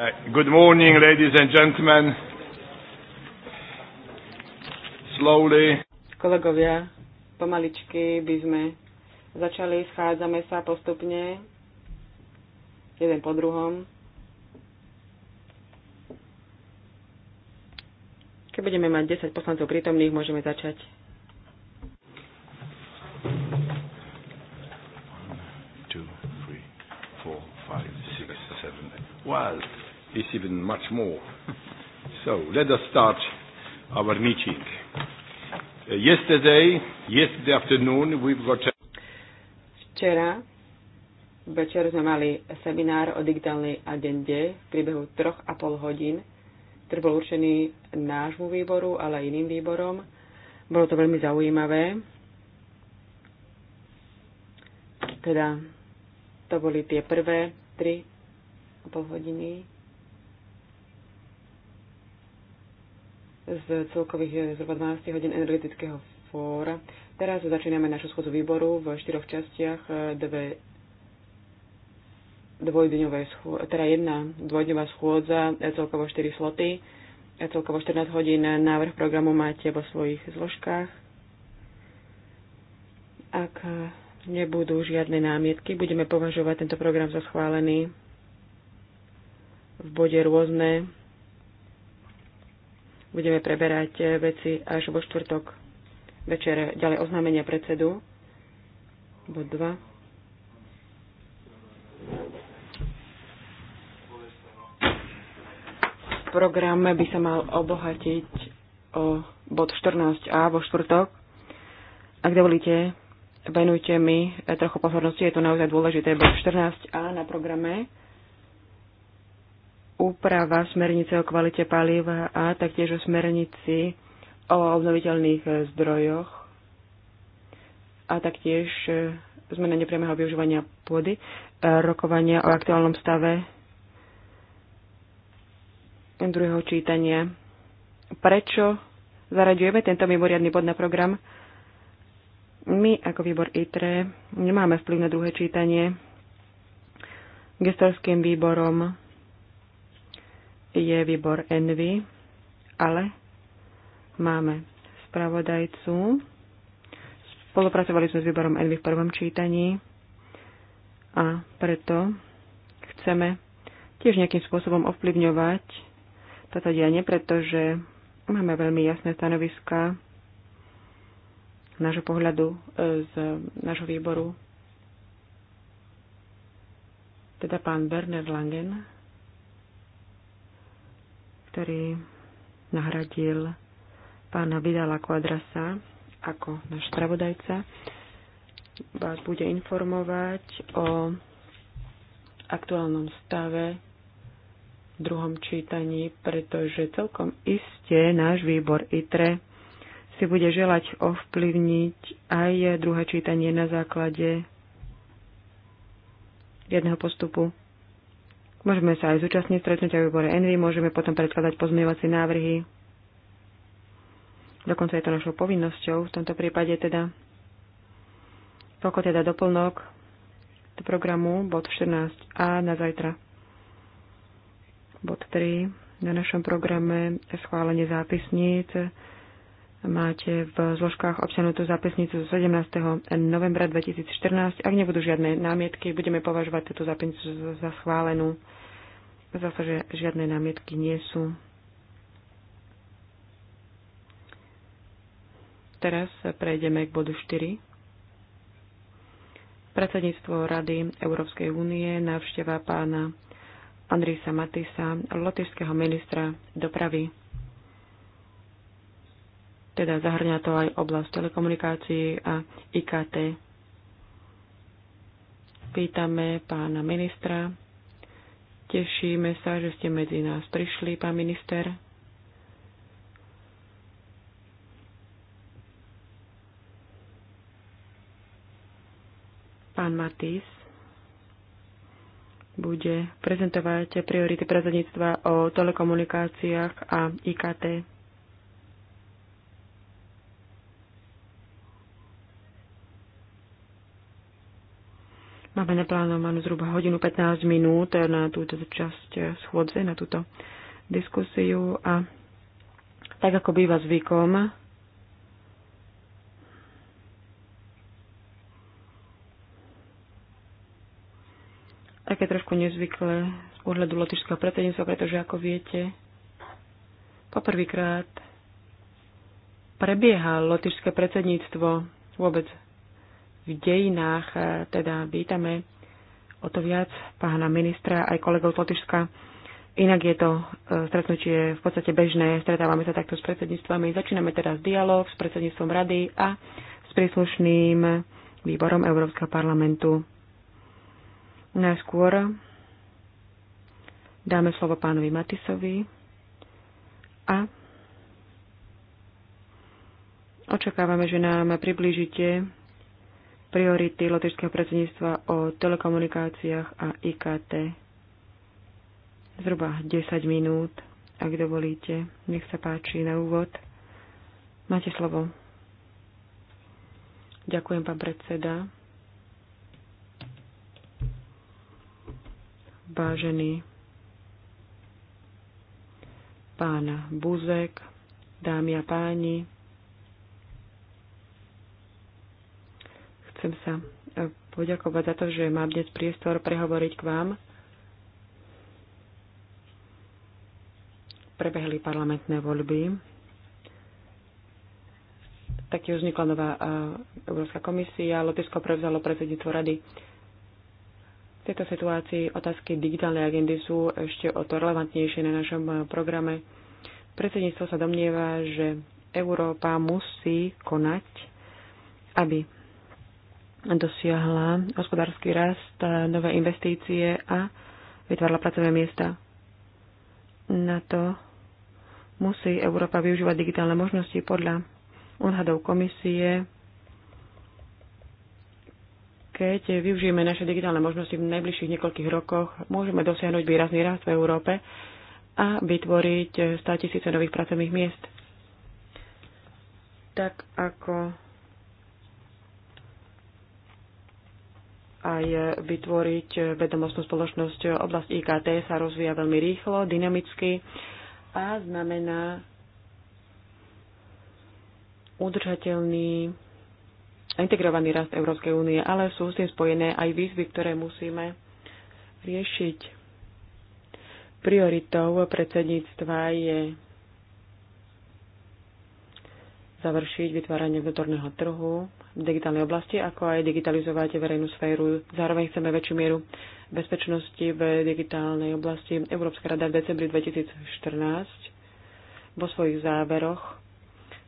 Uh, good morning, ladies and gentlemen. Slowly. Kolegovia, pomaličky by sme začali, schádzame sa postupne, jeden po druhom. Keď budeme mať 10 poslancov prítomných, môžeme začať. One, two, three, four, five, six, seven, eight. Wild is even much more. So let us start our meeting. Uh, yesterday, yesterday afternoon, we've got. A... Včera večer sme mali seminár o digitálnej agende v priebehu troch a pol hodín, ktorý bol určený nášmu výboru, ale aj iným výborom. Bolo to veľmi zaujímavé. Teda to boli tie prvé tri a pol hodiny z celkových eh, zhruba 12 hodín energetického fóra. Teraz začíname našu schodzu výboru v štyroch častiach, eh, dve dvojdňové schôdza, teda jedna dvojdňová schôdza, eh, celkovo 4 sloty, celkovo 14 hodín. Návrh programu máte vo svojich zložkách. Ak nebudú žiadne námietky, budeme považovať tento program za schválený v bode rôzne Budeme preberať eh, veci až vo štvrtok večer. Ďalej oznámenia predsedu. Bod 2. Program by sa mal obohatiť o bod 14a vo štvrtok. Ak dovolíte, venujte mi eh, trochu pozornosti, je to naozaj dôležité, bod 14a na programe úprava smernice o kvalite paliva a taktiež o smernici o obnoviteľných e, zdrojoch a taktiež e, zmena nepriamého využívania pôdy, e, rokovania o aktuálnom stave druhého čítania. Prečo zaraďujeme tento mimoriadný bod na program? My ako výbor ITRE nemáme vplyv na druhé čítanie. Gestorským výborom je výbor Envy, ale máme spravodajcu. Spolupracovali sme s výborom Envy v prvom čítaní a preto chceme tiež nejakým spôsobom ovplyvňovať toto dianie, pretože máme veľmi jasné stanoviska nášho pohľadu e, z nášho výboru. Teda pán Bernard Langen ktorý nahradil pána Vidala Quadrasa ako náš spravodajca, vás bude informovať o aktuálnom stave v druhom čítaní, pretože celkom iste náš výbor ITRE si bude želať ovplyvniť aj druhé čítanie na základe jedného postupu Môžeme sa aj zúčastniť stretnutia výbore Envy, môžeme potom predkladať pozmievacie návrhy. Dokonca je to našou povinnosťou v tomto prípade teda. Toľko teda doplnok do programu bod 14a na zajtra. Bod 3 na našom programe schválenie zápisníc máte v zložkách obsiahnutú zápisnicu z 17. novembra 2014. Ak nebudú žiadne námietky, budeme považovať túto zápisnicu za schválenú. Zase, že žiadne námietky nie sú. Teraz prejdeme k bodu 4. Predsedníctvo Rady Európskej únie návšteva pána Andrisa Matisa, lotyšského ministra dopravy. Teda zahrňa to aj oblasť telekomunikácií a IKT. Pýtame pána ministra. Tešíme sa, že ste medzi nás prišli, pán minister. Pán Matis, bude prezentovať priority prezadníctva o telekomunikáciách a IKT. Máme naplánovanú zhruba hodinu 15 minút na túto časť schôdze, na túto diskusiu a tak ako býva zvykom, také trošku nezvyklé z pohľadu lotišského predsedníctva, pretože ako viete, poprvýkrát prebieha lotišské predsedníctvo vôbec v dejinách. E, teda vítame o to viac pána ministra aj kolegov z Lotyšska. Inak je to e, stretnutie v podstate bežné. Stretávame sa takto s predsedníctvami. Začíname teraz dialog s predsedníctvom rady a s príslušným výborom Európskeho parlamentu. Najskôr dáme slovo pánovi Matisovi a očakávame, že nám priblížite priority lotišského predsedníctva o telekomunikáciách a IKT. Zhruba 10 minút, ak dovolíte. Nech sa páči na úvod. Máte slovo. Ďakujem, pán predseda. Vážený pán Buzek, dámy a páni, Chcem sa e, poďakovať za to, že mám dnes priestor prehovoriť k vám. Prebehli parlamentné voľby. Taktiež vznikla nová e, Európska komisia. Lotyšsko prevzalo predsedníctvo rady. V tejto situácii otázky digitálnej agendy sú ešte o to relevantnejšie na našom e, programe. Predsedníctvo sa domnieva, že Európa musí konať, aby dosiahla hospodársky rast, nové investície a vytvárala pracovné miesta. Na to musí Európa využívať digitálne možnosti podľa odhadov komisie. Keď využijeme naše digitálne možnosti v najbližších niekoľkých rokoch, môžeme dosiahnuť výrazný rast v Európe a vytvoriť 100 tisíce nových pracovných miest. Tak ako aj vytvoriť vedomostnú spoločnosť. Oblasť IKT sa rozvíja veľmi rýchlo, dynamicky a znamená udržateľný a integrovaný rast Európskej únie, ale sú s tým spojené aj výzvy, ktoré musíme riešiť. Prioritou predsedníctva je završiť vytváranie vnútorného trhu v digitálnej oblasti, ako aj digitalizovať verejnú sféru. Zároveň chceme väčšiu mieru bezpečnosti v digitálnej oblasti. Európska rada v decembri 2014 vo svojich záveroch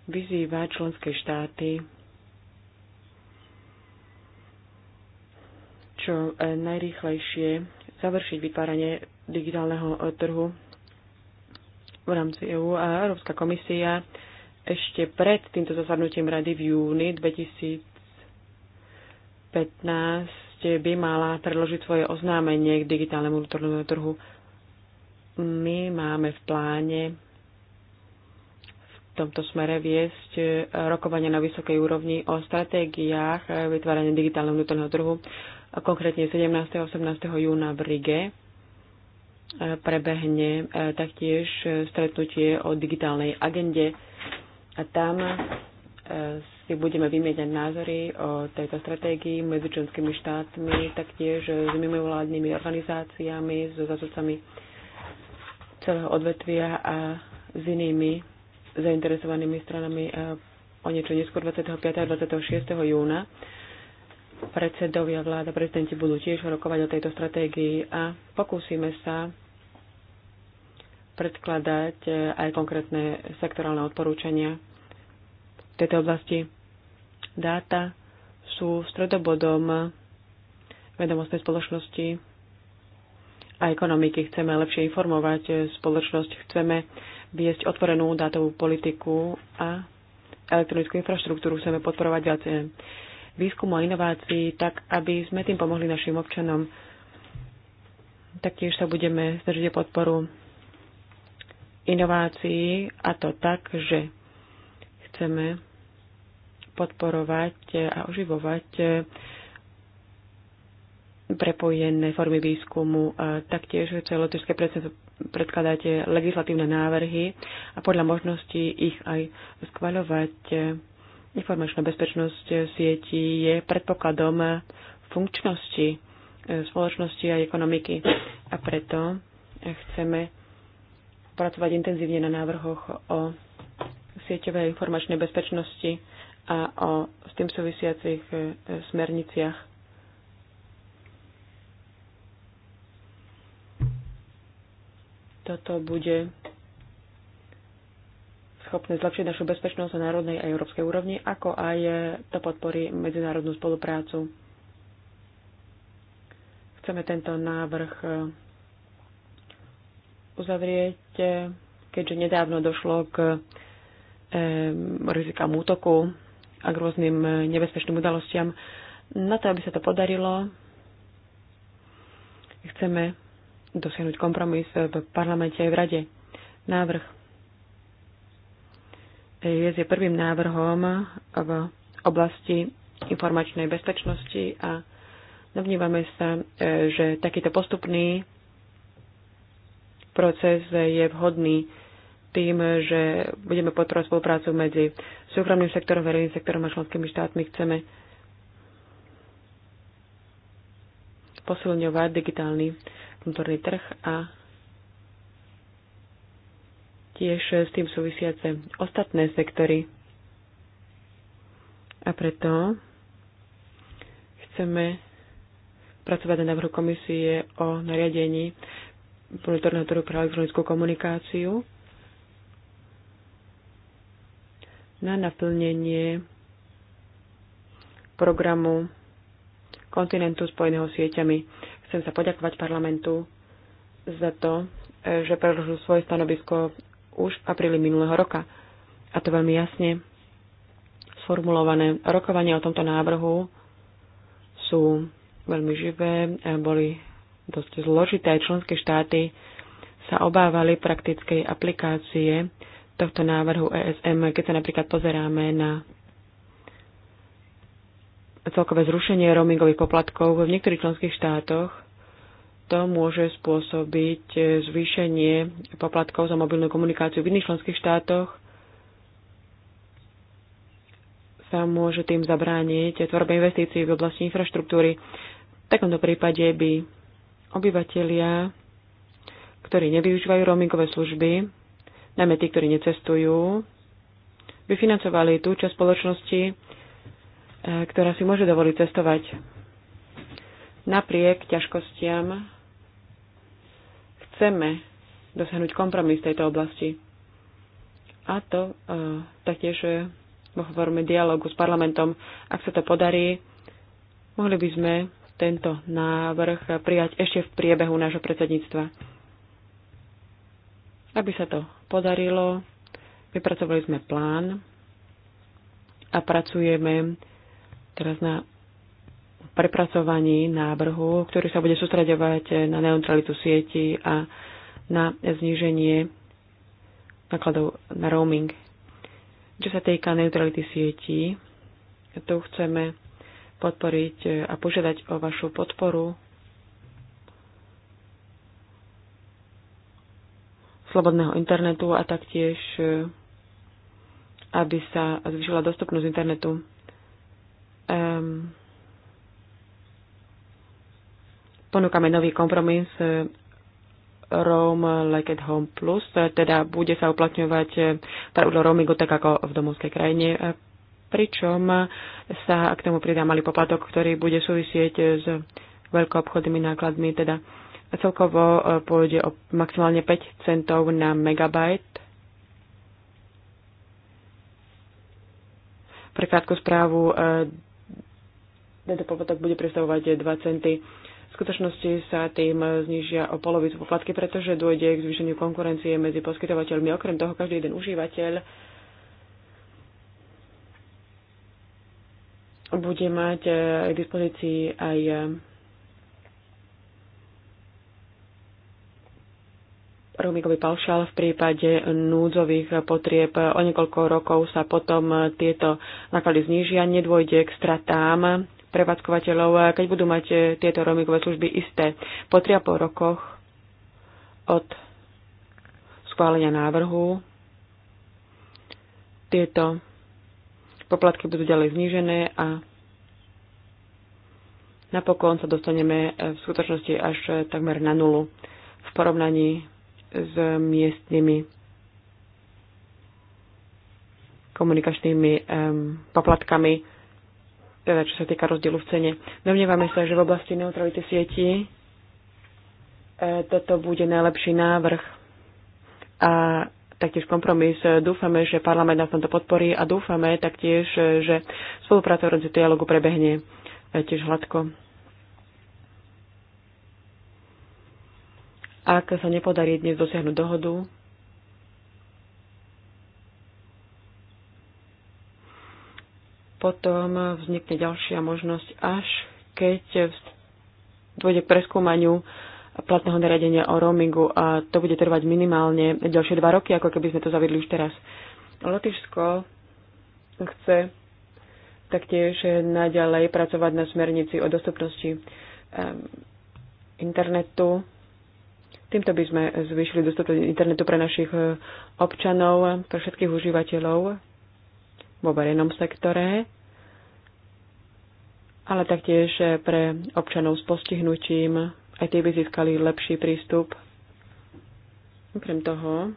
vyzýva členské štáty čo najrýchlejšie završiť vytváranie digitálneho trhu v rámci EÚ a Európska komisia ešte pred týmto zasadnutím rady v júni 2015 by mala predložiť svoje oznámenie k digitálnemu vnútornému trhu. My máme v pláne v tomto smere viesť rokovania na vysokej úrovni o stratégiách vytvárania digitálneho vnútorného trhu, konkrétne 17. a 18. júna v Rige prebehne e, taktiež stretnutie o digitálnej agende a tam e, si budeme vymieňať názory o tejto stratégii medzi členskými štátmi, taktiež s mimovládnymi organizáciami, so zásadcami celého odvetvia a s inými zainteresovanými stranami e, o niečo neskôr 25. a 26. júna. Predsedovia vláda, prezidenti budú tiež rokovať o tejto stratégii a pokúsime sa predkladať e, aj konkrétne sektorálne odporúčania tejto oblasti. Dáta sú stredobodom vedomostnej spoločnosti a ekonomiky. Chceme lepšie informovať spoločnosť, chceme viesť otvorenú dátovú politiku a elektronickú infraštruktúru chceme podporovať viac výskumu a inovácií, tak aby sme tým pomohli našim občanom. Taktiež sa budeme snažiť o podporu inovácií a to tak, že chceme podporovať e, a oživovať e, prepojené formy výskumu. Taktiež celotužské predkladáte legislatívne návrhy a podľa možností ich aj schvaľovať. Informačná bezpečnosť sieti je predpokladom funkčnosti e, spoločnosti a ekonomiky. A preto chceme pracovať intenzívne na návrhoch o sieťovej informačnej bezpečnosti a o s tým súvisiacich e, e, smerniciach. Toto bude schopné zlepšiť našu bezpečnosť na národnej a európskej úrovni, ako aj to podporí medzinárodnú spoluprácu. Chceme tento návrh e, uzavrieť, keďže nedávno došlo k rizikám útoku a k rôznym nebezpečným udalostiam. Na to, aby sa to podarilo, chceme dosiahnuť kompromis v parlamente aj v rade. Návrh je je prvým návrhom v oblasti informačnej bezpečnosti a Navnívame sa, e, že takýto postupný proces je vhodný tým, že budeme podporovať spoluprácu medzi súkromným sektorom, verejným sektorom a členskými štátmi. Chceme posilňovať digitálny vnútorný trh a tiež s tým súvisiace ostatné sektory. A preto chceme pracovať na návrhu komisie o nariadení vnútorného trhu pre elektronickú komunikáciu na naplnenie programu kontinentu spojeného sieťami. Chcem sa poďakovať parlamentu za to, že predložil svoje stanovisko už v apríli minulého roka. A to veľmi jasne sformulované. Rokovania o tomto návrhu sú veľmi živé, boli dosť zložité. Členské štáty sa obávali praktickej aplikácie tohto návrhu ESM, keď sa napríklad pozeráme na celkové zrušenie roamingových poplatkov v niektorých členských štátoch, to môže spôsobiť zvýšenie poplatkov za mobilnú komunikáciu v iných členských štátoch sa môže tým zabrániť tvorbe investícií v oblasti infraštruktúry. V takomto prípade by obyvatelia, ktorí nevyužívajú roamingové služby, najmä tí, ktorí necestujú, by financovali tú časť spoločnosti, e, ktorá si môže dovoliť cestovať. Napriek ťažkostiam chceme dosiahnuť kompromis v tejto oblasti. A to uh, taktiež e, vo forme dialogu s parlamentom. Ak sa to podarí, mohli by sme tento návrh prijať ešte v priebehu nášho predsedníctva. Aby sa to podarilo. Vypracovali sme plán a pracujeme teraz na prepracovaní návrhu, ktorý sa bude sústredovať na neutralitu sieti a na zníženie nákladov na roaming. Čo sa týka neutrality sietí, tu chceme podporiť a požiadať o vašu podporu slobodného internetu a taktiež, e, aby sa zvýšila dostupnosť internetu. Um, ponúkame nový kompromis e, Roam Like at Home Plus, e, teda bude sa uplatňovať pravidlo roamingu tak ako v domovskej krajine, pričom sa k tomu pridá malý poplatok, ktorý bude súvisieť s obchodnými nákladmi, teda Celkovo e, pôjde o maximálne 5 centov na megabajt. Pre krátku správu e, tento poplatok bude predstavovať 2 centy. V skutočnosti sa tým znižia o polovicu poplatky, pretože dôjde k zvýšeniu konkurencie medzi poskytovateľmi. Okrem toho, každý jeden užívateľ bude mať k e, dispozícii aj roamingový paušál v prípade núdzových potrieb. O niekoľko rokov sa potom tieto náklady znížia, nedôjde k stratám prevádzkovateľov, keď budú mať tieto roamingové služby isté. Po 3,5 rokoch od schválenia návrhu tieto poplatky budú ďalej znížené a napokon sa dostaneme v skutočnosti až takmer na nulu v porovnaní s miestnymi komunikačnými um, poplatkami, teda čo sa týka rozdielu v cene. Domnievame sa, že v oblasti neutrality sieti e, toto bude najlepší návrh a taktiež kompromis. Dúfame, že parlament nás tomto podporí a dúfame taktiež, že spolupráca v rámci dialogu prebehne e, tiež hladko. Ak sa nepodarí dnes dosiahnuť dohodu, potom vznikne ďalšia možnosť, až keď dôjde k preskúmaniu platného nariadenia o roamingu a to bude trvať minimálne ďalšie dva roky, ako keby sme to zaviedli už teraz. Lotyšsko chce taktiež naďalej pracovať na smernici o dostupnosti ehm, internetu Týmto by sme zvýšili dostupnosť internetu pre našich e, občanov, pre všetkých užívateľov vo verejnom sektore, ale taktiež e, pre občanov s postihnutím. Aj tie by získali lepší prístup. Okrem toho,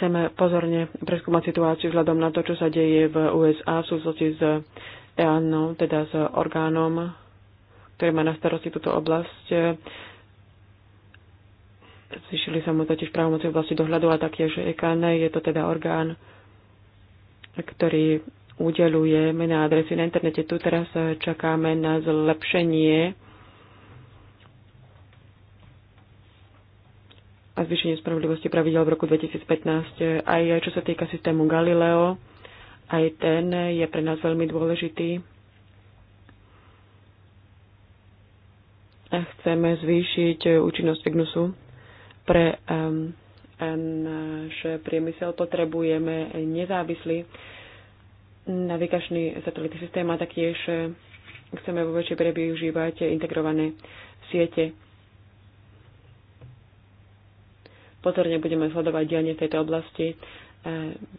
Chceme pozorne preskúmať situáciu vzhľadom na to, čo sa deje v USA v súvislosti s EANO, teda s orgánom, ktorý má na starosti túto oblasť. Zvyšili sa mu totiž právomoci v oblasti dohľadu a taktiež EKN je to teda orgán, ktorý udeluje mená adresy na internete. Tu teraz čakáme na zlepšenie a zvýšenie spravodlivosti pravidel v roku 2015. Aj čo sa týka systému Galileo, aj ten je pre nás veľmi dôležitý. A chceme zvýšiť účinnosť EGNUSu pre um, náš priemysel. Potrebujeme nezávislý navigačný satelitný systém a taktiež chceme vo väčšej miere využívať integrované siete Pozorne budeme sledovať dianie v tejto oblasti. E,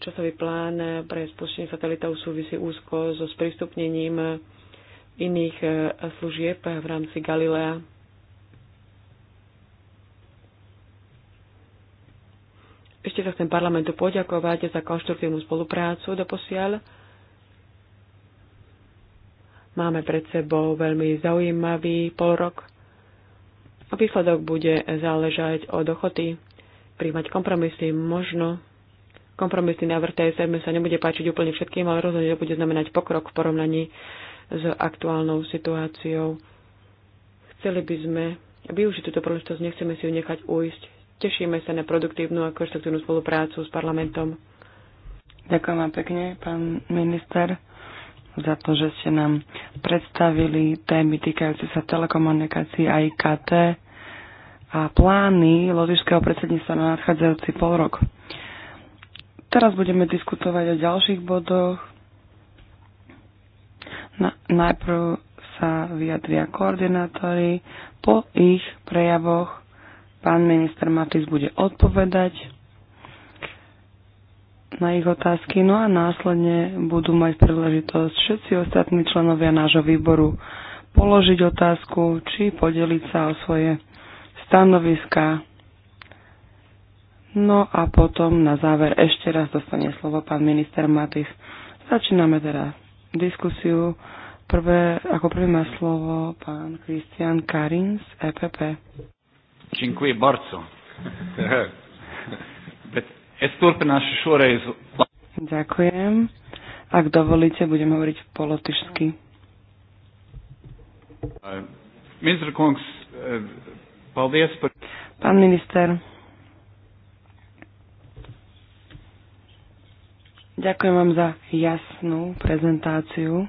časový plán pre spustenie satelitov súvisí úzko so sprístupnením iných e, služieb v rámci Galilea. Ešte sa chcem parlamentu poďakovať za konštruktívnu spoluprácu do posiaľ. Máme pred sebou veľmi zaujímavý polrok a výsledok bude záležať od ochoty príjmať kompromisy. Možno na vrtej TSM sa nebude páčiť úplne všetkým, ale rozhodne to bude znamenať pokrok v porovnaní s aktuálnou situáciou. Chceli by sme využiť túto príležitosť, nechceme si ju nechať ujsť. Tešíme sa na produktívnu a konštruktívnu spoluprácu s parlamentom. Ďakujem vám pekne, pán minister, za to, že ste nám predstavili témy týkajúce sa telekomunikácií a IKT a plány lotišského predsedníctva na nadchádzajúci pol rok. Teraz budeme diskutovať o ďalších bodoch. Na, najprv sa vyjadria koordinátori, po ich prejavoch pán minister Matis bude odpovedať na ich otázky, no a následne budú mať príležitosť všetci ostatní členovia nášho výboru položiť otázku či podeliť sa o svoje stanoviska. No a potom na záver ešte raz dostane slovo pán minister Matis. Začíname teda diskusiu. Prvé, ako prvý má slovo pán Kristian Karin z EPP. Dziękuję bardzo. Ďakujem. Ak dovolíte, budem hovoriť po lotyšsky. Minister Kongs Pán minister. Ďakujem vám za jasnú prezentáciu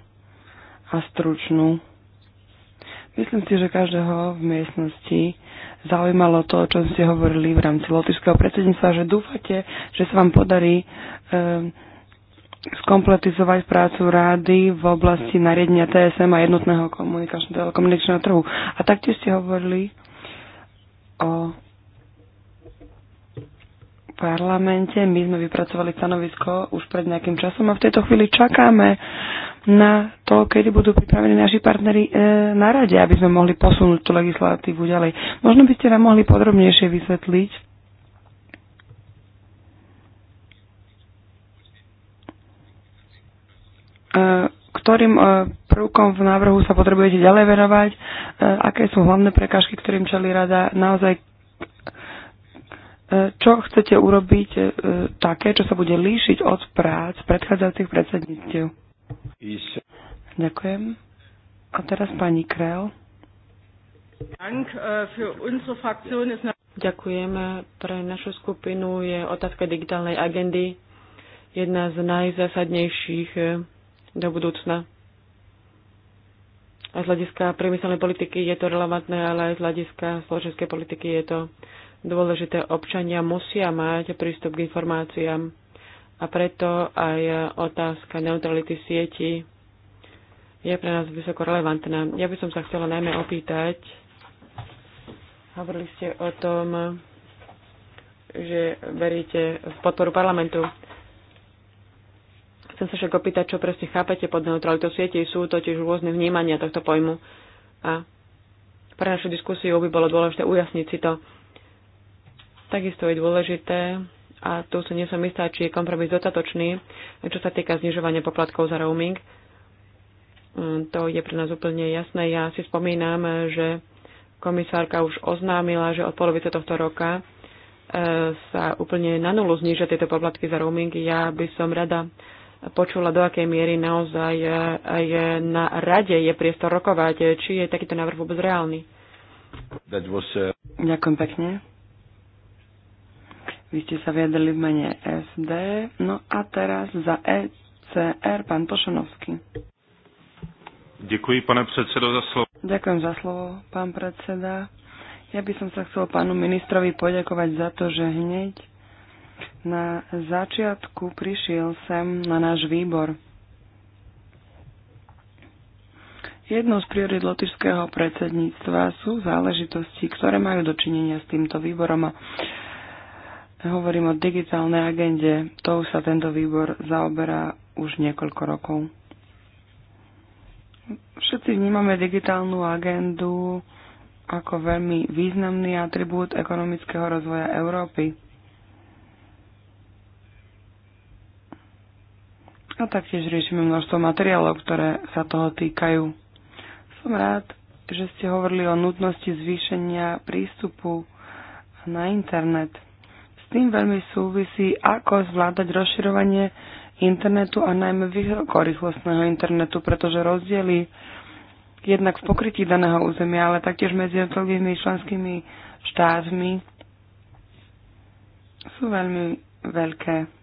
a stručnú. Myslím si, že každého v miestnosti zaujímalo to, o čom ste hovorili v rámci lotišského predsedníctva, že dúfate, že sa vám podarí e, skompletizovať prácu rády v oblasti nariadenia TSM a jednotného komunikačného telekomunikačného trhu. A taktiež ste hovorili o parlamente. My sme vypracovali stanovisko už pred nejakým časom a v tejto chvíli čakáme na to, kedy budú pripravení naši partneri e, na rade, aby sme mohli posunúť tú legislatívu ďalej. Možno by ste nám mohli podrobnejšie vysvetliť, e, ktorým e, prvkom v návrhu sa potrebujete ďalej venovať, e, aké sú hlavné prekážky, ktorým čeli rada, naozaj e, čo chcete urobiť také, čo sa bude líšiť od prác predchádzajúcich predsedníctiev. Ďakujem. A teraz pani Krell. Ďakujem. Pre našu skupinu je otázka digitálnej agendy jedna z najzásadnejších do budúcna. A z hľadiska priemyselnej politiky je to relevantné, ale aj z hľadiska spoločenskej politiky je to dôležité. Občania musia mať prístup k informáciám a preto aj otázka neutrality sieti je pre nás vysoko relevantná. Ja by som sa chcela najmä opýtať, hovorili ste o tom, že veríte v podporu parlamentu Chcem sa však opýtať, čo presne chápete pod neutralitou siete. Sú totiž rôzne vnímania tohto pojmu. A pre našu diskusiu by bolo dôležité ujasniť si to. Takisto je dôležité, a tu sa nie som istá, či je kompromis dostatočný, čo sa týka znižovania poplatkov za roaming. Mm, to je pre nás úplne jasné. Ja si spomínam, že komisárka už oznámila, že od polovice tohto roka e, sa úplne na nulu znižia tieto poplatky za roaming. Ja by som rada počula, do akej miery naozaj e, aj na rade je priestor rokovať, e, či je takýto návrh vôbec reálny. That was, uh... Ďakujem pekne. Vy ste sa vyjadrili v mene SD. No a teraz za ECR pán Pošanovský. Ďakujem, pane predsedo, za slovo. Ďakujem za slovo, pán predseda. Ja by som sa chcel pánu ministrovi poďakovať za to, že hneď na začiatku prišiel sem na náš výbor. Jednou z priorit lotišského predsedníctva sú záležitosti, ktoré majú dočinenia s týmto výborom a hovorím o digitálnej agende. už sa tento výbor zaoberá už niekoľko rokov. Všetci vnímame digitálnu agendu ako veľmi významný atribút ekonomického rozvoja Európy. A no taktiež riešime množstvo materiálov, ktoré sa toho týkajú. Som rád, že ste hovorili o nutnosti zvýšenia prístupu na internet. S tým veľmi súvisí, ako zvládať rozširovanie internetu a najmä vysokorýchlostného internetu, pretože rozdiely jednak v pokrytí daného územia, ale taktiež medzi jednotlivými členskými štátmi sú veľmi veľké.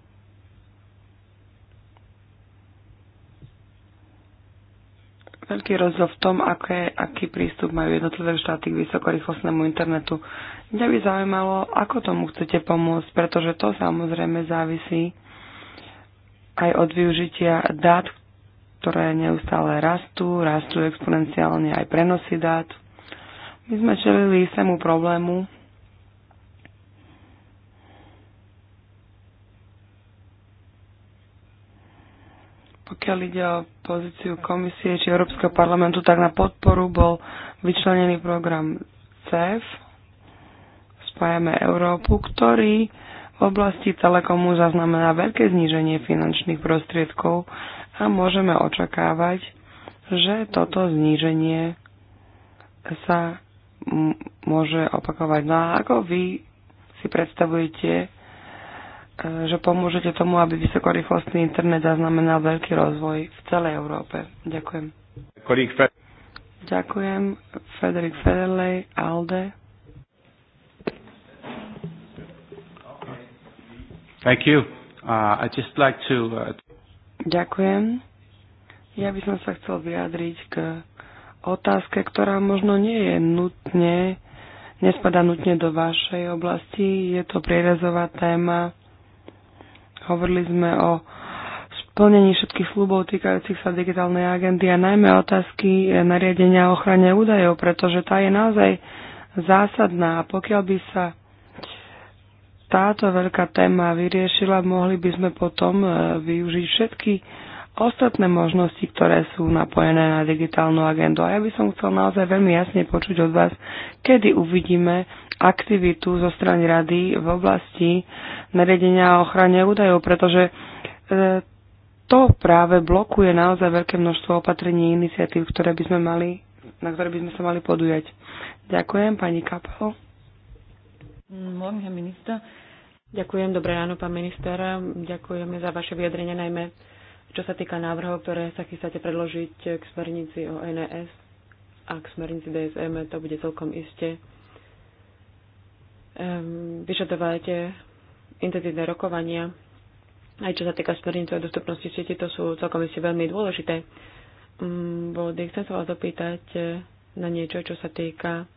veľký rozdiel v tom, aké, aký prístup majú jednotlivé štáty k vysokorýchlostnému internetu. Mňa by zaujímalo, ako tomu chcete pomôcť, pretože to samozrejme závisí aj od využitia dát, ktoré neustále rastú, rastú exponenciálne aj prenosy dát. My sme čelili istému problému, Pokiaľ ide o pozíciu komisie či Európskeho parlamentu, tak na podporu bol vyčlenený program CEF, Spájame Európu, ktorý v oblasti telekomu zaznamená veľké zníženie finančných prostriedkov a môžeme očakávať, že toto zníženie sa môže opakovať. No a ako vy si predstavujete že pomôžete tomu, aby vysokorýchlostný internet zaznamenal veľký rozvoj v celej Európe. Ďakujem. Ďakujem. Frederik Federley, Alde. Thank you. Uh, I just like to, uh... Ďakujem. Ja by som sa chcel vyjadriť k otázke, ktorá možno nie je nutne, nespada nutne do vašej oblasti. Je to prierezová téma Hovorili sme o splnení všetkých slubov týkajúcich sa digitálnej agendy a najmä otázky nariadenia o ochrane údajov, pretože tá je naozaj zásadná a pokiaľ by sa táto veľká téma vyriešila, mohli by sme potom eh, využiť všetky ostatné možnosti, ktoré sú napojené na digitálnu agendu. A ja by som chcel naozaj veľmi jasne počuť od vás, kedy uvidíme aktivitu zo strany rady v oblasti nariadenia a ochrane údajov, pretože e, to práve blokuje naozaj veľké množstvo opatrení iniciatív, ktoré by sme mali, na ktoré by sme sa mali podujať. Ďakujem, pani Kapel. Môžem, minister. Ďakujem, dobré ráno, pán minister. Ďakujeme za vaše vyjadrenie, najmä čo sa týka návrhov, ktoré sa chystáte predložiť k smernici o NES a k smernici DSM, to bude celkom iste um, vyžadovať intenzívne rokovania. Aj čo sa týka smernice o dostupnosti sieti, to sú celkom iste veľmi dôležité um, body. Chcem sa vás opýtať na niečo, čo sa týka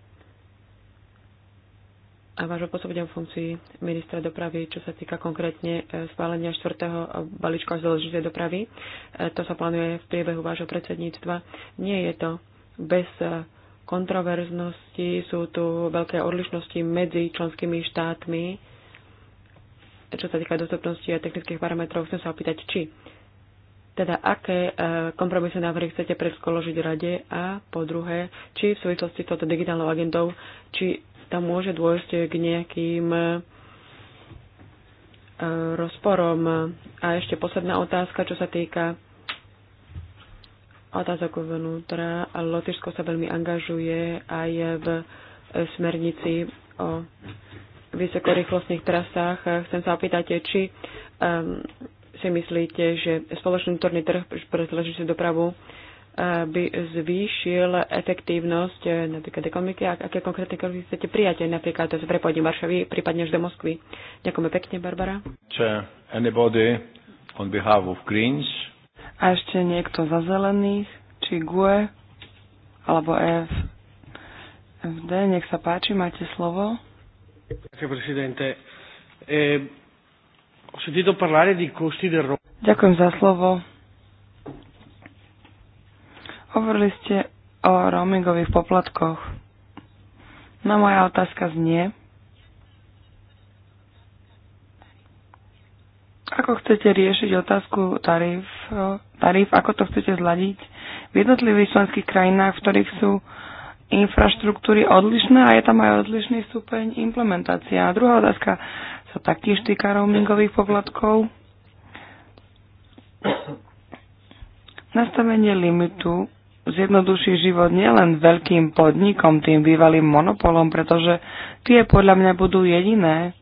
a vášho pôsobenia v funkcii ministra dopravy, čo sa týka konkrétne e, schválenia štvrtého e, balíčka zložitej dopravy. E, to sa plánuje v priebehu vášho predsedníctva. Nie je to bez kontroverznosti, sú tu veľké odlišnosti medzi členskými štátmi, čo sa týka dostupnosti a technických parametrov. Chcem sa opýtať, či teda aké kompromisné návrhy chcete predskoložiť rade a po druhé, či v súvislosti s touto digitálnou agendou, či tam môže dôjsť k nejakým e, rozporom. A ešte posledná otázka, čo sa týka otázok vnútra. Lotyšsko sa veľmi angažuje aj v smernici o vysokorýchlostných trasách. Chcem sa opýtať, či um, si myslíte, že spoločný vnútorný trh pre zležitú dopravu by zvýšil efektívnosť eh, napríklad ekonomiky a aké konkrétne kroky chcete prijať, eh, napríklad to s prepojením Varšavy, prípadne až do Moskvy. Ďakujeme pekne, Barbara. On behalf of Greens. A ešte niekto za zelených, či GUE, alebo FD, Nech sa páči, máte slovo. Eh, Ďakujem za slovo. Hovorili ste o roamingových poplatkoch. No moja otázka znie, ako chcete riešiť otázku tarif, tarif, ako to chcete zladiť v jednotlivých členských krajinách, v ktorých sú infraštruktúry odlišné a je tam aj odlišný stupeň implementácia. A druhá otázka sa taktiež týka roamingových poplatkov. Nastavenie limitu zjednoduší život nielen veľkým podnikom, tým bývalým monopolom, pretože tie podľa mňa budú jediné,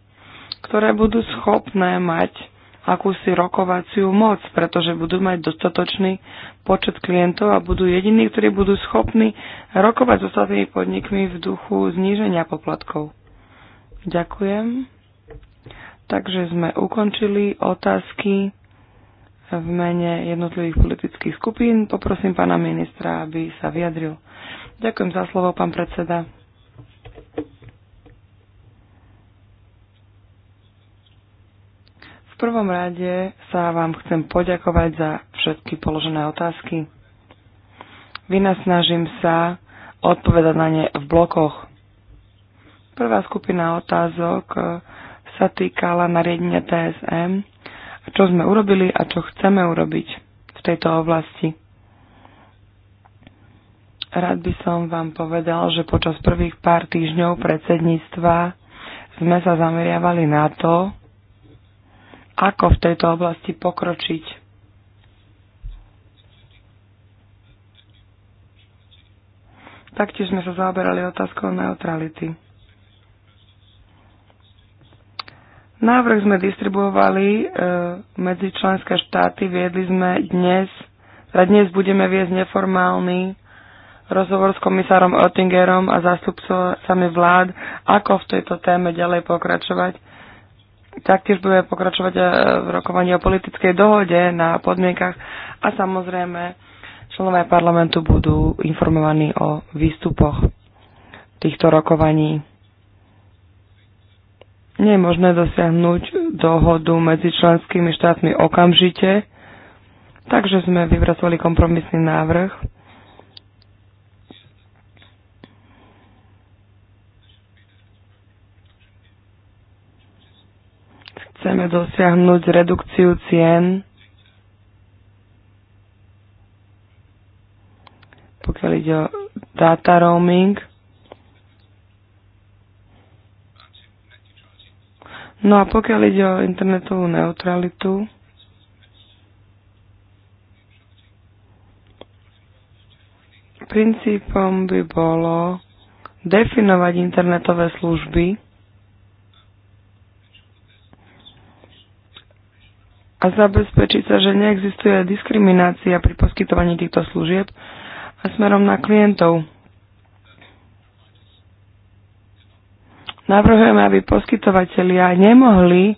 ktoré budú schopné mať akúsi rokovaciu moc, pretože budú mať dostatočný počet klientov a budú jediní, ktorí budú schopní rokovať s ostatnými podnikmi v duchu zníženia poplatkov. Ďakujem. Takže sme ukončili otázky v mene jednotlivých politických skupín. Poprosím pána ministra, aby sa vyjadril. Ďakujem za slovo, pán predseda. V prvom rade sa vám chcem poďakovať za všetky položené otázky. Vynasnažím sa odpovedať na ne v blokoch. Prvá skupina otázok sa týkala nariadenia TSM čo sme urobili a čo chceme urobiť v tejto oblasti. Rád by som vám povedal, že počas prvých pár týždňov predsedníctva sme sa zameriavali na to, ako v tejto oblasti pokročiť. Taktiež sme sa zaoberali otázkou neutrality. Návrh sme distribuovali e, medzi členské štáty, viedli sme dnes, a teda dnes budeme viesť neformálny rozhovor s komisárom Oettingerom a zástupcami vlád, ako v tejto téme ďalej pokračovať. Taktiež budeme pokračovať e, v rokovaní o politickej dohode na podmienkach a samozrejme členovia parlamentu budú informovaní o výstupoch týchto rokovaní. Nie je možné dosiahnuť dohodu medzi členskými štátmi okamžite, takže sme vypracovali kompromisný návrh. Chceme dosiahnuť redukciu cien pokiaľ ide o data roaming No a pokiaľ ide o internetovú neutralitu, princípom by bolo definovať internetové služby a zabezpečiť sa, že neexistuje diskriminácia pri poskytovaní týchto služieb a smerom na klientov. Navrhujeme, aby poskytovateľia nemohli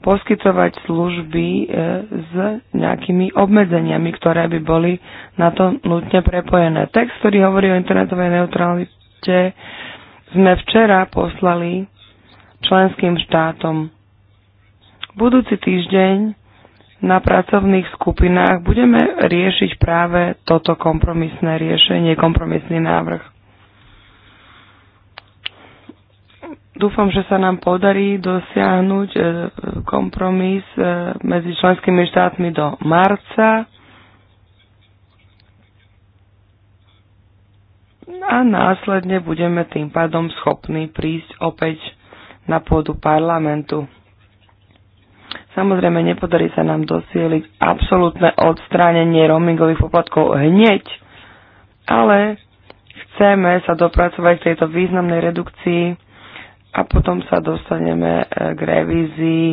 poskytovať služby e, s nejakými obmedzeniami, ktoré by boli na to nutne prepojené. Text, ktorý hovorí o internetovej neutralite, sme včera poslali členským štátom. Budúci týždeň na pracovných skupinách budeme riešiť práve toto kompromisné riešenie, kompromisný návrh. Dúfam, že sa nám podarí dosiahnuť e, kompromis e, medzi členskými štátmi do marca. A následne budeme tým pádom schopní prísť opäť na pôdu parlamentu. Samozrejme, nepodarí sa nám dosieliť absolútne odstránenie roamingových poplatkov hneď, ale chceme sa dopracovať k tejto významnej redukcii a potom sa dostaneme eh, k revízii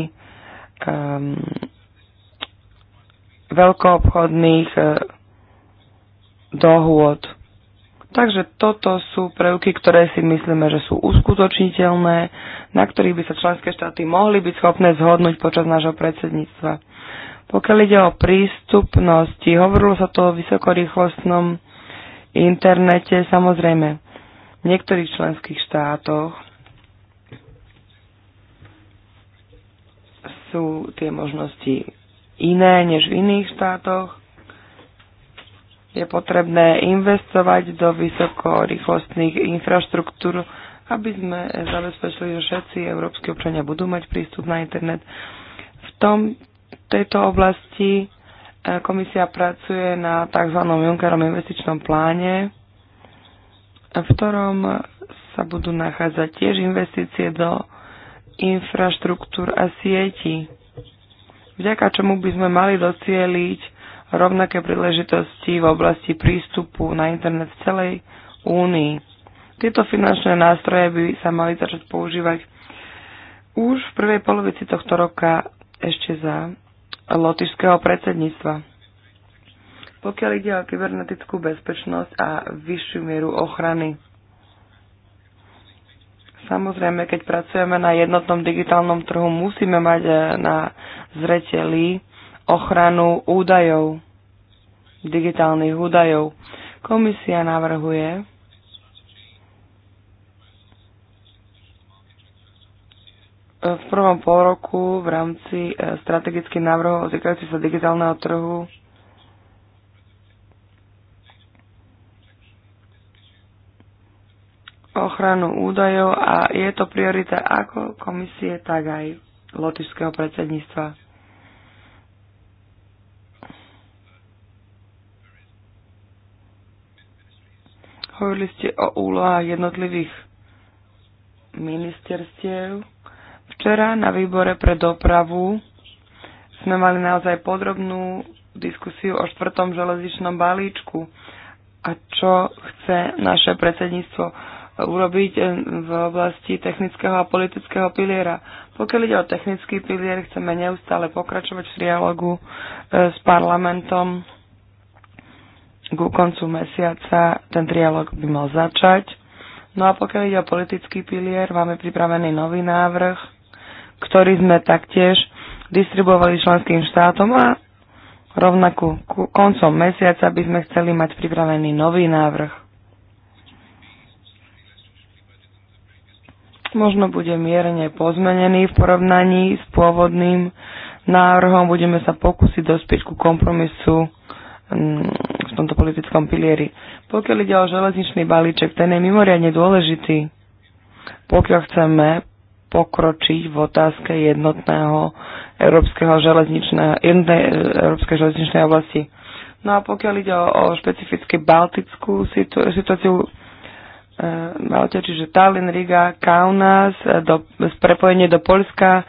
um, veľkoobchodných uh, dohôd. Takže toto sú prvky, ktoré si myslíme, že sú uskutočniteľné, na ktorých by sa členské štáty mohli byť schopné zhodnúť počas nášho predsedníctva. Pokiaľ ide o prístupnosti, hovorilo sa to o vysokorýchlostnom internete, samozrejme, v niektorých členských štátoch sú tie možnosti iné než v iných štátoch. Je potrebné investovať do vysokorýchlostných infraštruktúr, aby sme zabezpečili, že všetci európsky občania budú mať prístup na internet. V tom, tejto oblasti e, komisia pracuje na tzv. Junckerom investičnom pláne, v ktorom sa budú nachádzať tiež investície do infraštruktúr a sietí, vďaka čomu by sme mali docieliť rovnaké príležitosti v oblasti prístupu na internet v celej únii. Tieto finančné nástroje by sa mali začať používať už v prvej polovici tohto roka ešte za lotišského predsedníctva. Pokiaľ ide o kybernetickú bezpečnosť a vyššiu mieru ochrany, Samozrejme, keď pracujeme na jednotnom digitálnom trhu, musíme mať e, na zreteli ochranu údajov, digitálnych údajov. Komisia navrhuje, e, v prvom pol roku v rámci e, strategických návrhov týkajúcich sa digitálneho trhu ochranu údajov a je to priorita ako komisie, tak aj lotišského predsedníctva. Hovorili ste o úlohách jednotlivých ministerstiev. Včera na výbore pre dopravu sme mali naozaj podrobnú diskusiu o štvrtom železničnom balíčku a čo chce naše predsedníctvo urobiť eh, v oblasti technického a politického piliera. Pokiaľ ide o technický pilier, chceme neustále pokračovať v dialogu eh, s parlamentom. Ku koncu mesiaca ten trialog by mal začať. No a pokiaľ ide o politický pilier, máme pripravený nový návrh, ktorý sme taktiež distribuovali členským štátom a rovnako koncom mesiaca by sme chceli mať pripravený nový návrh možno bude mierne pozmenený v porovnaní s pôvodným návrhom. Budeme sa pokúsiť dospieť ku kompromisu mm, v tomto politickom pilieri. Pokiaľ ide o železničný balíček, ten je mimoriadne dôležitý, pokiaľ chceme pokročiť v otázke jednotného európskeho železničného, jednotnej e, európskej železničnej oblasti. No a pokiaľ ide o, o špecificky baltickú situ, situáciu, Eh, Malte, čiže Tallinn, Riga, Kaunas, eh, do, prepojenie do Polska,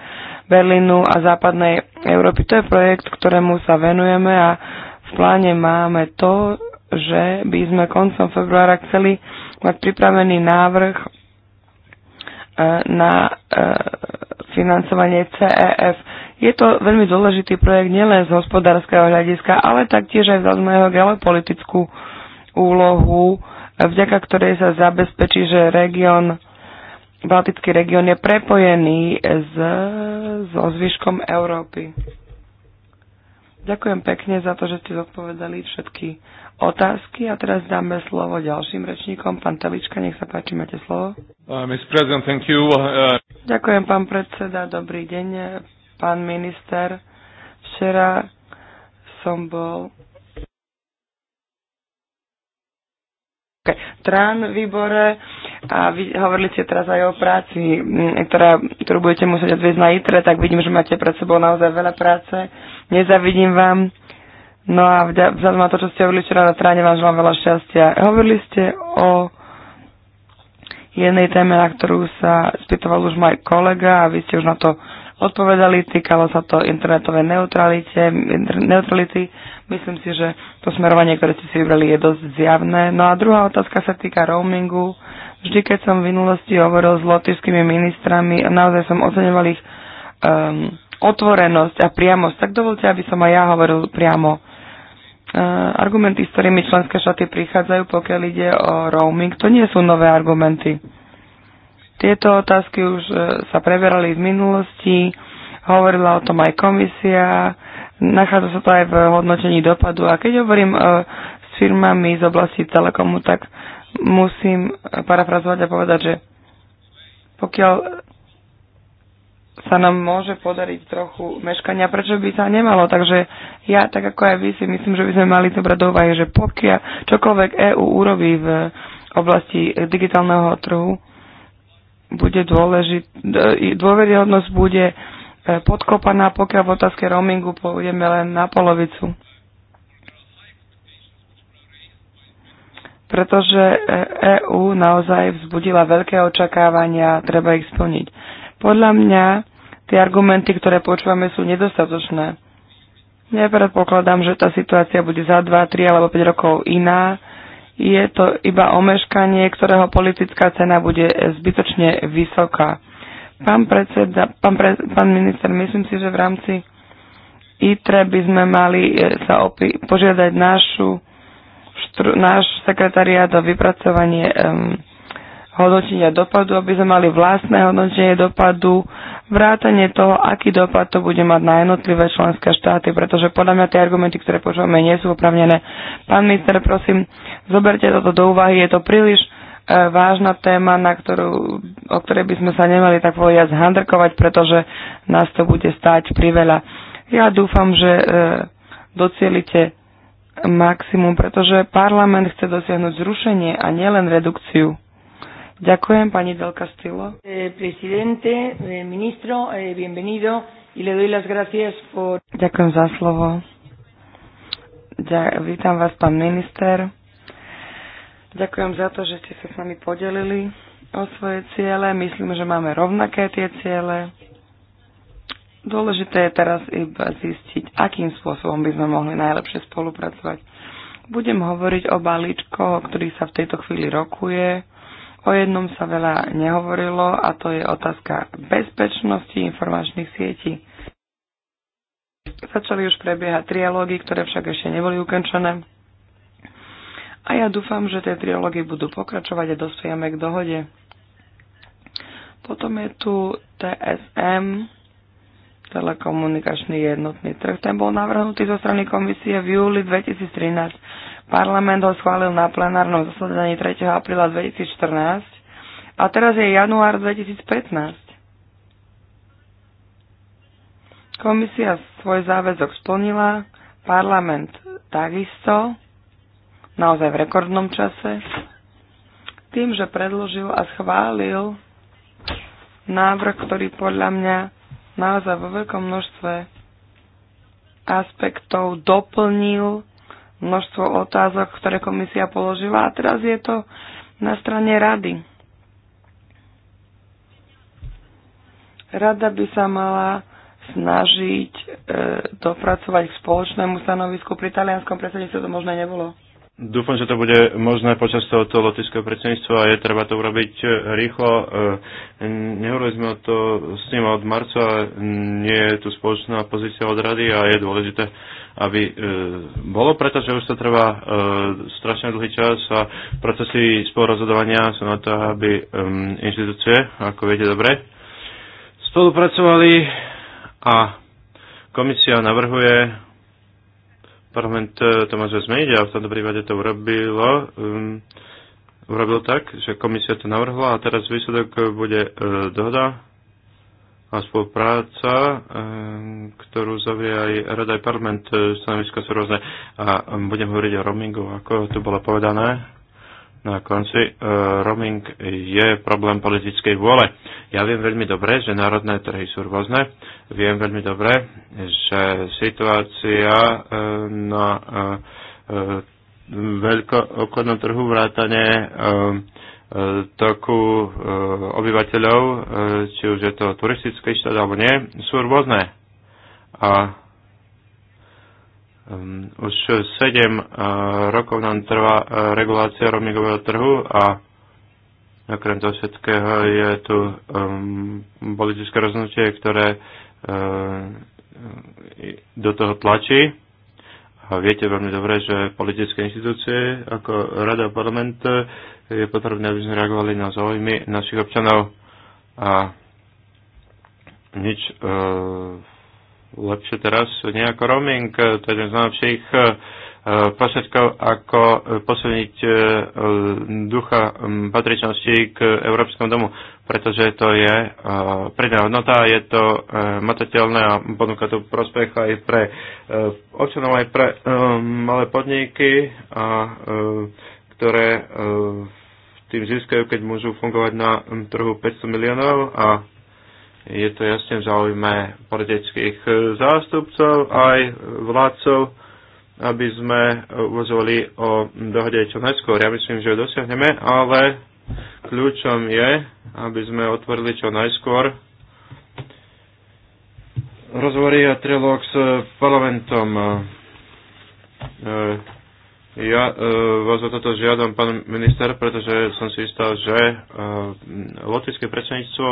Berlínu a západnej Európy. To je projekt, ktorému sa venujeme a v pláne máme to, že by sme koncom februára chceli mať pripravený návrh eh, na financovanie CEF. Je to veľmi dôležitý projekt nielen z hospodárskeho hľadiska, ale taktiež aj z na geopolitickú úlohu vďaka ktorej sa zabezpečí, že region, Baltický región je prepojený s, so zvyškom Európy. Ďakujem pekne za to, že ste zodpovedali všetky otázky a teraz dáme slovo ďalším rečníkom. Pán Telička, nech sa páči, máte slovo. Uh, uh... Ďakujem, pán predseda, dobrý deň, pán minister. Včera som bol TRAN výbore a vy hovorili ste teraz aj o práci, ktorá, ktorú budete musieť odviezť na ITRE, tak vidím, že máte pred sebou naozaj veľa práce. Nezavidím vám. No a vzhľadom na to, čo ste hovorili včera na tráne, vám želám veľa šťastia. Hovorili ste o jednej téme, na ktorú sa spýtoval už môj kolega a vy ste už na to odpovedali. Týkalo sa to internetovej neutralite, neutrality. Myslím si, že to smerovanie, ktoré ste si vybrali, je dosť zjavné. No a druhá otázka sa týka roamingu. Vždy, keď som v minulosti hovoril s lotišskými ministrami, naozaj som oceňoval ich um, otvorenosť a priamosť. Tak dovolte, aby som aj ja hovoril priamo. Uh, argumenty, s ktorými členské štáty prichádzajú, pokiaľ ide o roaming, to nie sú nové argumenty tieto otázky už e, sa preberali v minulosti, hovorila o tom aj komisia, nachádza sa to aj v hodnotení dopadu. A keď hovorím e, s firmami z oblasti telekomu, tak musím e, parafrazovať a povedať, že pokiaľ sa nám môže podariť trochu meškania, prečo by sa nemalo. Takže ja, tak ako aj vy, si myslím, že by sme mali to brať do úvahy, že pokiaľ čokoľvek EÚ urobí v oblasti digitálneho trhu, bude dôležit, dôveryhodnosť bude e, podkopaná, pokiaľ v otázke roamingu pôjdeme len na polovicu. Pretože EÚ e naozaj vzbudila veľké očakávania, treba ich splniť. Podľa mňa tie argumenty, ktoré počúvame, sú nedostatočné. Nepredpokladám, že tá situácia bude za 2, 3 alebo 5 rokov iná je to iba omeškanie, ktorého politická cena bude zbytočne vysoká. Pán, predseda, pán, pre, pán minister, myslím si, že v rámci ITRE by sme mali e, sa opi- požiadať našu, štru, náš sekretariát o vypracovanie um, hodnotenia dopadu, aby sme mali vlastné hodnotenie dopadu, vrátanie toho, aký dopad to bude mať na jednotlivé členské štáty, pretože podľa mňa tie argumenty, ktoré počúvame, nie sú opravnené. Pán minister, prosím, zoberte toto do úvahy, je to príliš e, vážna téma, na ktorú, o ktorej by sme sa nemali tak povedať zhandrkovať, pretože nás to bude stáť priveľa. Ja dúfam, že e, docielite maximum, pretože parlament chce dosiahnuť zrušenie a nielen redukciu. Ďakujem, pani Del Castillo. Eh, presidente, eh, ministro, eh, bienvenido y le doy las gracias por... Ďakujem za slovo. vítam vás, pán minister. Ďakujem za to, že ste sa s nami podelili o svoje ciele. Myslím, že máme rovnaké tie ciele. Dôležité je teraz iba zistiť, akým spôsobom by sme mohli najlepšie spolupracovať. Budem hovoriť o balíčkoch, ktorý sa v tejto chvíli rokuje O jednom sa veľa nehovorilo a to je otázka bezpečnosti informačných sietí. Začali už prebiehať trialógy, ktoré však ešte neboli ukončené. A ja dúfam, že tie trialógy budú pokračovať a dospejeme k dohode. Potom je tu TSM, telekomunikačný jednotný trh. Ten bol navrhnutý zo strany komisie v júli 2013 Parlament ho schválil na plenárnom zasadaní 3. apríla 2014 a teraz je január 2015. Komisia svoj záväzok splnila, parlament takisto, naozaj v rekordnom čase, tým, že predložil a schválil návrh, ktorý podľa mňa naozaj vo veľkom množstve aspektov doplnil množstvo otázok, ktoré komisia položila a teraz je to na strane rady. Rada by sa mala snažiť e, dopracovať k spoločnému stanovisku. Pri talianskom predsedníctve to možné nebolo. Dúfam, že to bude možné počas tohoto lotického predsedníctva a je treba to urobiť e, rýchlo. E, nehovorili sme to s ním od marca, nie je tu spoločná pozícia od rady a je dôležité aby e, bolo, pretože už to trvá e, strašne dlhý čas a procesy spolurozhodovania sú na to, aby e, inštitúcie, ako viete dobre, spolupracovali a komisia navrhuje parlament e, to môže zmeniť a v tomto prípade to urobilo. Um, urobil tak, že komisia to navrhla a teraz výsledok bude e, dohoda a spolupráca, ktorú zavrie aj Rada aj parlament, e, stanoviska sú rôzne. A budem hovoriť o roamingu, ako tu bolo povedané na konci. E, roaming je problém politickej vôle. Ja viem veľmi dobre, že národné trhy sú rôzne. Viem veľmi dobre, že situácia e, na veľkoobchodnom trhu vrátane toku eh, obyvateľov, eh, či už je to turistický štát alebo nie, sú rôzne. A už 7 eh, rokov nám trvá regulácia roamingového trhu a okrem toho všetkého je tu politické rozhodnutie, ktoré do toho tlačí. A viete veľmi dobre, že politické inštitúcie ako Rada a parlament je potrebné, aby sme reagovali na záujmy našich občanov a nič e, lepšie teraz nie ako roaming, e, to je jeden z najlepších e, e prostriedkov, ako posilniť e, e ducha patričnosti k Európskom domu, pretože to je e, predná hodnota, je to e, matateľné a ponúka to prospech aj pre e, občanov, aj pre e, malé podniky a e, ktoré e, tým získajú, keď môžu fungovať na trhu 500 miliónov a je to jasne v záujme politických e, zástupcov aj vládcov, aby sme uvozovali o dohode čo najskôr. Ja myslím, že ho dosiahneme, ale kľúčom je, aby sme otvorili čo najskôr rozhovory a trilóg s parlamentom e, ja e, vás o toto žiadam, pán minister, pretože som si istal, že e, lotické predsedníctvo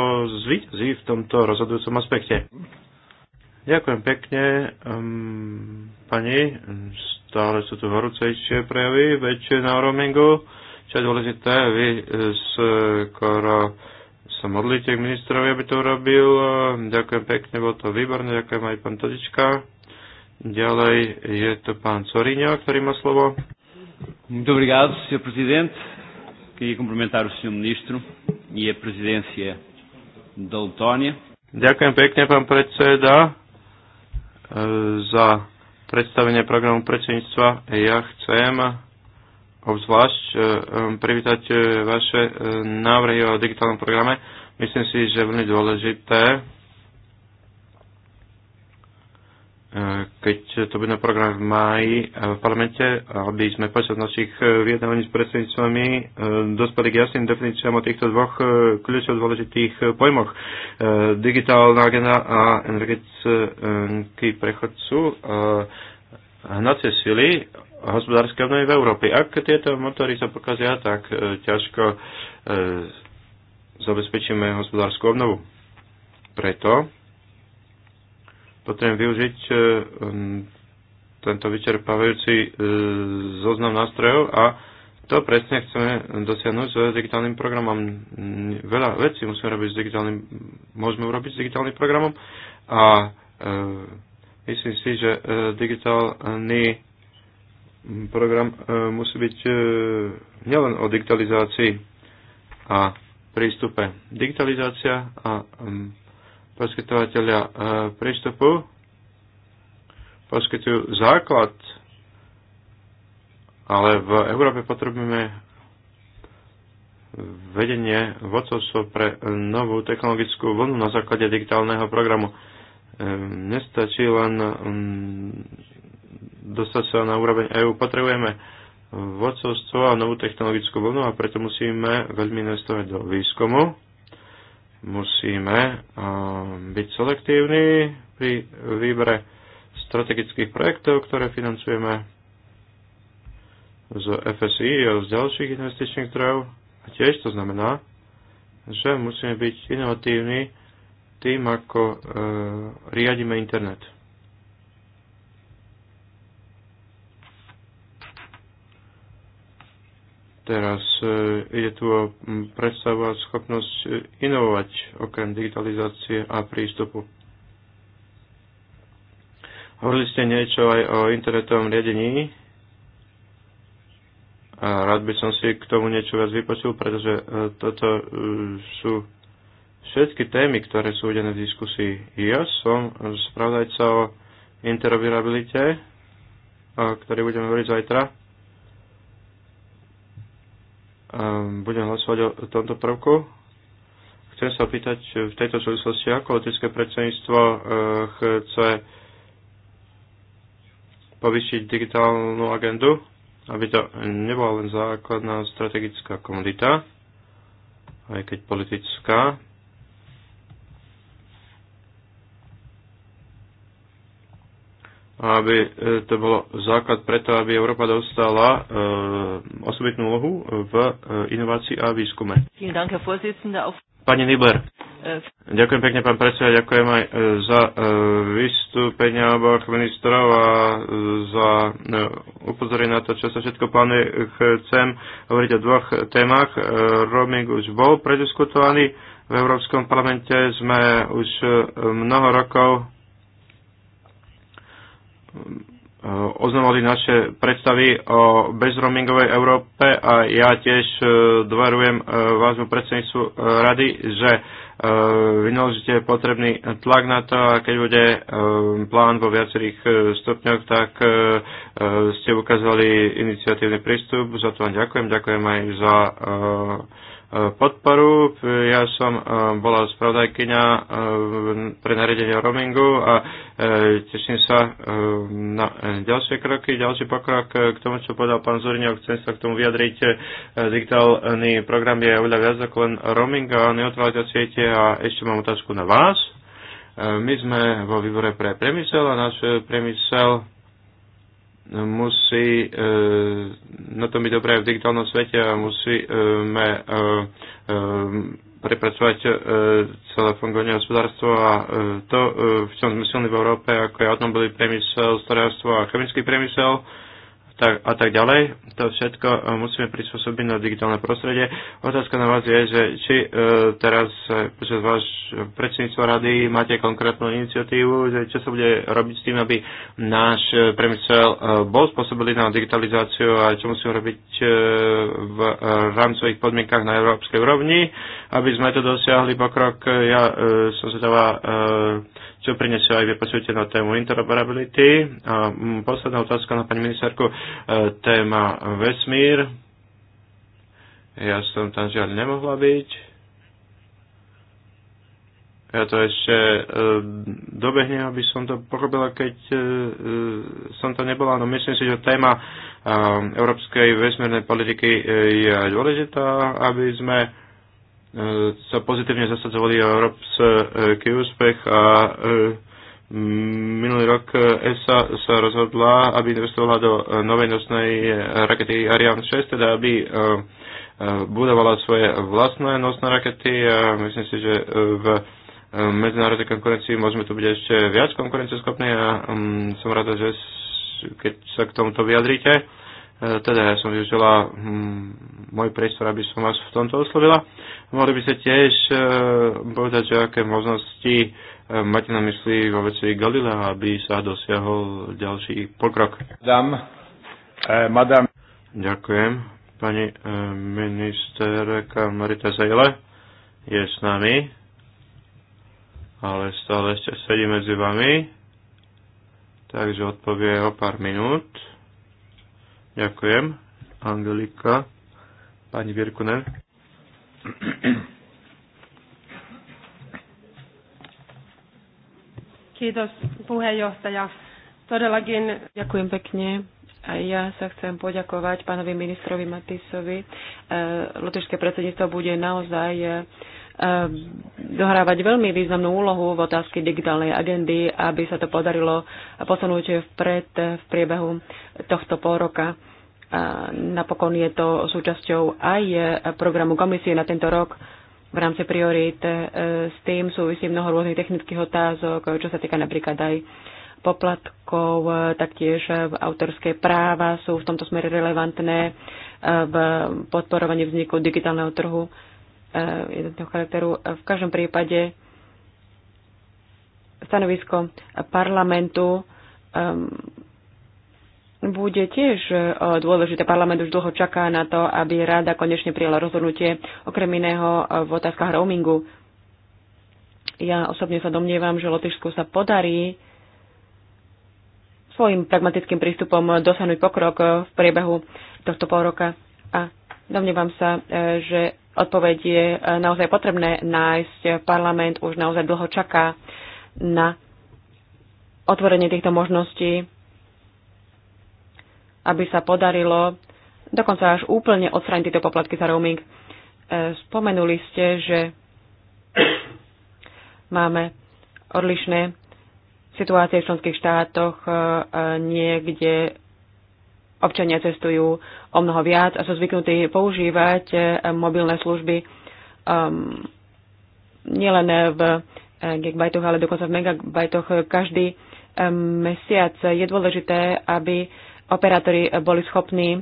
zvýťazí v tomto rozhodujúcom aspekte. Ďakujem pekne. Um, pani, stále sú tu horúcejšie prejavy, väčšie na roamingu. Čo je dôležité, vy e, skoro sa modlíte k ministrovi, aby to urobil. E, ďakujem pekne, bolo to výborné. Ďakujem aj pán Todička. Ďalej je to pán Coriňa, ktorý má slovo. Muito obrigado, Sr. Presidente. Queria cumprimentar o Sr. Ministro e a Presidência da Letónia. Ďakujem pekne, pán predseda, eh, za predstavenie programu predsedníctva. Eh, ja chcem obzvlášť eh, privítať vaše návrhy o digitálnom programe. Myslím si, že veľmi dôležité keď to bude na program v máji e, v parlamente, aby sme počas našich e, vyjednávaní s predsedníctvami e, dospeli k jasným definíciám o týchto dvoch kľúčov dôležitých pojmoch. Digitálna agenda a energetický prechod sú hnacie sily hospodárskej obnovy v Európe. Ak tieto motory sa pokazia, tak ťažko zabezpečíme hospodárskú obnovu. Preto potrebujem využiť e, tento vyčerpávajúci e, zoznam nástrojov a to presne chceme dosiahnuť s digitálnym programom. Veľa vecí musíme robiť s digitálnym, môžeme urobiť s digitálnym programom a e, myslím si, že digitálny program musí byť nielen o digitalizácii a prístupe. Digitalizácia a poskytovateľia e, prístupu poskytujú základ, ale v Európe potrebujeme vedenie vodcovstvo pre novú technologickú vlnu na základe digitálneho programu. E, nestačí len dostať sa na úroveň EÚ. Potrebujeme vodcovstvo a novú technologickú vlnu a preto musíme veľmi investovať do výskumu musíme byť selektívni pri výbere strategických projektov, ktoré financujeme z FSI a z ďalších investičných zdrojov. A tiež to znamená, že musíme byť inovatívni tým, ako e, riadíme internet. Teraz je tu o schopnosť e, inovovať okrem digitalizácie a prístupu. Hovorili ste niečo aj o internetovom riadení. A rád by som si k tomu niečo viac vypočul, pretože e, toto e, sú všetky témy, ktoré sú udené v diskusii. Ja som spravdajca o interoperabilite, o ktorej budeme hovoriť zajtra. Ehm, budem hlasovať o tomto prvku. Chcem sa opýtať v tejto súvislosti, ako letecké predsedníctvo eh, chce povyšiť digitálnu agendu, aby to nebola len základná strategická komodita, aj keď politická, aby e, to bolo základ preto, aby Európa dostala e, osobitnú úlohu v e, inovácii a výskume. Pani Nibler, äh, ďakujem pekne, pán predseda, ďakujem aj za vystúpenia oboch ministrov a za upozorenie na to, čo sa všetko plánuje. Chcem hovoriť o dvoch témach. Roaming už bol prediskutovaný. V Európskom parlamente sme už mnoho rokov Ehm, eh, oznamovali naše predstavy o bezroamingovej Európe a ja tiež eh, dvarujem eh, vášmu predsedníctvu rady, že vynaložíte potrebný tlak na to a keď bude plán vo viacerých stupňoch, tak ste ukázali iniciatívny prístup. Za to vám ďakujem. Ďakujem aj za podporu. Ja som e, bola spravodajkyňa e, pre nariadenie o roamingu a e, teším sa na ďalšie kroky, ďalší pokrok k tomu, čo povedal pán Zuriňov. Chcem sa k tomu vyjadriť. Digitálny program je oveľa viac ako len roaming a neotvárať siete a ešte mám otázku na vás. My sme vo výbore pre priemysel a náš priemysel musí eh, na tom byť dobré v digitálnom svete a musíme eh, eh, prepracovať celé fungovanie hospodárstvo a to, v čom sme silní v Európe, ako je automobilový priemysel, starárstvo a chemický priemysel, tak, a tak ďalej. To všetko e, musíme prispôsobiť na digitálne prostredie. Otázka na vás je, že či e, teraz počas e, váš predsedníctva rady máte konkrétnu iniciatívu, že čo sa bude robiť s tým, aby náš priemysel e, bol spôsobilý na digitalizáciu a čo musíme robiť v rámcových podmienkach na európskej úrovni, aby sme to dosiahli pokrok. Ja e, som zvedavá, e, čo prinesie aj vypočujte na tému interoperability. A posledná otázka na pani ministerku téma vesmír. Ja som tam žiaľ nemohla byť. Ja to ešte e, dobehnem, aby som to porobila, keď e, e som to nebola. No myslím si, že téma e, európskej vesmírnej politiky e, je dôležitá, aby sme e, sa pozitívne zasadzovali o európsky e, úspech a e, Minulý rok ESA sa rozhodla, aby investovala do e, novej nosnej e, rakety Ariane 6, teda aby e, budovala svoje vlastné nosné rakety a myslím si, že v medzinárodnej konkurencii môžeme tu byť ešte viac konkurenceschopní a mm, som rada, že keď sa k tomuto vyjadrite. teda ja som využila mm, môj priestor, aby som vás v tomto oslovila. Mohli by ste tiež povedať, že aké možnosti máte na mysli vo veci Galilea, aby sa dosiahol ďalší pokrok? Dám, eh, madam. Ďakujem. Pani eh, ministerka Marita Zajle je s nami, ale stále ešte sedí medzi vami, takže odpovie o pár minút. Ďakujem. Angelika, pani Virkunen. Kiitos puheenjohtaja. Todellakin. Ďakujem pekne. A ja sa chcem poďakovať pánovi ministrovi Matisovi. E, lotyšské predsedníctvo bude naozaj e, dohrávať veľmi významnú úlohu v otázke digitálnej agendy, aby sa to podarilo posunúť vpred v priebehu tohto pol roka. E, napokon je to súčasťou aj programu komisie na tento rok v rámci priorít. E, s tým súvisí mnoho rôznych technických otázok, čo sa týka napríklad aj poplatkov, e, taktiež autorské práva sú v tomto smere relevantné e, v podporovaní vzniku digitálneho trhu jednotného charakteru. V každom prípade stanovisko parlamentu bude tiež e, dôležité. Parlament už dlho čaká na to, aby rada konečne prijala rozhodnutie, okrem iného e, v otázkach roamingu. Ja osobne sa domnievam, že Lotyšsku sa podarí svojim pragmatickým prístupom dosiahnuť pokrok v priebehu tohto pol roka. A domnievam sa, e, že odpoveď je naozaj potrebné nájsť. Parlament už naozaj dlho čaká na otvorenie týchto možností aby sa podarilo dokonca až úplne odstrániť tieto poplatky za roaming. E, spomenuli ste, že máme odlišné situácie v členských štátoch. E, e, niekde občania cestujú o mnoho viac a sú zvyknutí používať mobilné služby ehm, nielen v gigbajtoch, ale dokonca v megabajtoch každý ehm, mesiac. Je dôležité, aby operátori eh, boli schopní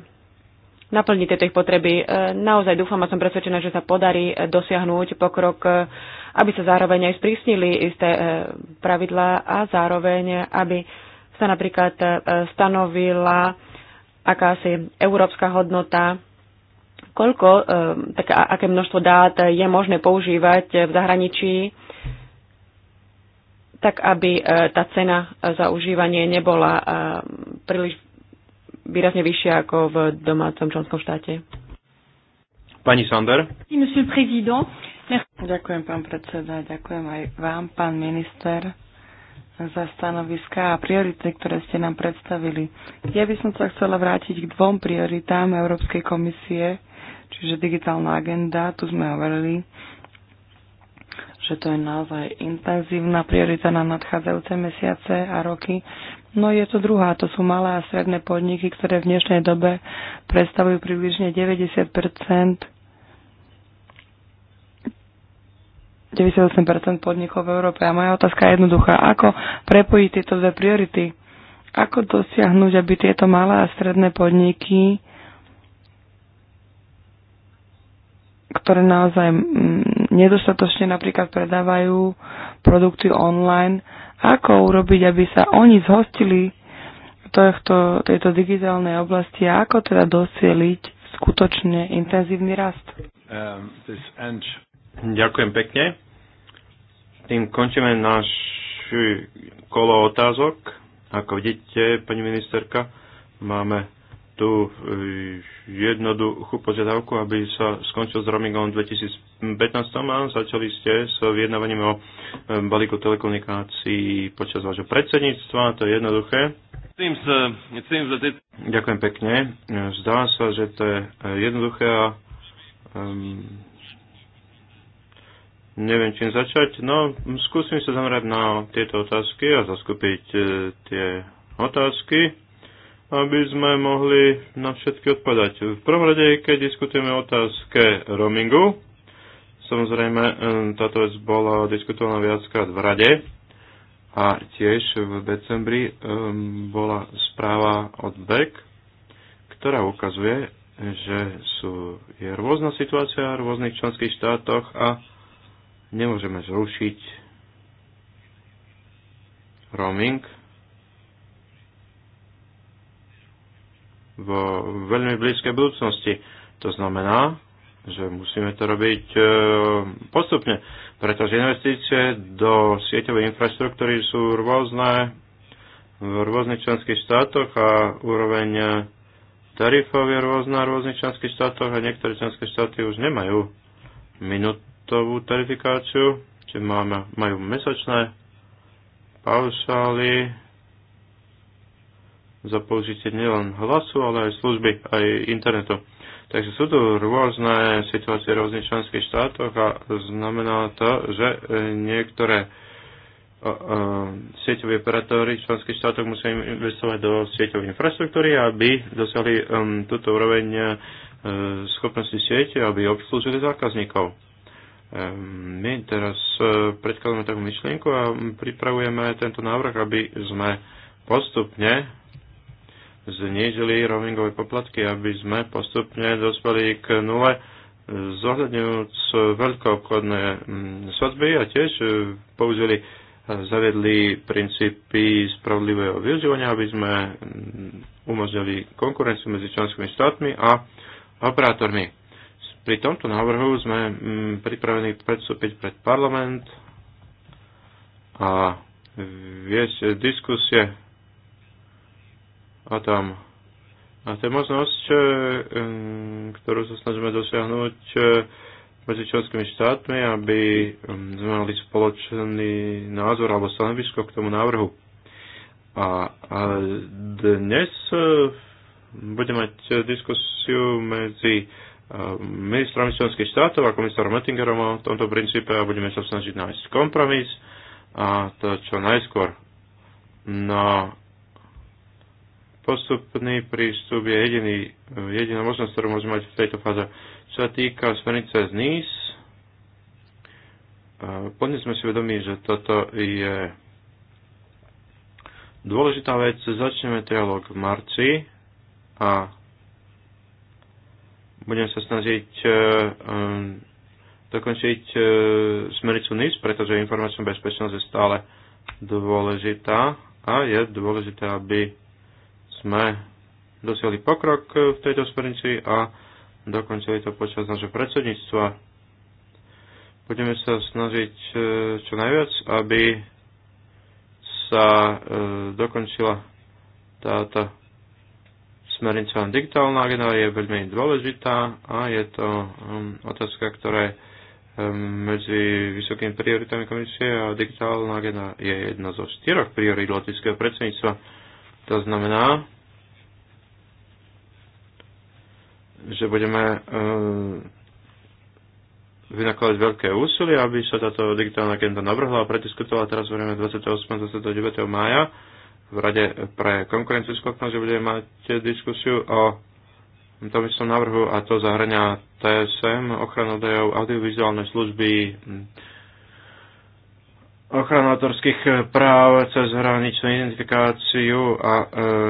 naplniť tieto ich potreby. Eh, naozaj dúfam a som presvedčená, že sa podarí eh, dosiahnuť pokrok, aby sa zároveň aj sprísnili isté pravidlá a zároveň, aby sa napríklad stanovila akási európska hodnota, koľko, tak aké množstvo dát je možné používať v zahraničí, tak aby tá cena za užívanie nebola príliš výrazne vyššia ako v domácom členskom štáte. Pani Sander. Ďakujem, pán predseda. Ďakujem aj vám, pán minister, za stanoviská a priority, ktoré ste nám predstavili. Ja by som sa chcela vrátiť k dvom prioritám Európskej komisie, čiže digitálna agenda, tu sme hovorili, že to je naozaj intenzívna priorita na nadchádzajúce mesiace a roky. No je to druhá, to sú malé a stredné podniky, ktoré v dnešnej dobe predstavujú približne 90 98% podnikov v Európe. A moja otázka je jednoduchá. Ako prepojiť tieto dve priority? Ako dosiahnuť, aby tieto malé a stredné podniky, ktoré naozaj mm, nedostatočne napríklad predávajú produkty online, ako urobiť, aby sa oni zhostili tohto, tejto digitálnej oblasti a ako teda dosieliť skutočne intenzívny rast? Um, Ďakujem pekne. Tým končíme náš kolo otázok. Ako vidíte, pani ministerka, máme tú eh, jednoduchú požiadavku, aby sa skončil s roamingom v 2015 a začali ste s vyjednávaním o eh, balíku telekomunikácií počas vášho predsedníctva, to je jednoduché. Seems, uh, seems that it... Ďakujem pekne. Zdá sa, že to je eh, jednoduché a um, neviem, čím začať. No, skúsim sa zamerať na tieto otázky a zaskupiť uh, tie otázky aby sme mohli na všetky odpovedať. V prvom rade, keď diskutujeme o otázke roamingu, samozrejme táto vec bola diskutovaná viackrát v rade a tiež v decembri bola správa od DEC, ktorá ukazuje, že sú, je rôzna situácia v rôznych členských štátoch a nemôžeme zrušiť roaming vo veľmi blízkej budúcnosti. To znamená, že musíme to robiť e, postupne, pretože investície do sieťovej infraštruktúry sú rôzne v rôznych členských štátoch a úroveň e, tarifov je rôzna v rôznych členských štátoch a niektoré členské štáty už nemajú minutovú tarifikáciu, či máme, majú mesačné paušály, za použitie nielen hlasu, ale aj služby, aj internetu. Takže sú tu rôzne situácie v rôznych členských štátoch a znamená to, že niektoré e, e, sieťové operatóry v členských štátoch musia investovať do sieťovej infraštruktúry, aby dosiahli um, túto úroveň um, schopnosti siete, aby obslúžili zákazníkov. my teraz predkladáme takú myšlienku a pripravujeme tento návrh, aby sme postupne znížili roamingové poplatky, aby sme postupne dospeli k nule, zohľadňujúc veľkoobchodné mm, sadzby a tiež e, použili zaviedli princípy spravodlivého využívania, aby sme mm, umožnili konkurenciu medzi členskými štátmi a operátormi. Pri tomto návrhu sme mm, pripravení predstúpiť pred parlament a viesť diskusie a tam. A to je možnosť, e, ktorú sa snažíme dosiahnuť e, medzi členskými štátmi, aby sme mali spoločný názor alebo stanovisko k tomu návrhu. A, a dnes e, budeme mať diskusiu medzi ministrami členských štátov a komisárom Mettingerom o tomto princípe a budeme sa snažiť nájsť kompromis a to čo najskôr. No Postupný prístup je jediný, jediná možnosť, ktorú môžeme mať v tejto fáze. Čo sa týka smernice z NIS, plne sme si vedomi, že toto je dôležitá vec. Začneme trialog v marci a budem sa snažiť e, e, dokončiť e, smericu NIS, pretože informačná bezpečnosť je stále dôležitá a je dôležité, aby sme dosiahli pokrok v tejto smernici a dokončili to počas nášho predsedníctva. Budeme sa snažiť e, čo najviac, aby sa e, dokončila táto smernica digitálna agenda je veľmi dôležitá a je to otázka, ktorá je medzi vysokými prioritami komisie a digitálna agenda je jedna zo štyroch priorit lotického predsedníctva. To znamená, že budeme eh, vynakladať veľké úsilie, aby sa táto digitálna agenda navrhla a prediskutovala teraz budeme 28. a 29. mája v Rade pre konkurencieschopnosť, že budeme mať diskusiu o tom istom návrhu a to zahrania TSM, ochranu údajov, audiovizuálnej služby, ochranátorských eh, práv cez hraničnú identifikáciu a e,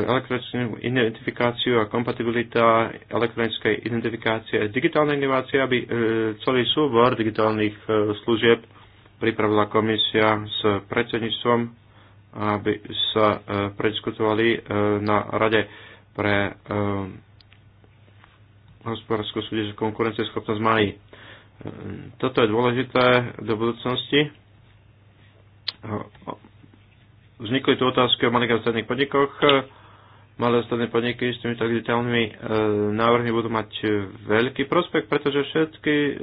elektronickú identifikáciu a kompatibilita elektronickej identifikácie digitálna inovácia, aby e, eh, celý súbor digitálnych e, služieb pripravila komisia s predsedníctvom, aby sa e, prediskutovali e, na rade pre e, hospodárskú konkurencie schopnosť mají. E, toto je dôležité do budúcnosti vznikli tu otázky o malých a stredných podnikoch. Malé a stredné podniky s týmito digitálnymi e, návrhmi budú mať veľký prospekt, pretože všetky e,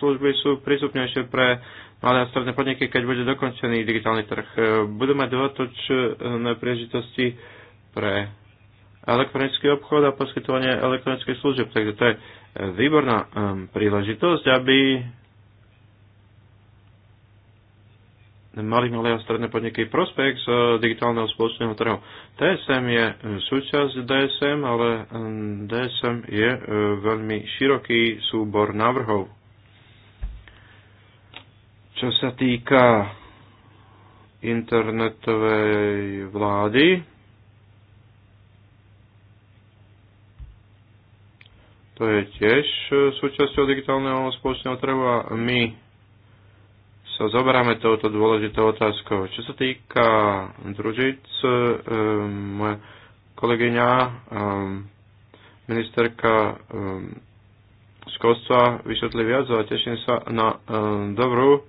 služby sú prístupnejšie pre malé a stredné podniky, keď bude dokončený digitálny trh. E, budú mať dodatočné príležitosti pre elektronický obchod a poskytovanie elektronických služieb. Takže to je výborná príležitosť, aby malých malé a stredné podniky prospekt z eh, digitálneho spoločného trhu. TSM je eh, súčasť DSM, ale DSM mm, je eh, veľmi široký súbor návrhov. Čo sa týka internetovej vlády, to je tiež súčasťou digitálneho spoločného trhu a my sa zoberáme touto dôležitou otázkou. Čo sa týka družic, e, moja kolegyňa, e, ministerka e, školstva vysvetlí viac a teším sa na dobrú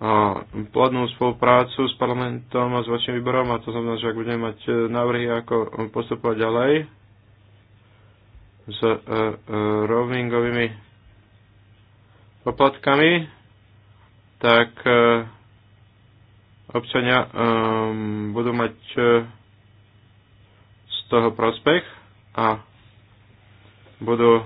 a plodnú spoluprácu s parlamentom a s vašim výborom a to znamená, že ak budeme mať návrhy, ako postupovať ďalej s roamingovými poplatkami, tak e, občania e, budú mať e, z toho prospech a budú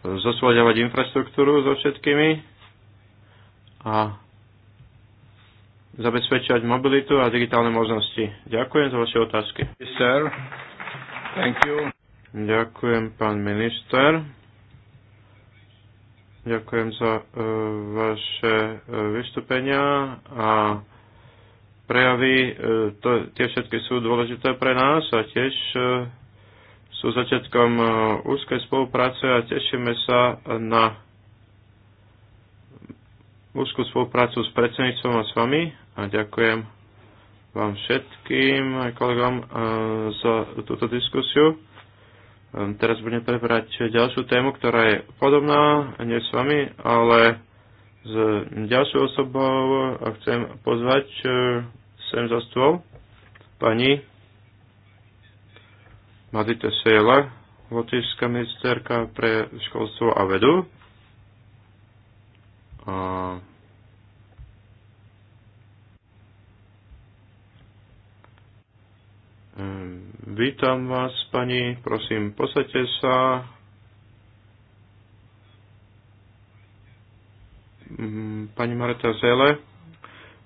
zosúľadiavať infraštruktúru so všetkými a zabezpečovať mobilitu a digitálne možnosti. Ďakujem za vaše otázky. Sir, thank you. Ďakujem, pán minister. Ďakujem za e, vaše e, vystúpenia a prejavy. E, to, tie všetky sú dôležité pre nás a tiež sú začiatkom úzkej spolupráce a tešíme sa na úzkú spoluprácu s predsedníctvom a s vami a ďakujem vám všetkým kolegom za túto diskusiu. Ehm, teraz budem prebrať ďalšiu tému, ktorá je podobná, nie s vami, ale s ďalšou osobou a chcem pozvať eh, sem za stôl pani Madite Sejla, lotišská ministerka pre školstvo a vedu. A um, Vítam vás, pani. Prosím, posaďte sa. Mm, pani Marta Zele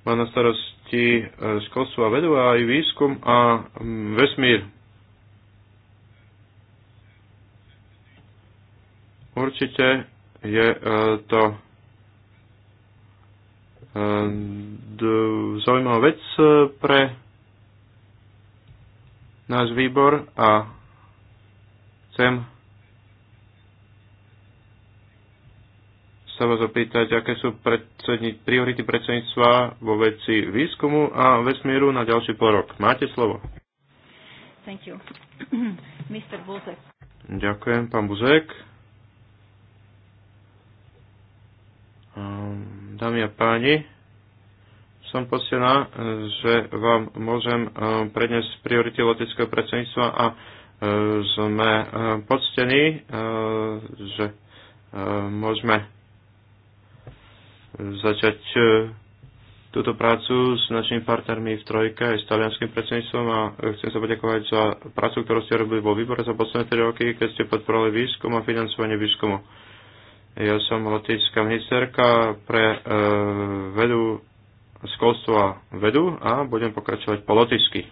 má na starosti e, školstvo a vedu a aj výskum a mm, vesmír. Určite je e, to e, zaujímavá vec pre náš výbor a chcem sa vás opýtať, aké sú predsedni- priority predsedníctva vo veci výskumu a vesmíru na ďalší pol rok. Máte slovo. Thank you. Mr. Buzek. Ďakujem, pán Buzek. Ehm, dámy a páni, som posiela, že vám môžem e, predniesť priority leteckého predsedníctva a e, sme e, poctení, že môžeme začať túto prácu s našimi partnermi v Trojke aj s talianským predsedníctvom a chcem sa poďakovať za prácu, ktorú ste robili vo výbore za posledné 3 roky, keď ste podporovali výskum a financovanie výskumu. Ja som letická ministerka pre e, vedu školstvo a vedu a budem pokračovať po lotyšsky.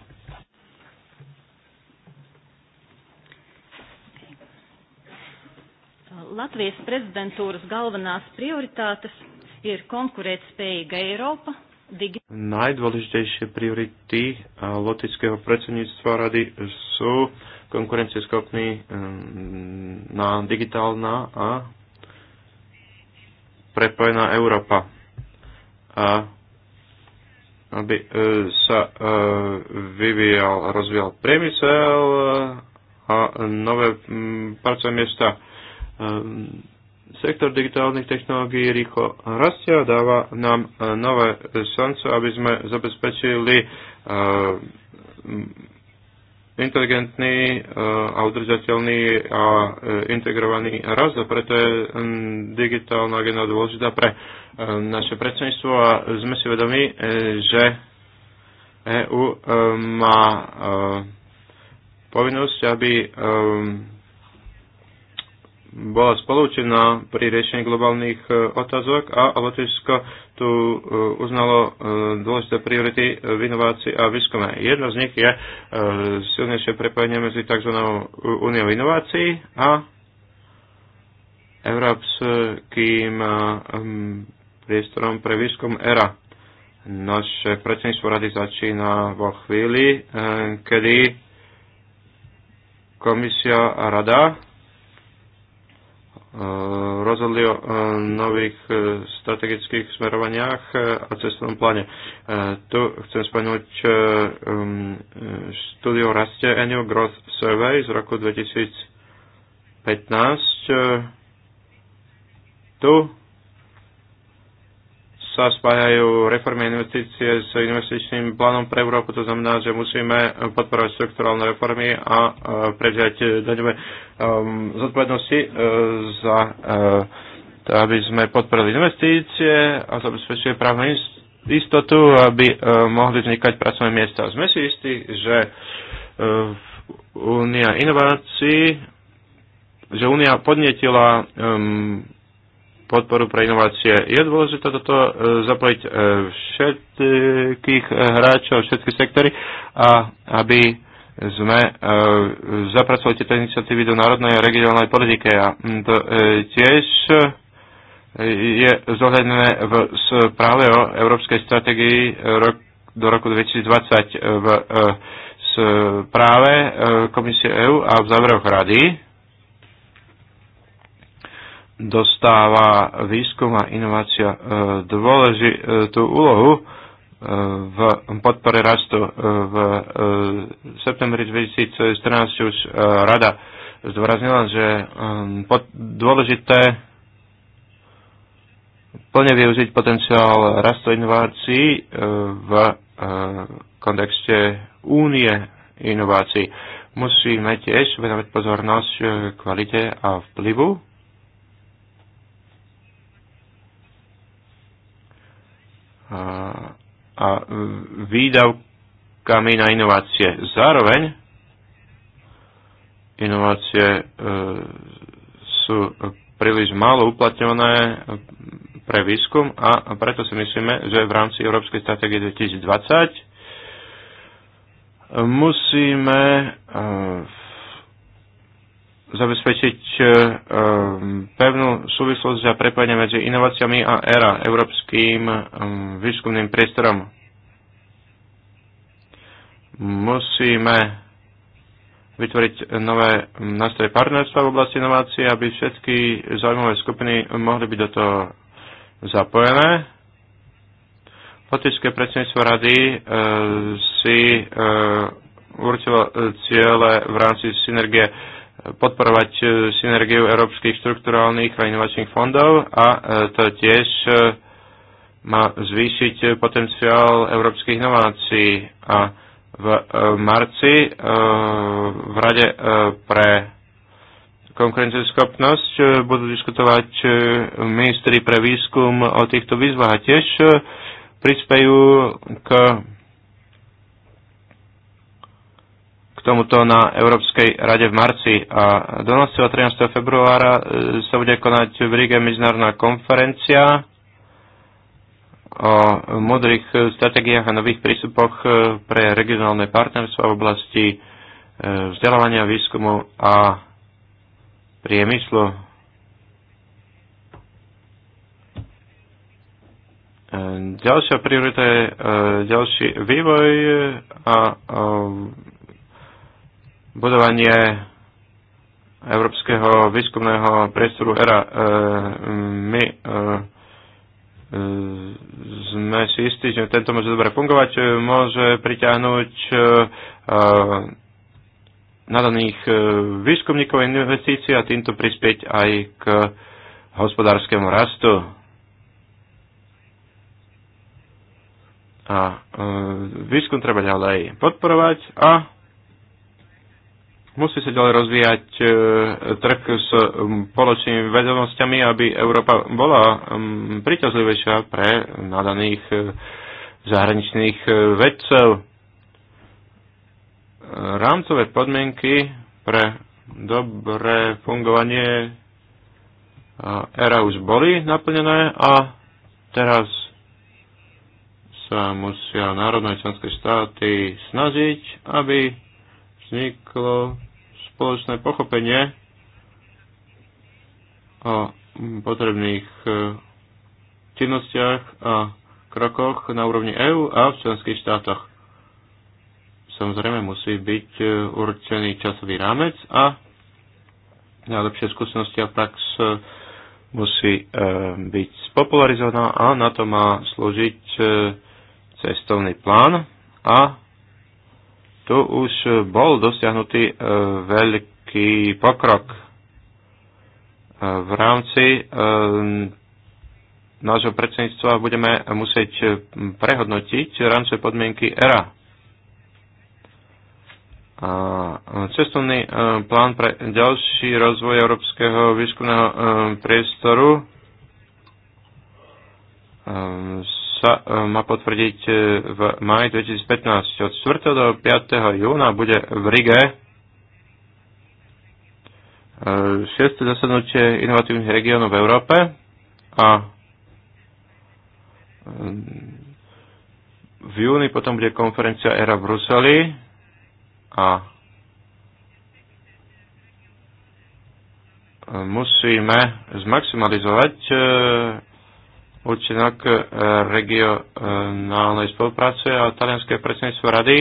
Latvijas prezidentūras galvenās prioritātes ir konkurētspējīga Eiropa. Digi... Najdôležitejšie priority lotického predsedníctva rady sú konkurencieschopný na digitálna a prepojená Európa. A aby e, sa e, vyvíjal, rozvíjal priemysel a nové pracovné miesta. E, sektor digitálnych technológií rýchlo rastie a dáva nám nové šance, aby sme zabezpečili inteligentný eh, a udržateľný a eh, integrovaný rast a preto je mm, digitálna agenda dôležitá pre eh, naše predsedníctvo a sme si vedomi, že EU má povinnosť, aby bola spolúčená pri riešení globálnych otázok a Lotyšsko tu e, uznalo e, dôležité priority e, v inovácii a výskume. Jedno z nich je silnejšie prepojenie medzi tzv. úniou inovácií a európskym priestorom pre výskum ERA. Naše predsedníctvo rady začína vo chvíli, kedy komisia a rada Eh, rozhodli o eh, nových eh, strategických smerovaniach a cestovnom pláne. Tu chcem spomenúť um, štúdiu raste Annual Growth Survey z roku 2015. Tu sa spájajú reformy investície s investičným plánom pre Európu. To znamená, že musíme podporovať strukturálne reformy a e, prevziať daňové e, zodpovednosti e, za to, aby sme podporili investície a zabezpečili právnu istotu, aby mohli vznikať pracovné miesta. Sme si istí, že Únia inovácií že Únia podnetila um, podporu pre inovácie. Je dôležité toto e, zapojiť e, všetkých hráčov, všetky sektory a aby sme e, zapracovali tieto iniciatívy do národnej a regionálnej politike. A to tiež je zohľadnené v správe o Európskej strategii do roku 2020 v správe Komisie EÚ a v záveroch Rady dostáva výskum a inovácia e, dôležitú úlohu e, v podpore rastu. E, v septembri 2014 už rada zdôraznila, že dôležité plne využiť potenciál rastu inovácií v kontexte únie inovácií. Musíme tiež venovať pozornosť kvalite a vplyvu a výdavkami na inovácie. Zároveň inovácie e, sú príliš málo uplatňované pre výskum a preto si myslíme, že v rámci Európskej stratégie 2020 musíme v e, zabezpečiť e, e, pevnú súvislosť a prepojenie medzi inováciami a ERA, Európskym e, výskumným priestorom. Musíme vytvoriť nové nástroje partnerstva v oblasti inovácií, aby všetky zaujímavé skupiny mohli byť do toho zapojené. Politické predsedníctvo rady e, si e, určilo ciele v rámci synergie e, podporovať e, synergiu európskych štrukturálnych a inovačných fondov a e, to tiež e, má zvýšiť potenciál európskych inovácií. A v marci v Rade pre konkurenceschopnosť budú diskutovať ministri pre výskum o týchto výzvach a tiež prispejú k tomuto na Európskej rade v marci. A 12. a 13. februára e, sa bude konať v Ríge medzinárodná konferencia o modrých strategiách a nových prístupoch e, pre regionálne partnerstva v oblasti e, vzdelávania, výskumu a priemyslu. Ďalšia priorita je ďalší vývoj a budovanie Európskeho výskumného priestoru ERA. E, my e, e, sme si istí, že tento môže dobre fungovať, môže priťahnuť nadaných výskumníkov investícií a týmto prispieť aj k hospodárskému rastu. A výskum treba ďalej podporovať a Musí sa ďalej rozvíjať e, trh s spoločnými vedomosťami, aby Európa bola príťazlivejšia pre nadaných e, zahraničných e, vedcov. Rámcové podmienky pre dobré fungovanie ERA už boli naplnené a teraz sa musia národné členské štáty snažiť, aby vzniklo spoločné pochopenie o potrebných e, činnostiach a krokoch na úrovni EÚ a v členských štátoch. Samozrejme musí byť e, určený časový rámec a najlepšie skúsenosti a prax e, musí byť spopularizovaná a na to má slúžiť cestovný plán a tu už bol dosiahnutý e, veľký pokrok e, v rámci e, nášho predsedníctva budeme musieť prehodnotiť rámce podmienky ERA. A cestovný plán pre ďalší rozvoj európskeho výskumného priestoru sa e, má potvrdiť e, v maji 2015. Od 4. do 5. júna bude v Rige 6. E, zasadnutie inovatívnych regiónov v Európe a v júni potom bude konferencia ERA v Bruseli a musíme zmaximalizovať účinok e, regionálnej spolupráce a talianské predsedníctvo rady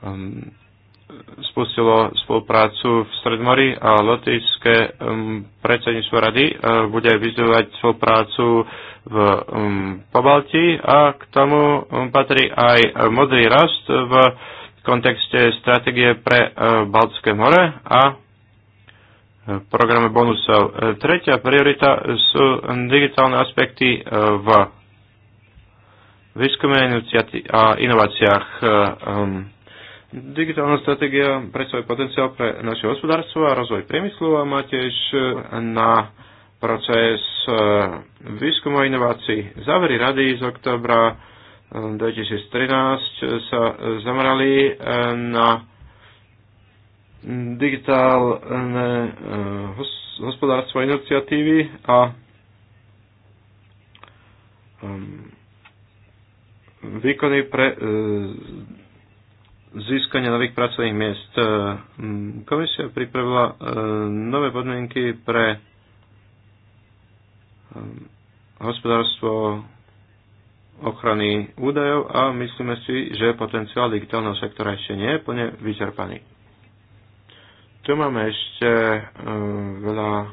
um, spustilo spoluprácu v Stredmori a lotyšské um, predsedníctvo rady e, bude vyzývať spoluprácu v um, Pobalti a k tomu patrí aj modrý rast v kontexte stratégie pre e, Baltské more a programe bonusov. E, tretia priorita sú digitálne aspekty e, v výskume a inováciách. E, digitálna stratégia svoj potenciál pre naše hospodárstvo a rozvoj priemyslu a má tiež na proces výskumu a inovácií. Závery rady z oktobra 2013 sa zamerali na digitálne eh, hospodárstvo iniciatívy a ehm, výkony pre eh, získanie nových pracovných miest. Eh, komisia pripravila nové podmienky pre ehm, hospodárstvo ochrany údajov a myslíme si, že potenciál digitálneho sektora ešte nie je plne vyčerpaný. Tu máme ešte um, veľa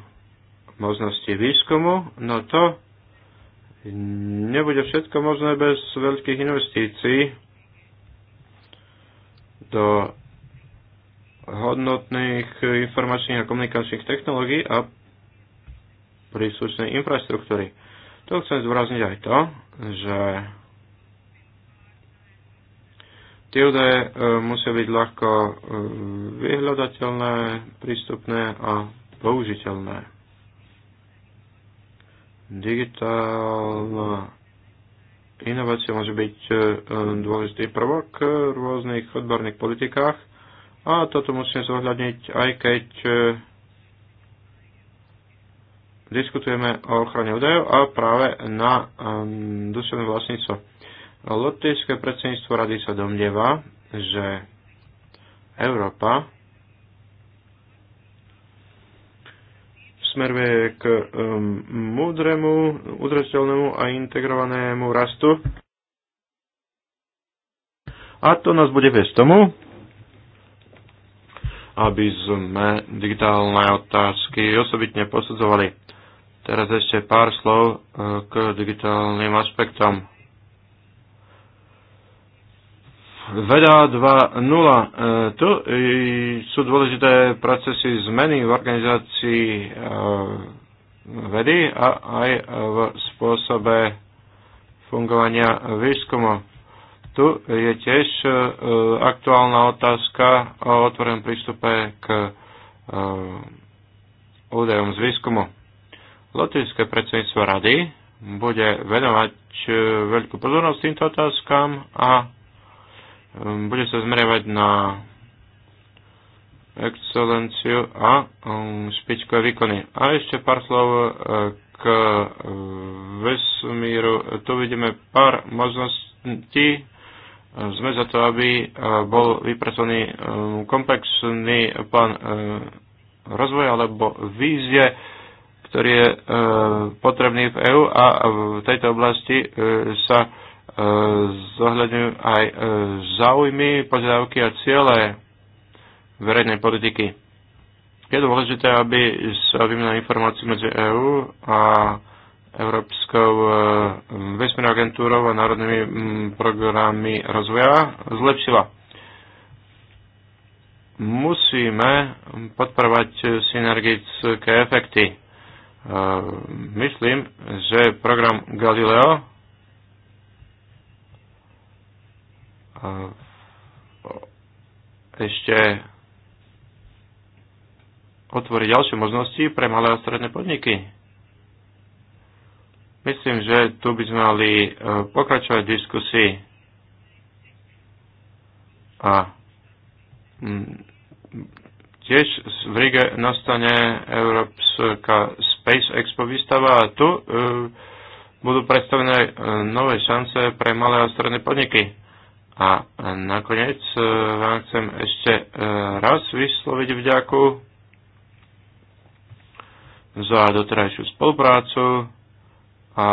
možností výskumu, no to nebude všetko možné bez veľkých investícií do hodnotných informačných a komunikačných technológií a príslušnej infraštruktúry. To chcem zdôrazniť aj to, že Tie údaje e, musia byť ľahko e, vyhľadateľné, prístupné a použiteľné. Digitálna inovácia môže byť e, dôležitý prvok v rôznych odborných politikách a toto musíme zohľadniť aj keď diskutujeme o ochrane údajov a práve na um, duševné vlastníctvo. Lotyšské predsedníctvo rady sa domnieva, že Európa smeruje k um, múdremu, udržateľnému a integrovanému rastu. A to nás bude viesť tomu, aby sme digitálne otázky osobitne posudzovali. Teraz ešte pár slov uh, k digitálnym aspektom. Veda 2.0. E, tu e, sú dôležité procesy zmeny v organizácii e, vedy a aj v spôsobe fungovania výskumu. Tu je tiež aktuálna otázka o otvorenom prístupe k údajom z výskumu. Lotyšské predsedníctvo rady bude venovať veľkú pozornosť týmto otázkam a Ehm, bude sa zmeriavať na excelenciu a ehm, špičkové výkony. A ešte pár slov e, k e, vesmíru. E, tu vidíme pár možností. Sme za to, aby bol vypracovaný ehm, komplexný plán rozvoja alebo vízie, ktorý je potrebný v EÚ a v tejto oblasti sa zohľadňujú aj e, záujmy, požiadavky a ciele verejnej politiky. Je dôležité, aby sa vymenila informácií medzi EÚ a Európskou e, vesmírnou agentúrou a národnými programy rozvoja zlepšila. Musíme podporovať synergické efekty. E, myslím, že program Galileo ešte otvoriť ďalšie možnosti pre malé a stredné podniky. Myslím, že tu by sme mali e, pokračovať v diskusii a tiež v Rige nastane Európska Space Expo výstava a tu e, budú predstavené e, nové šance pre malé a stredné podniky. A nakoniec e, vám chcem ešte e, raz vysloviť vďaku za doterajšiu spoluprácu a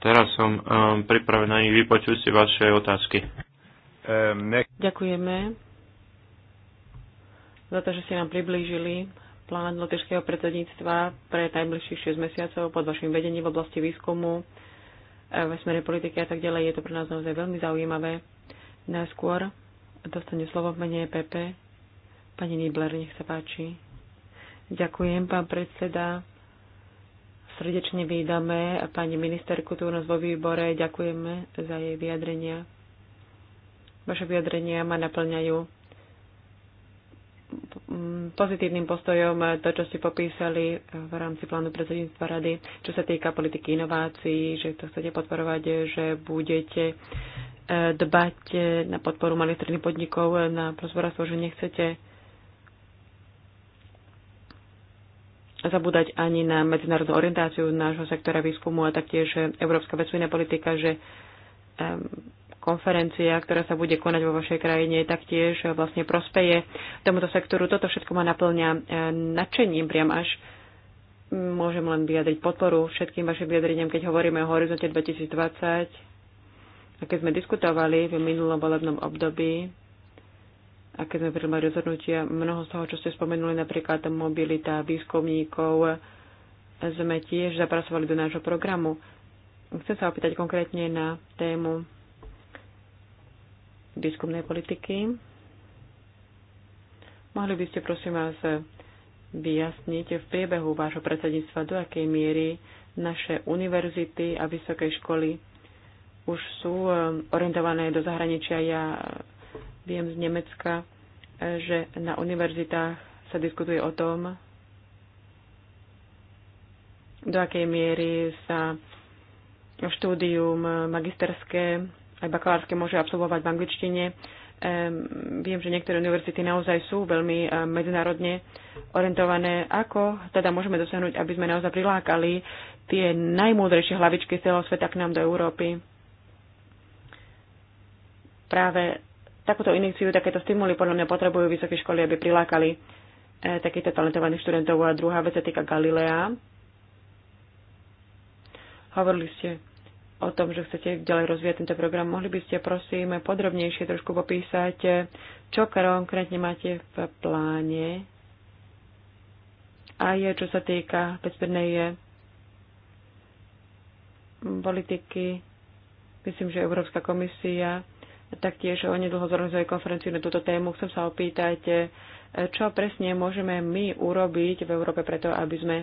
teraz som e, pripravený vypočuť si vaše otázky. Ehm, Ďakujeme za to, že ste nám priblížili plán lotežského predsedníctva pre najbližších 6 mesiacov pod vašim vedením v oblasti výskumu Ve smere politiky a tak ďalej. Je to pre nás naozaj veľmi zaujímavé. Najskôr dostane slovo v mene PP. E pani Nibler, nech sa páči. Ďakujem, pán predseda. Srdečne vydame pani ministerku tu nás vo výbore. Ďakujeme za jej vyjadrenia. Vaše vyjadrenia ma naplňajú pozitívnym postojom to, čo ste popísali v rámci plánu predsedníctva rady, čo sa týka politiky inovácií, že to chcete podporovať, že budete e, dbať na podporu malých stredných podnikov, na prospodárstvo, že nechcete zabúdať ani na medzinárodnú orientáciu nášho sektora výskumu a taktiež európska vesmírna politika, že konferencia, ktorá sa bude konať vo vašej krajine, taktiež vlastne prospeje tomuto sektoru. Toto všetko ma naplňa e, nadšením priam až môžem len vyjadriť podporu všetkým vašim vyjadreniam, keď hovoríme o horizonte 2020. A keď sme diskutovali v minulom volebnom období, a keď sme prijímali rozhodnutia, mnoho z toho, čo ste spomenuli, napríklad mobilita výskumníkov, sme tiež zapracovali do nášho programu. Chcem sa opýtať konkrétne na tému výskumnej politiky. Mohli by ste prosím vás vyjasniť v priebehu vášho predsedníctva, do akej miery naše univerzity a vysoké školy už sú um, orientované do zahraničia. Ja uh, viem z Nemecka, uh, že na univerzitách sa diskutuje o tom, do akej miery sa štúdium uh, magisterské aj bakalárske môže absolvovať v angličtine. Viem, že niektoré univerzity naozaj sú veľmi eh, medzinárodne orientované. Ako teda môžeme dosiahnuť, aby sme naozaj prilákali tie najmúdrejšie hlavičky z celého sveta k nám do Európy? Práve takúto iniciu, takéto stimuly podľa mňa potrebujú vysoké školy, aby prilákali eh, takýchto talentovaných študentov. A druhá vec sa týka Galilea. Hovorili ste o tom, že chcete ďalej rozvíjať tento program. Mohli by ste prosím podrobnejšie trošku popísať, čo konkrétne máte v pláne a je čo sa týka bezpečnej eh, politiky. Myslím, že Európska komisia taktiež nedlho zorganizuje konferenciu na túto tému. Chcem sa opýtať, eh, čo presne môžeme my urobiť v Európe preto, aby sme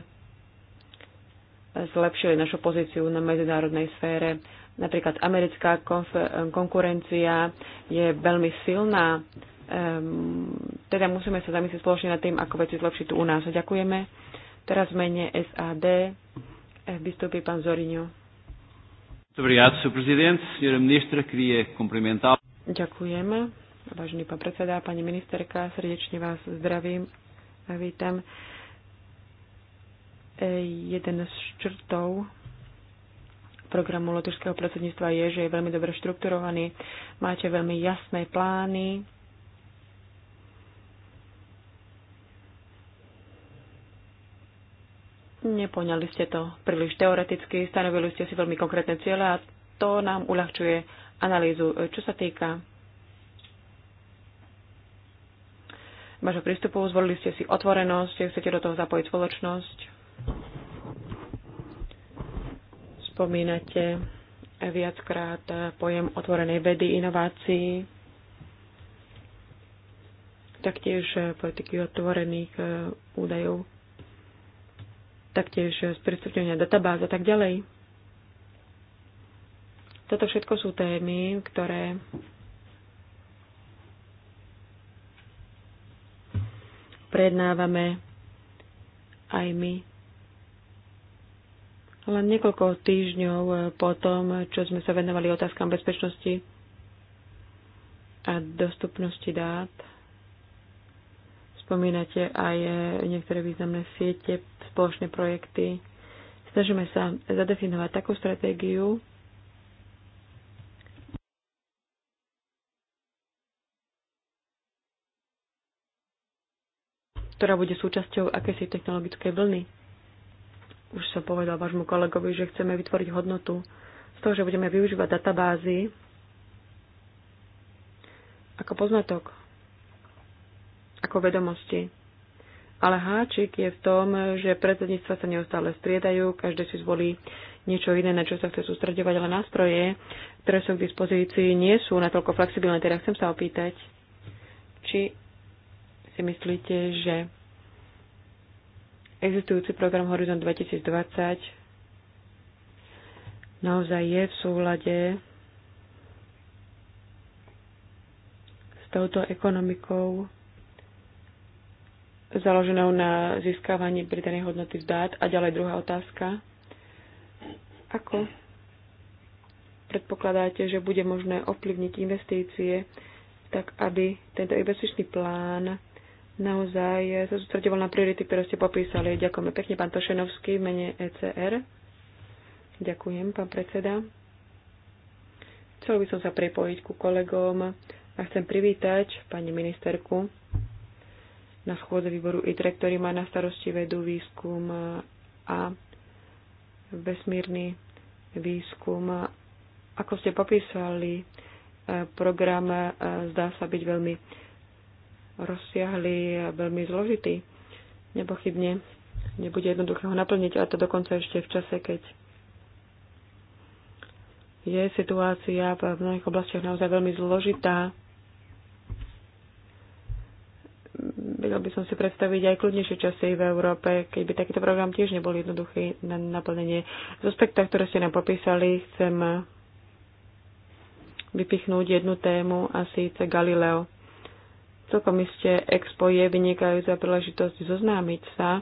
zlepšili našu pozíciu na medzinárodnej sfére. Napríklad americká konkurencia je veľmi silná. Ehm, teda musíme sa zamyslieť spoločne nad tým, ako veci zlepšiť tu u nás. Ďakujeme. Teraz v mene SAD eh, vystúpi pán Zorinio. Ďakujem. Vážený pán predseda, pani ministerka, srdečne vás zdravím a vítam jeden z črtov programu lotyšského predsedníctva je, že je veľmi dobre štrukturovaný, máte veľmi jasné plány, Nepoňali ste to príliš teoreticky, stanovili ste si veľmi konkrétne ciele a to nám uľahčuje analýzu. Čo sa týka vášho prístupu, zvolili ste si otvorenosť, chcete do toho zapojiť spoločnosť. spomínate viackrát pojem otvorenej vedy, inovácií, taktiež politiky otvorených eh, údajov, taktiež sprístupňovania databáz a tak ďalej. Toto všetko sú témy, ktoré prednávame aj my len niekoľko týždňov eh, po tom, čo sme sa venovali otázkam bezpečnosti a dostupnosti dát, spomínate aj eh, niektoré významné siete, spoločné projekty. Snažíme sa zadefinovať takú stratégiu, ktorá bude súčasťou akejsi technologickej vlny už som povedal vášmu kolegovi, že chceme vytvoriť hodnotu z toho, že budeme využívať databázy ako poznatok, ako vedomosti. Ale háčik je v tom, že predsedníctva sa neustále striedajú, každé si zvolí niečo iné, na čo sa chce sústredovať, ale nástroje, ktoré sú k dispozícii, nie sú natoľko flexibilné. Teda chcem sa opýtať, či si myslíte, že Existujúci program Horizon 2020 naozaj je v súlade s touto ekonomikou založenou na získavaní pridanej hodnoty z dát. A ďalej druhá otázka. Ako predpokladáte, že bude možné ovplyvniť investície tak, aby tento investičný plán naozaj sa sústredoval na priority, ktoré ste popísali. Ďakujeme pekne, pán Tošenovský, v mene ECR. Ďakujem, pán predseda. Chcel by som sa pripojiť ku kolegom a chcem privítať pani ministerku na schôdze výboru ITRE, ktorý má na starosti vedú výskum a vesmírny výskum. Ako ste popísali, eh, program eh, zdá sa byť veľmi rozsiahly a veľmi zložitý. Nepochybne nebude jednoduché ho naplniť a to dokonca ešte v čase, keď je situácia v mnohých oblastiach naozaj veľmi zložitá. Vedel by som si predstaviť aj kľudnejšie časy v Európe, keď by takýto program tiež nebol jednoduchý na naplnenie. Z aspektov, ktoré ste nám popísali, chcem vypichnúť jednu tému a síce Galileo. Celkom iste Expo je vynikajúca príležitosť zoznámiť sa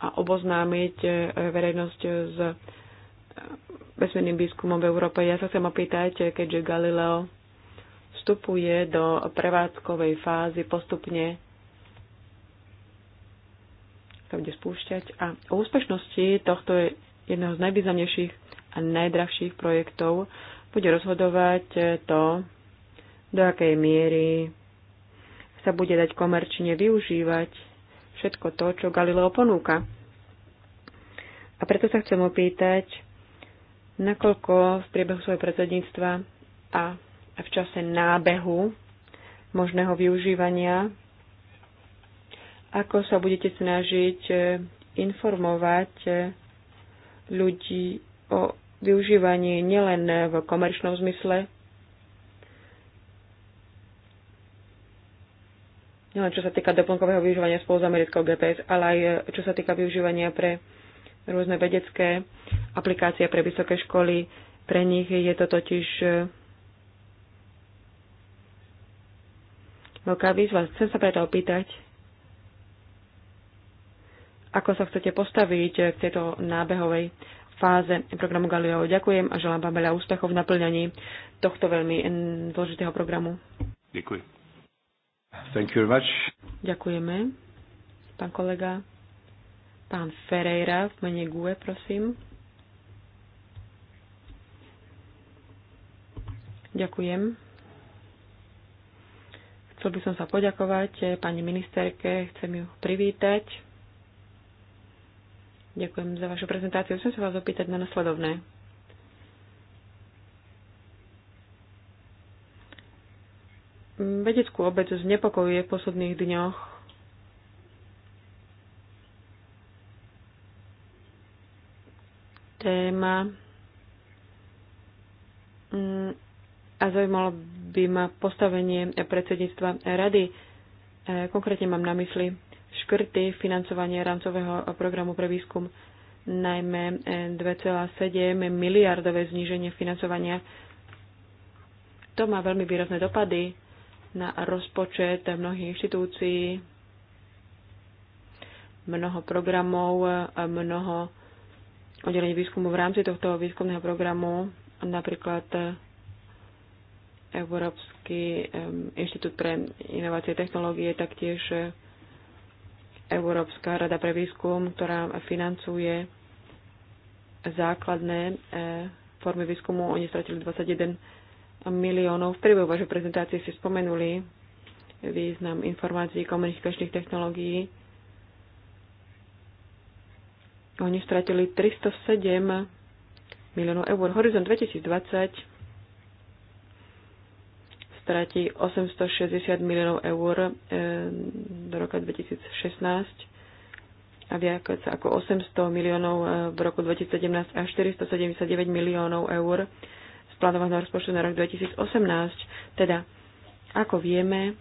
a oboznámiť eh, verejnosť s eh, vesmírnym výskumom v Európe. Ja sa chcem opýtať, eh, keďže Galileo vstupuje do prevádzkovej fázy postupne sa bude spúšťať. A o úspešnosti tohto je jedného z najvýznamnejších a najdrahších projektov bude rozhodovať to, do akej miery sa bude dať komerčne využívať všetko to, čo Galileo ponúka. A preto sa chcem opýtať, nakoľko v priebehu svojho predsedníctva a v čase nábehu možného využívania, ako sa budete snažiť e, informovať e, ľudí o využívaní nielen v komerčnom zmysle, nielen čo sa týka doplnkového využívania spolu s americkou GPS, ale aj e, čo sa týka využívania pre rôzne vedecké aplikácie pre vysoké školy. Pre nich je to totiž e, veľká výzva. Chcem sa preto opýtať, ako sa chcete postaviť e, k tejto nábehovej fáze programu Galileo. Ďakujem a želám vám veľa úspechov v naplňaní tohto veľmi dôležitého programu. Ďakujem. Thank you very much. Ďakujeme. Pán kolega, pán Ferreira v mene GUE, prosím. Ďakujem. Chcel by som sa poďakovať pani ministerke, chcem ju privítať. Ďakujem za vašu prezentáciu. Chcem sa vás opýtať na nasledovné. Vedeckú obec znepokojuje v posledných dňoch téma mm, a zaujímalo by ma postavenie predsedníctva rady. E, konkrétne mám na mysli škrty financovania rámcového programu pre výskum, najmä 2,7 e, miliardové zníženie financovania. To má veľmi výrazné dopady na rozpočet mnohých inštitúcií, mnoho programov, mnoho oddelení výskumu v rámci tohto výskumného programu, napríklad Európsky inštitút pre inovácie a technológie, taktiež Európska rada pre výskum, ktorá financuje základné eh, formy výskumu. Oni stratili 21 miliónov. V priebehu vašej prezentácie ste spomenuli význam informácií komunikačných technológií. Oni stratili 307 miliónov eur. Horizont 2020 stratí 860 miliónov eur e, do roka 2016 a viac ako 800 miliónov e, v roku 2017 a 479 miliónov eur z plánovaného rozpočtu na rok 2018. Teda, ako vieme,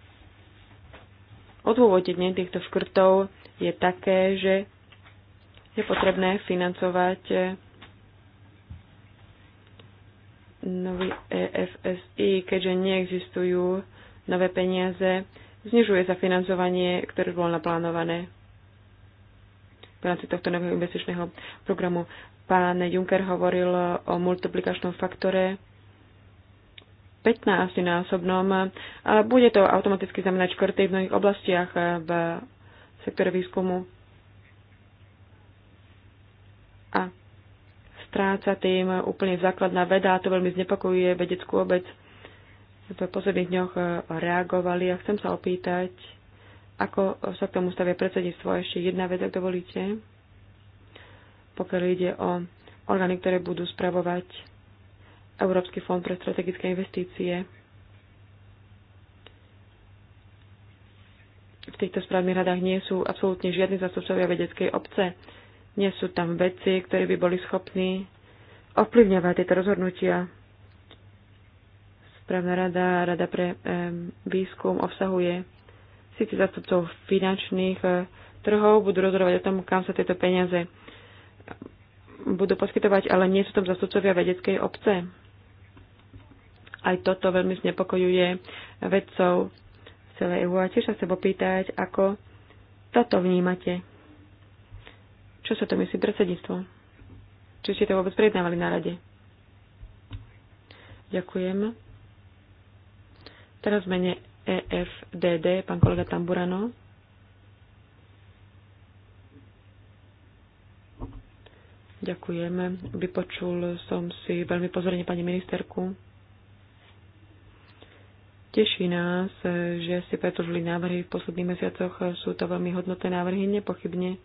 odôvodenie týchto škrtov je také, že je potrebné financovať nový EFSI, keďže neexistujú nové peniaze, znižuje sa financovanie, ktoré bolo naplánované v rámci tohto nového investičného programu. Pán Juncker hovoril o multiplikačnom faktore 15-násobnom, ale bude to automaticky znamenať škrty v mnohých oblastiach v sektore výskumu. A stráca tým úplne základná veda a to veľmi znepokojuje vedeckú obec. V posledných dňoch reagovali a chcem sa opýtať, ako sa k tomu stavia predsedníctvo. Ešte jedna vec, ak dovolíte pokiaľ ide o orgány, ktoré budú spravovať Európsky fond pre strategické investície. V týchto správnych radách nie sú absolútne žiadni zastupcovia vedeckej obce. Nie sú tam vedci, ktorí by boli schopní ovplyvňovať tieto rozhodnutia. Správna rada, rada pre výskum obsahuje síce zastupcov finančných eh, trhov, budú rozhodovať o tom, kam sa tieto peniaze budú poskytovať, ale nie sú tam zastupcovia vedeckej obce. Aj toto veľmi znepokojuje vedcov z celej EU a tiež sa chcem opýtať, ako toto vnímate. Čo sa to myslí predsedníctvo? Či ste to vôbec prejednávali na rade? Ďakujem. Teraz mene EFDD, pán kolega Tamburano. Ďakujeme. Vypočul som si veľmi pozorne pani ministerku. Teší nás, že ste predložili návrhy v posledných mesiacoch. Sú to veľmi hodnotné návrhy, nepochybne.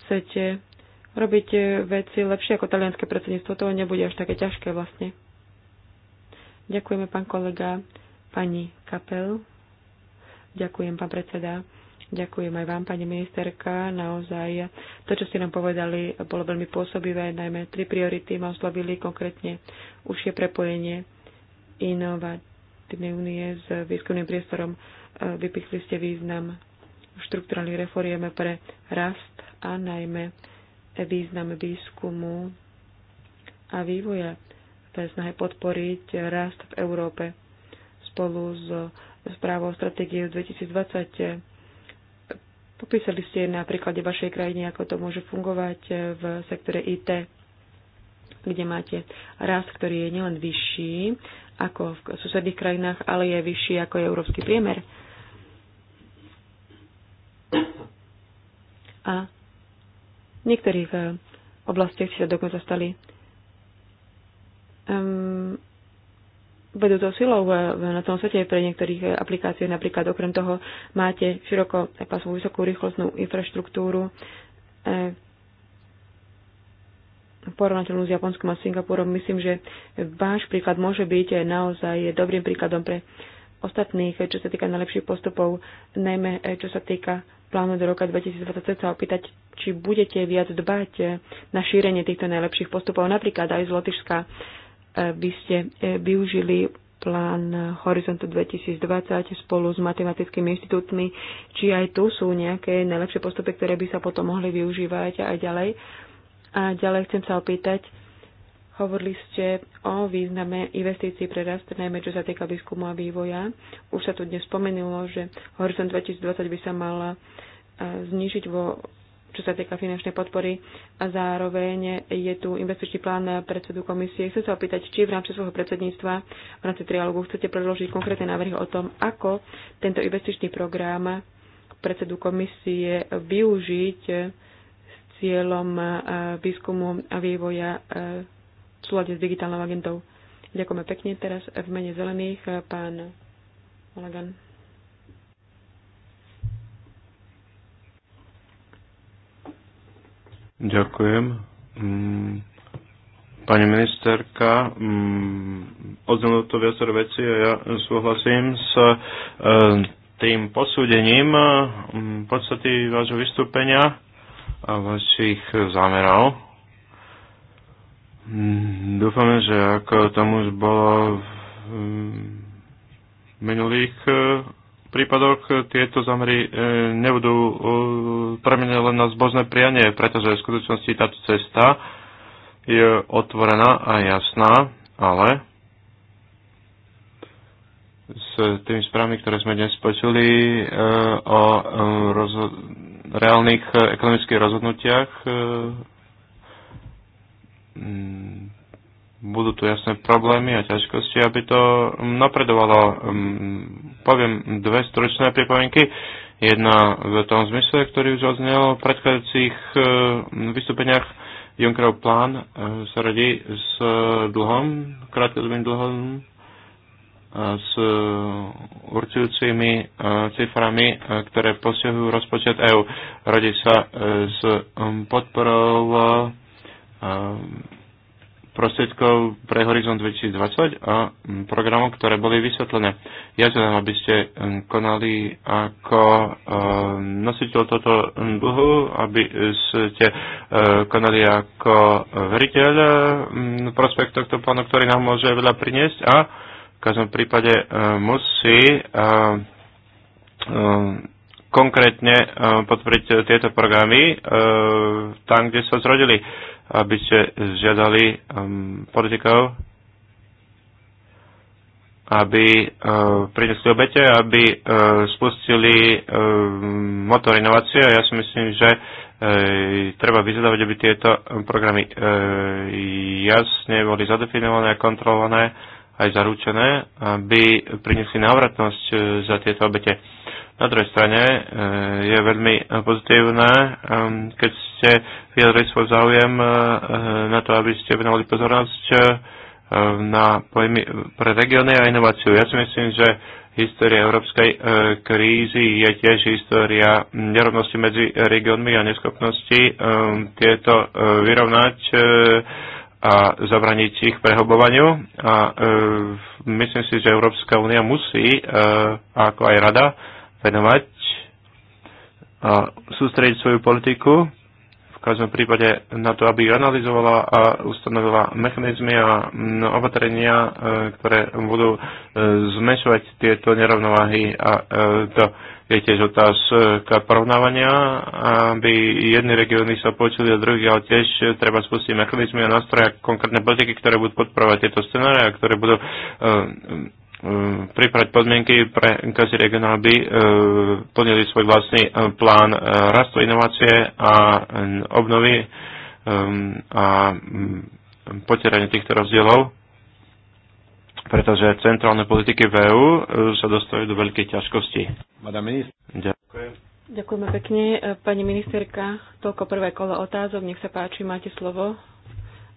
Chcete robiť veci lepšie ako talianské predsedníctvo. To nebude až také ťažké vlastne. Ďakujeme, pán kolega, pani Kapel. Ďakujem, pán predseda. Ďakujem aj vám, pani ministerka. Naozaj to, čo ste nám povedali, bolo veľmi pôsobivé. Najmä tri priority ma oslovili konkrétne užšie prepojenie inovatívnej únie s výskumným priestorom. E, vypichli ste význam štruktúrnych reforiem pre rast a najmä význam výskumu a vývoja v snahe podporiť rast v Európe spolu s správou stratégie 2020 Popísali ste na príklade vašej krajiny, ako to môže fungovať eh, v sektore IT, kde máte rast, ktorý je nielen vyšší ako v susedných krajinách, ale je vyšší ako je európsky priemer. A v niektorých eh, oblastiach sa dokonca stali um, to silou na tom svete pre niektorých aplikácií. Napríklad okrem toho máte široko e, svoju vysokú rýchlostnú infraštruktúru e, porovnateľnú s Japonskom a Singapurom. Myslím, že váš príklad môže byť naozaj dobrým príkladom pre ostatných, čo sa týka najlepších postupov, najmä e, čo sa týka plánu do roka 2020 sa opýtať, či budete viac dbať na šírenie týchto najlepších postupov, napríklad aj z Lotyšska by ste e, využili plán Horizontu 2020 spolu s matematickými inštitútmi, či aj tu sú nejaké najlepšie postupy, ktoré by sa potom mohli využívať aj ďalej. A ďalej chcem sa opýtať, hovorili ste o význame investícií pre rast, najmä čo sa týka výskumu a vývoja. Už sa tu dnes spomenulo, že Horizont 2020 by sa mal e, znižiť vo čo sa týka finančnej podpory a zároveň je tu investičný plán predsedu komisie. Chcem sa opýtať, či v rámci svojho predsedníctva, v rámci trialógu chcete predložiť konkrétne návrhy o tom, ako tento investičný program predsedu komisie využiť s cieľom výskumu a vývoja v súlade s digitálnou agentou. Ďakujeme pekne. Teraz v mene zelených pán Malagan. Ďakujem. Mm, pani ministerka, mm, odznelo to viacero veci a ja súhlasím s e, tým posúdením mm, podstaty vášho vystúpenia a vašich zámerov. Dúfame, že ako tomu už bolo v minulých e, prípadoch e, tieto e, nebudú e, premenené len na zbožné prianie, pretože v skutočnosti táto cesta je otvorená a jasná, ale s tými správami, ktoré sme dnes počuli e, o reálnych ekonomických rozhodnutiach, budú tu jasné problémy a ťažkosti, aby to napredovalo poviem dve stručné pripomienky. Jedna v tom zmysle, ktorý už odznel v predchádzajúcich e, vystúpeniach. Junckerov plán e, sa radí s dlhom, krátkodobým dlhom, e, s určujúcimi ciframi, ktoré posiahujú rozpočet EÚ. Radí sa s podporou prostriedkov pre Horizon 2020 a mm, programov, ktoré boli vysvetlené. Ja želám, aby ste mm, konali ako e, nositeľ toto mm, dlhu, aby ste e, konali ako veriteľ prospekt tohto plánu, ktorý nám môže veľa priniesť a v každom prípade e, musí konkrétne podporiť tieto programy tam, kde sa zrodili aby ste žiadali um, politikov, aby uh, prinesli obete, aby uh, spustili uh, motor inovácie. Ja si myslím, že uh, treba vyzadovať, aby tieto um, programy uh, jasne boli zadefinované a kontrolované aj zaručené, aby priniesli návratnosť uh, za tieto obete. Na druhej strane e, je veľmi pozitívne, e, keď ste vyjadrili svoj záujem e, na to, aby ste venovali pozornosť na pojmy pre regióny a inováciu. Ja si myslím, že história európskej krízy je tiež história nerovnosti medzi regiónmi a neschopnosti tieto vyrovnať a zabraniť ich prehobovaniu. A myslím si, že Európska únia musí, ako aj Rada, venovať a sústrediť svoju politiku, v každom prípade na to, aby analyzovala a ustanovila mechanizmy a opatrenia, e, ktoré budú e, zmešovať tieto nerovnováhy a e, to je tiež otázka porovnávania, aby jedni regióny sa počuli a druhý, ale tiež treba spustiť mechanizmy a nástroje a konkrétne politiky, ktoré budú podporovať tieto scenáre a ktoré budú E, pripraviť podmienky pre inkazy region, aby e, plnili svoj vlastný e, plán rastu inovácie a obnovy a potieranie týchto rozdielov, pretože centrálne politiky v EU sa dostajú do veľkej ťažkosti. Ďakujem. Ďakujeme pekne. Pani ministerka, toľko prvé kolo otázok. Nech sa páči, máte slovo,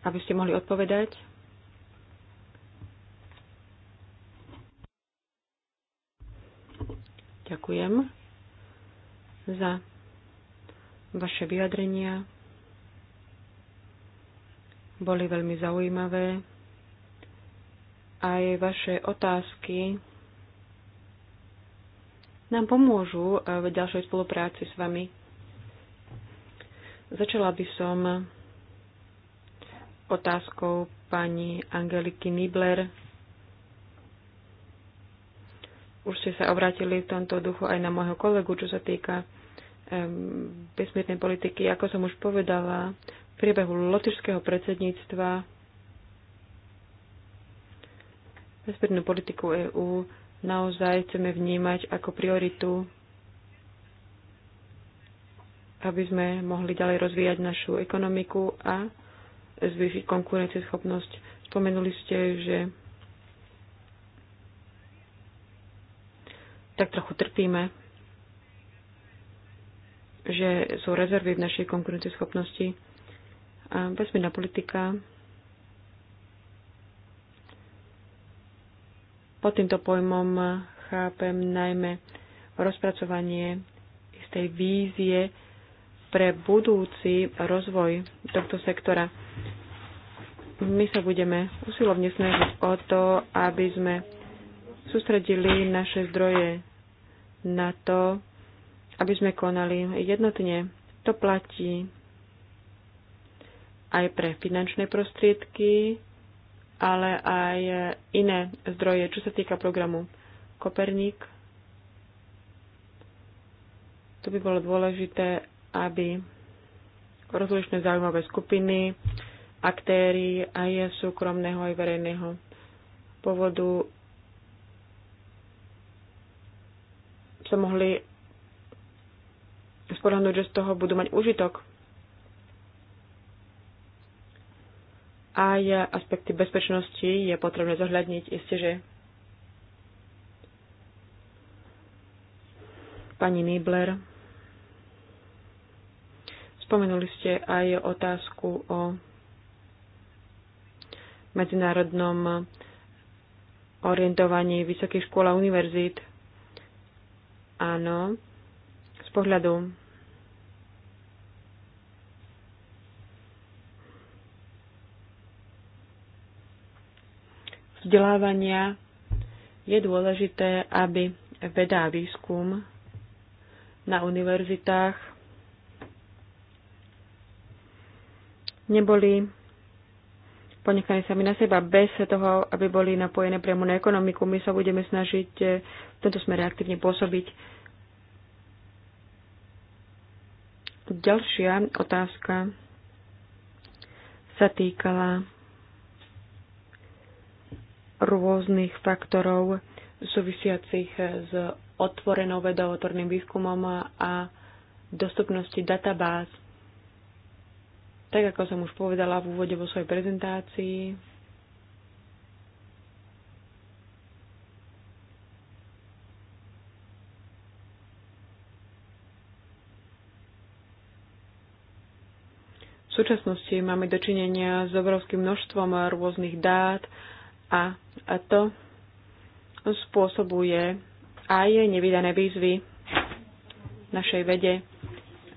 aby ste mohli odpovedať. Ďakujem za vaše vyjadrenia. Boli veľmi zaujímavé. Aj vaše otázky nám pomôžu v ďalšej spolupráci s vami. Začala by som otázkou pani Angeliky Nibler už ste sa obrátili v tomto duchu aj na môjho kolegu, čo sa týka um, vesmírnej politiky. Ako som už povedala, v priebehu lotišského predsedníctva vesmírnu politiku EÚ naozaj chceme vnímať ako prioritu, aby sme mohli ďalej rozvíjať našu ekonomiku a zvýšiť konkurencieschopnosť. Spomenuli ste, že tak trochu trpíme, že sú rezervy v našej konkurencieschopnosti. A vesmírna politika pod týmto pojmom chápem najmä rozpracovanie istej vízie pre budúci rozvoj tohto sektora. My sa budeme usilovne snažiť o to, aby sme sústredili naše zdroje na to, aby sme konali jednotne. To platí aj pre finančné prostriedky, ale aj iné zdroje, čo sa týka programu Koperník. To by bolo dôležité, aby rozlišné zaujímavé skupiny, aktéry aj súkromného aj verejného povodu sa mohli spolahnúť, že z toho budú mať užitok. Aj aspekty bezpečnosti je potrebné zohľadniť, isté, že pani Nibler spomenuli ste aj otázku o medzinárodnom orientovaní vysokých škôl a univerzít. Áno, z pohľadu vzdelávania je dôležité, aby vedá výskum na univerzitách neboli ponechané sami na seba, bez toho, aby boli napojené priamo na ekonomiku. My sa budeme snažiť eh, v tomto smere aktívne pôsobiť. Ďalšia otázka sa týkala rôznych faktorov súvisiacich eh, s otvorenou vedovotorným výskumom a dostupnosti databáz tak ako som už povedala v úvode vo svojej prezentácii, V súčasnosti máme dočinenia s obrovským množstvom rôznych dát a, a to spôsobuje aj nevydané výzvy našej vede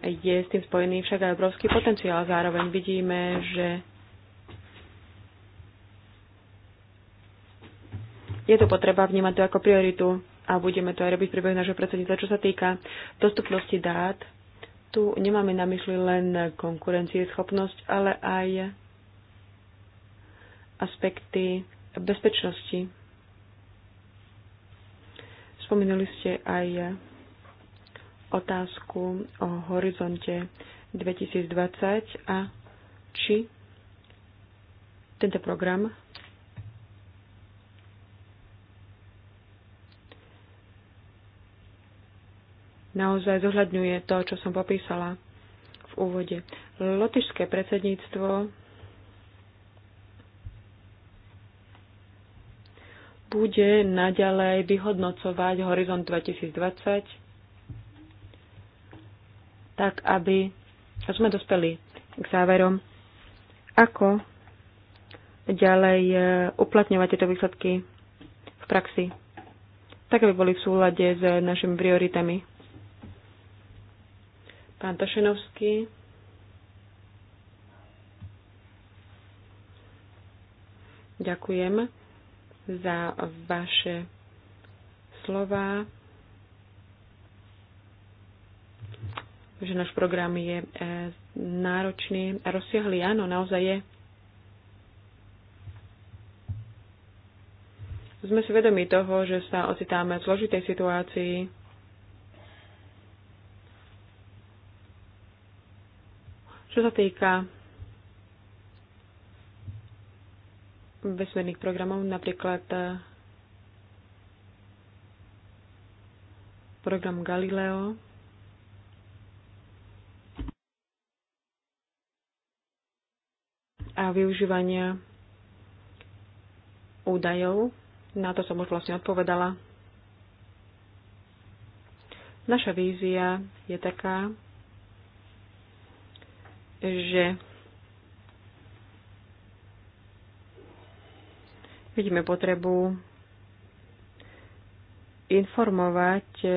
je s tým spojený však aj obrovský potenciál. Zároveň vidíme, že je to potreba vnímať to ako prioritu a budeme to aj robiť pri nášho predsednica. Čo sa týka dostupnosti dát, tu nemáme na mysli len konkurencieschopnosť, ale aj aspekty bezpečnosti. Spomínali ste aj otázku o horizonte 2020 a či tento program naozaj zohľadňuje to, čo som popísala v úvode. Lotyšské predsedníctvo bude naďalej vyhodnocovať Horizont 2020 tak aby sme dospeli k záverom, ako ďalej e, uplatňovať tieto výsledky v praxi, tak aby boli v súlade s našimi prioritami. Pán Tošenovský. Ďakujem za vaše slova. že náš program je e, náročný a rozsiahlý. Áno, naozaj je. Sme si vedomi toho, že sa ocitáme v zložitej situácii. Čo sa týka vesmírnych programov, napríklad e, program Galileo, a využívania údajov. Na to som už vlastne odpovedala. Naša vízia je taká, že vidíme potrebu informovať e,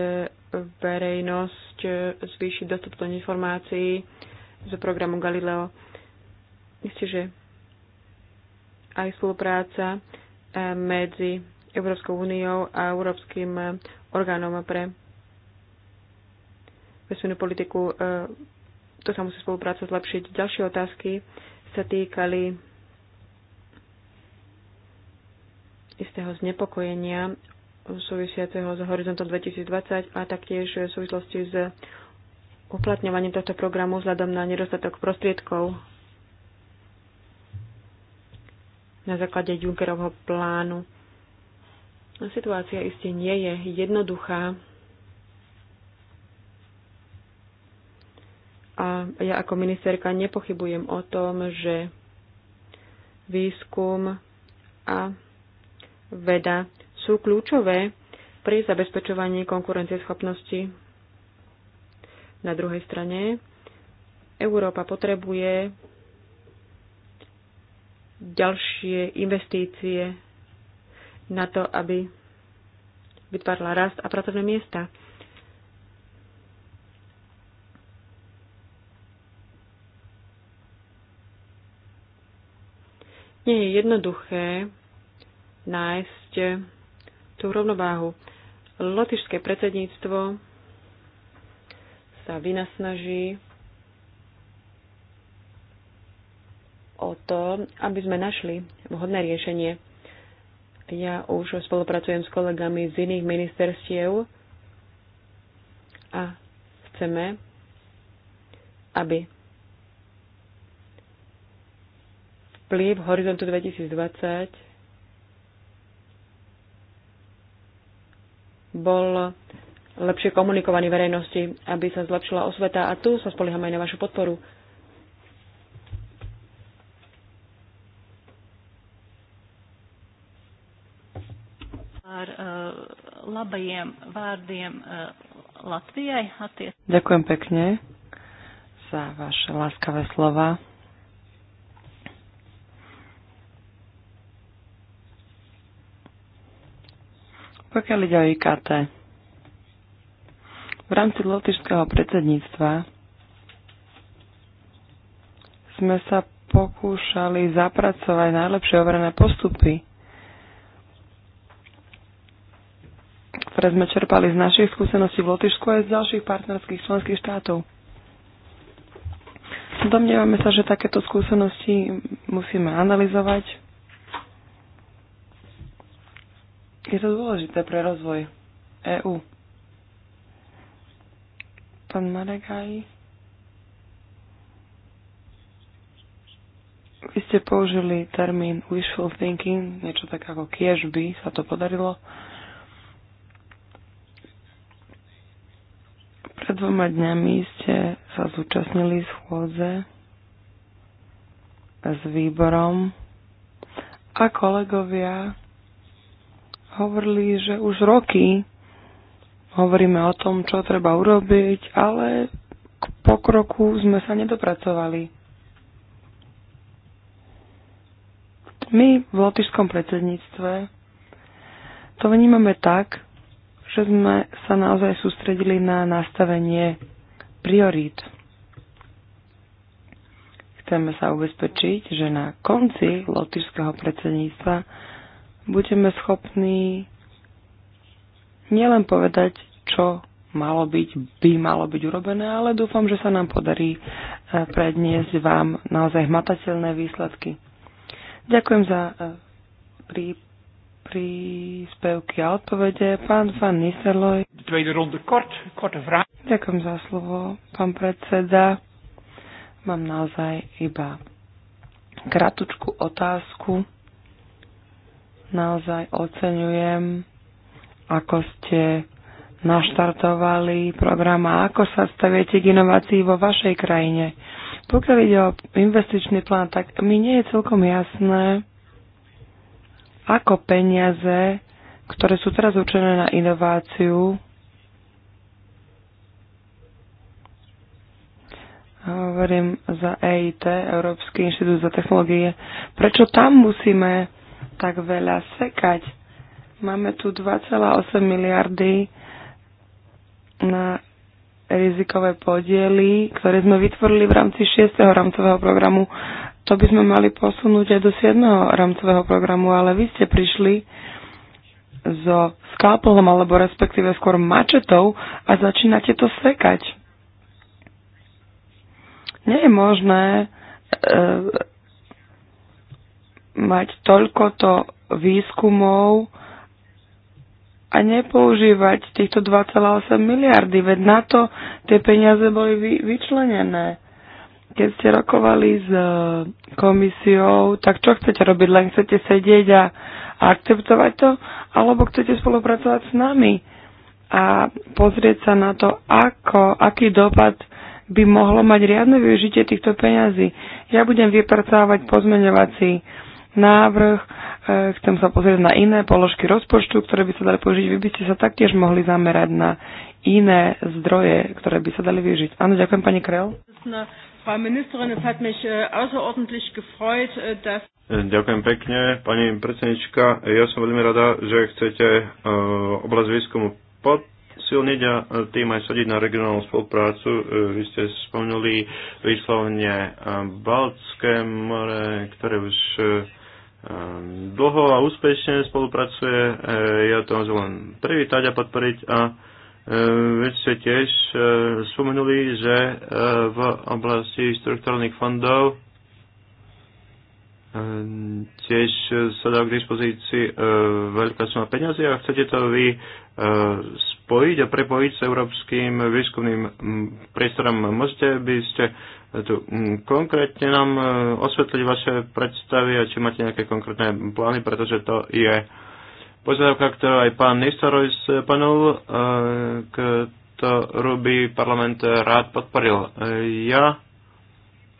verejnosť, e, zvýšiť dostupnosť informácií z programu Galileo. Isté, že aj spolupráca e, medzi Európskou úniou a Európskym e, orgánom pre vesmírnu politiku, e, to sa musí spolupráca zlepšiť. Ďalšie otázky sa týkali istého znepokojenia súvisiaceho s horizontom 2020 a taktiež v súvislosti s uplatňovaním tohto programu vzhľadom na nedostatok prostriedkov na základe Junckerovho plánu. No, situácia iste nie je jednoduchá. A ja ako ministerka nepochybujem o tom, že výskum a veda sú kľúčové pri zabezpečovaní konkurencieschopnosti. Na druhej strane Európa potrebuje ďalšie investície na to, aby vytvárala rast a pracovné miesta. Nie je jednoduché nájsť tú rovnováhu. Lotyšské predsedníctvo sa vynasnaží o to, aby sme našli vhodné riešenie. Ja už spolupracujem s kolegami z iných ministerstiev a chceme, aby vplyv Horizontu 2020 bol lepšie komunikovaný verejnosti, aby sa zlepšila osveta a tu sa spolíham aj na vašu podporu. par uh, labajiem vārdiem uh, Latvijai attiec. Ďakujem pekne za vaše láskavé slova. Pokiaľ ide o IKT, v rámci lotišského predsedníctva sme sa pokúšali zapracovať najlepšie overené postupy ktoré sme čerpali z našich skúseností v Lotyšsku aj z ďalších partnerských členských štátov. Domnievame sa, že takéto skúsenosti musíme analyzovať. Je to dôležité pre rozvoj EÚ. Pán Maragaj. Vy ste použili termín wishful thinking, niečo tak ako kiež by sa to podarilo. Pred dvoma dňami ste sa zúčastnili schôdze s výborom a kolegovia hovorili, že už roky hovoríme o tom, čo treba urobiť, ale k pokroku sme sa nedopracovali. My v lotišskom predsedníctve to vnímame tak, že sme sa naozaj sústredili na nastavenie priorít. Chceme sa ubezpečiť, že na konci lotišského predsedníctva budeme schopní nielen povedať, čo malo byť, by malo byť urobené, ale dúfam, že sa nám podarí e, predniesť vám naozaj hmatateľné výsledky. Ďakujem za e, prípad príspevky a odpovede. Pán Van Nistelrooy. Ďakujem za slovo, pán predseda. Mám naozaj iba kratučku otázku. Naozaj oceňujem, ako ste naštartovali program a ako sa staviete k inovácii vo vašej krajine. Pokiaľ ide o investičný plán, tak mi nie je celkom jasné, ako peniaze, ktoré sú teraz určené na inováciu, hovorím za EIT, Európsky inštitút za technológie, prečo tam musíme tak veľa sekať? Máme tu 2,8 miliardy na rizikové podiely, ktoré sme vytvorili v rámci 6. rámcového programu to by sme mali posunúť aj do 7. rámcového programu, ale vy ste prišli so skalpelom alebo respektíve skôr mačetou a začínate to sekať. Nie je možné e, mať to výskumov a nepoužívať týchto 2,8 miliardy, veď na to tie peniaze boli vy, vyčlenené keď ste rokovali s e, komisiou, tak čo chcete robiť? Len chcete sedieť a, akceptovať to? Alebo chcete spolupracovať s nami a pozrieť sa na to, ako, aký dopad by mohlo mať riadne využitie týchto peňazí. Ja budem vypracovať pozmeňovací návrh, e, chcem sa pozrieť na iné položky rozpočtu, ktoré by sa dali použiť. Vy by ste sa taktiež mohli zamerať na iné zdroje, ktoré by sa dali využiť. Áno, ďakujem pani Krel. Frau Ministerin, es hat mich äh, außerordentlich gefreut, äh, dass Ďakujem pekne, pani predsednička. Ja som veľmi rada, že chcete äh, oblasť výskumu podsilniť a e, tým aj sadiť na regionálnu spoluprácu. Vy ste spomenuli výslovne Baltské more, ktoré už e, dlho a úspešne spolupracuje. Ja to môžem len privítať a podporiť a E, vy ste tiež e, spomenuli, že e, v oblasti štruktúrnych fondov tiež sa dá k dispozícii veľká suma peniazy a chcete to vy spojiť a prepojiť s európskym výskumným priestorom. Môžete by ste tu konkrétne nám osvetliť vaše predstavy a či máte nejaké konkrétne plány, pretože to je požiadavka, ktorú aj pán Nistoroj spanul, e, ktorú by parlament rád podporil. E, ja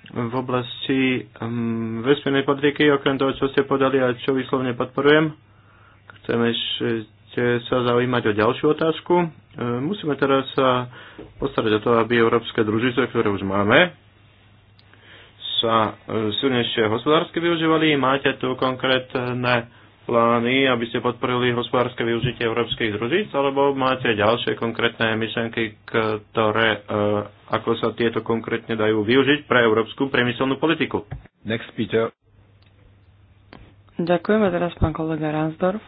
v oblasti vesmírnej politiky, okrem toho, čo ste podali a čo vyslovne podporujem, chcem ešte sa zaujímať o ďalšiu otázku. E, musíme teraz sa postarať o to, aby európske družice, ktoré už máme, sa silnejšie hospodársky využívali. Máte tu konkrétne plány, aby ste podporili hospodárske využitie európskych družíc, alebo máte ďalšie konkrétne myšlenky, ktoré, e, ako sa tieto konkrétne dajú využiť pre európsku priemyselnú politiku? Next, Peter. Ďakujem a teraz pán kolega Ransdorf.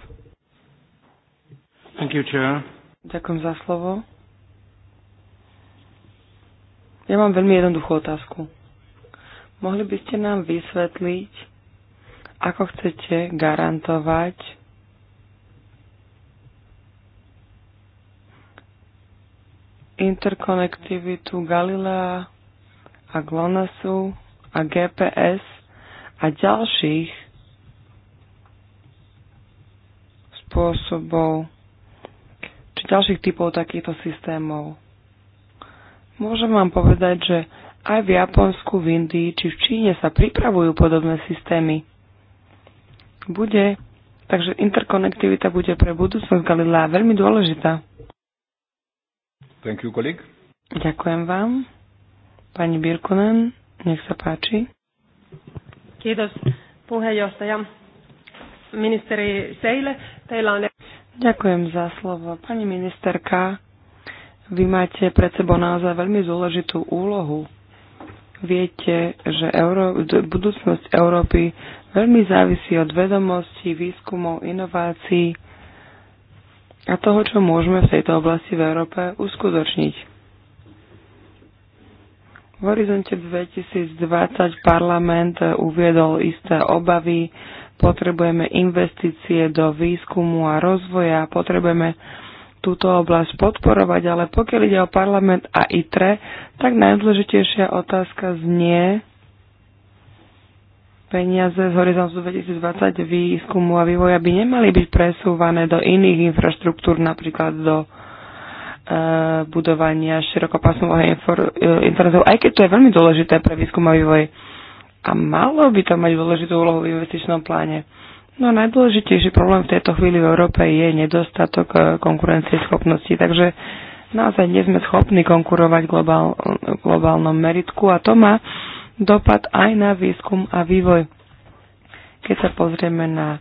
Thank you, Chair. Ďakujem za slovo. Ja mám veľmi jednoduchú otázku. Mohli by ste nám vysvetliť, ako chcete garantovať interkonektivitu Galilea a GLONASSu a GPS a ďalších spôsobov či ďalších typov takýchto systémov. Môžem vám povedať, že aj v Japonsku, v Indii či v Číne sa pripravujú podobné systémy bude, takže interkonektivita bude pre budúcnosť Galilea veľmi dôležitá. Thank you, colleague. Ďakujem vám. Pani Birkunen, nech sa páči. Kiitos puheenjohtaja. Ministeri Seile, teillä on... Ďakujem za slovo. Pani ministerka, vy máte pred sebou naozaj veľmi dôležitú úlohu Viete, že Euró- budúcnosť Európy veľmi závisí od vedomostí, výskumov, inovácií a toho, čo môžeme v tejto oblasti v Európe uskutočniť. V horizonte 2020 parlament uviedol isté obavy, potrebujeme investície do výskumu a rozvoja, potrebujeme túto oblasť podporovať, ale pokiaľ ide o parlament a ITRE, tak najdôležitejšia otázka znie peniaze z horizontu 2020 výskumu a vývoja by nemali byť presúvané do iných infraštruktúr, napríklad do e, budovania širokopásmového e, internetu, aj keď to je veľmi dôležité pre výskum a vývoj. A malo by to mať dôležitú úlohu v investičnom pláne. No najdôležitejší problém v tejto chvíli v Európe je nedostatok e, schopnosti, takže naozaj nie sme schopní konkurovať globál, e, globálnom meritku a to má dopad aj na výskum a vývoj. Keď sa pozrieme na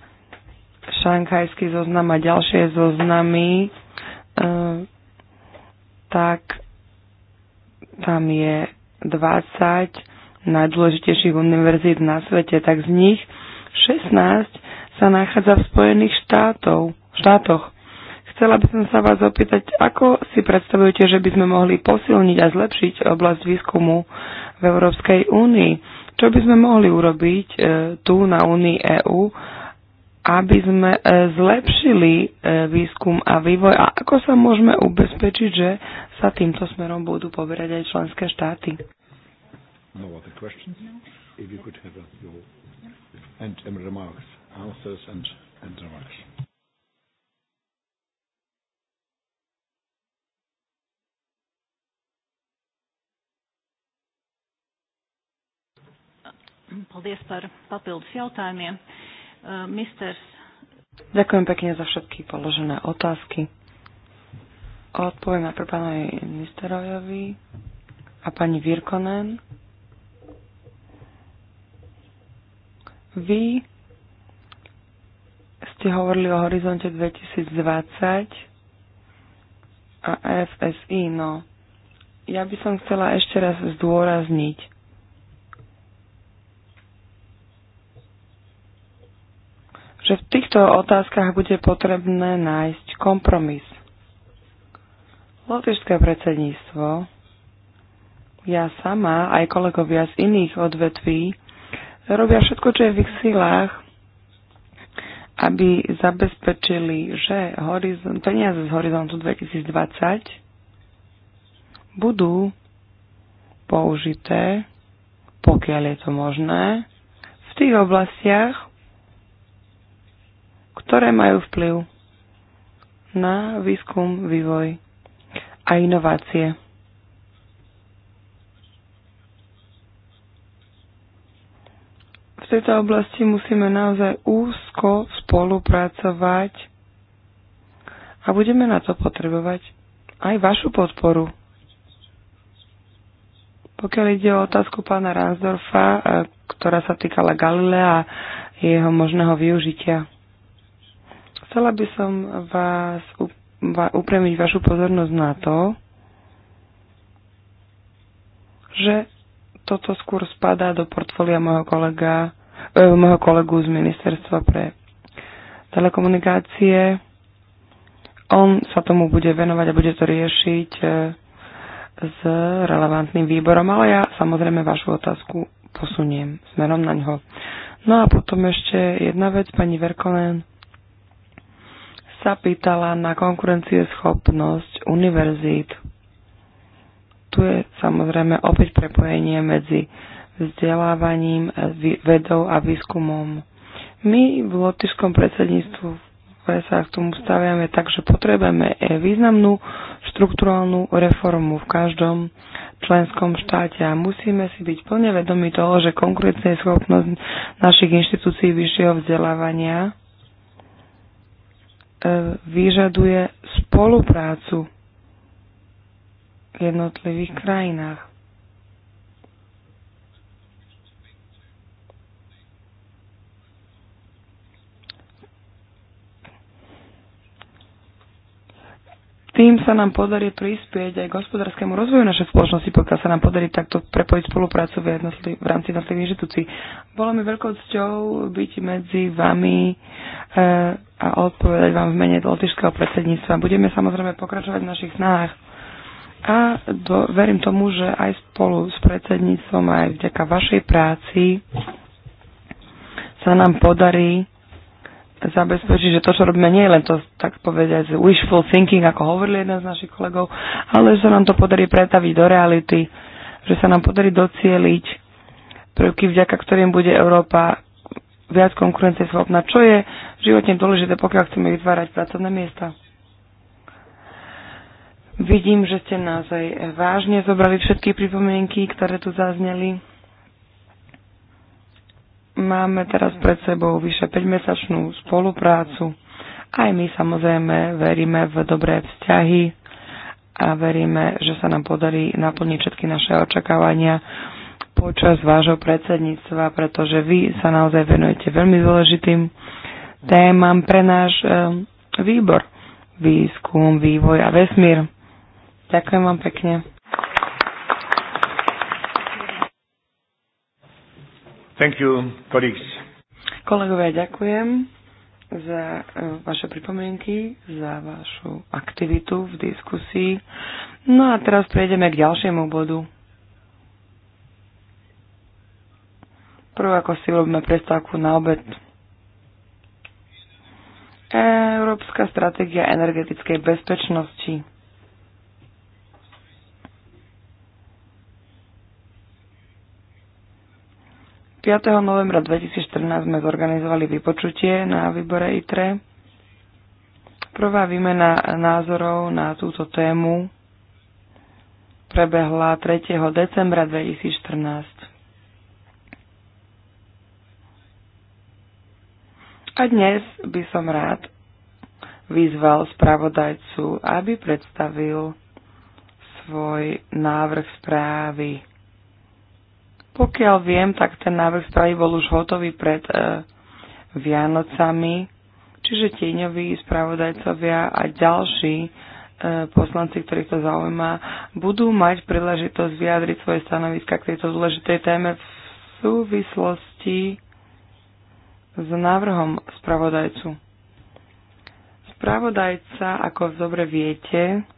šanghajský zoznam a ďalšie zoznamy, e, tak tam je 20 najdôležitejších univerzít na svete, tak z nich 16 sa nachádza v Spojených štátov, štátoch. Chcela by som sa vás opýtať, ako si predstavujete, že by sme mohli posilniť a zlepšiť oblasť výskumu v Európskej únii? Čo by sme mohli urobiť e, tu na únii EÚ, aby sme e, zlepšili e, výskum a vývoj a ako sa môžeme ubezpečiť, že sa týmto smerom budú poberať aj členské štáty? No other questions? If you could have a, your, and, and remarks authors and, and the Paldies par papildus jautājumiem. Uh, misters. Ďakujem pekne za všetky položené otázky. Odpoviem na pánovi ministerovi a pani Virkonen. Vy ste hovorili o horizonte 2020 a FSI, no ja by som chcela ešte raz zdôrazniť, že v týchto otázkach bude potrebné nájsť kompromis. Lotyšské predsedníctvo, ja sama, aj kolegovia z iných odvetví, robia všetko, čo je v ich silách, aby zabezpečili, že horizont, peniaze z horizontu 2020 budú použité, pokiaľ je to možné, v tých oblastiach, ktoré majú vplyv na výskum, vývoj a inovácie. tejto oblasti musíme naozaj úzko spolupracovať a budeme na to potrebovať aj vašu podporu. Pokiaľ ide o otázku pána Ransdorfa, e, ktorá sa týkala Galilea a jeho možného využitia, chcela by som vás upremiť vašu pozornosť na to, že toto skôr spadá do portfólia môjho kolega E, môjho kolegu z Ministerstva pre telekomunikácie. On sa tomu bude venovať a bude to riešiť e, s relevantným výborom, ale ja samozrejme vašu otázku posuniem smerom na ňo. No a potom ešte jedna vec, pani Verkonen sa pýtala na konkurencieschopnosť univerzít. Tu je samozrejme opäť prepojenie medzi vzdelávaním, eh, vedou a výskumom. My v lotišskom predsedníctvu sa k tomu staviame tak, že potrebujeme eh, významnú štruktúrálnu reformu v každom členskom štáte a musíme si byť plne vedomi toho, že je schopnosť našich inštitúcií vyššieho vzdelávania eh, vyžaduje spoluprácu v jednotlivých krajinách. tým sa nám podarí prispieť aj k hospodárskému rozvoju našej spoločnosti, pokiaľ sa nám podarí takto prepojiť spoluprácu v, v rámci jednotlivých inštitúcií. Bolo mi veľkou cťou byť medzi vami e, a odpovedať vám v mene Lotyšského predsedníctva. Budeme samozrejme pokračovať v našich snách a do, verím tomu, že aj spolu s predsedníctvom, aj vďaka vašej práci sa nám podarí zabezpečí, že to, čo robíme, nie je len to, tak povedať, wishful thinking, ako hovoril jeden z našich kolegov, ale že sa nám to podarí pretaviť do reality, že sa nám podarí docieliť prvky, vďaka ktorým bude Európa viac konkurencieschopná, čo je životne dôležité, pokiaľ chceme vytvárať pracovné miesta. Vidím, že ste naozaj vážne zobrali všetky pripomienky, ktoré tu zazneli. Máme teraz pred sebou vyše 5-mesačnú spoluprácu. Aj my samozrejme veríme v dobré vzťahy a veríme, že sa nám podarí naplniť všetky naše očakávania počas vášho predsedníctva, pretože vy sa naozaj venujete veľmi dôležitým témam pre náš e, výbor. Výskum, vývoj a vesmír. Ďakujem vám pekne. Thank you, colleagues. Kolegovia, ďakujem za e, vaše pripomienky, za vašu aktivitu v diskusii. No a teraz prejdeme k ďalšiemu bodu. Prvá ako si robíme prestávku na obed. Európska stratégia energetickej bezpečnosti. 5. novembra 2014 sme zorganizovali vypočutie na výbore ITRE. Prvá výmena názorov na túto tému prebehla 3. decembra 2014. A dnes by som rád vyzval spravodajcu, aby predstavil svoj návrh správy. Pokiaľ viem, tak ten návrh správy bol už hotový pred e, Vianocami, čiže tieňoví spravodajcovia a ďalší e, poslanci, ktorých to zaujíma, budú mať príležitosť vyjadriť svoje stanoviska k tejto dôležitej téme v súvislosti s návrhom spravodajcu. Spravodajca, ako dobre viete,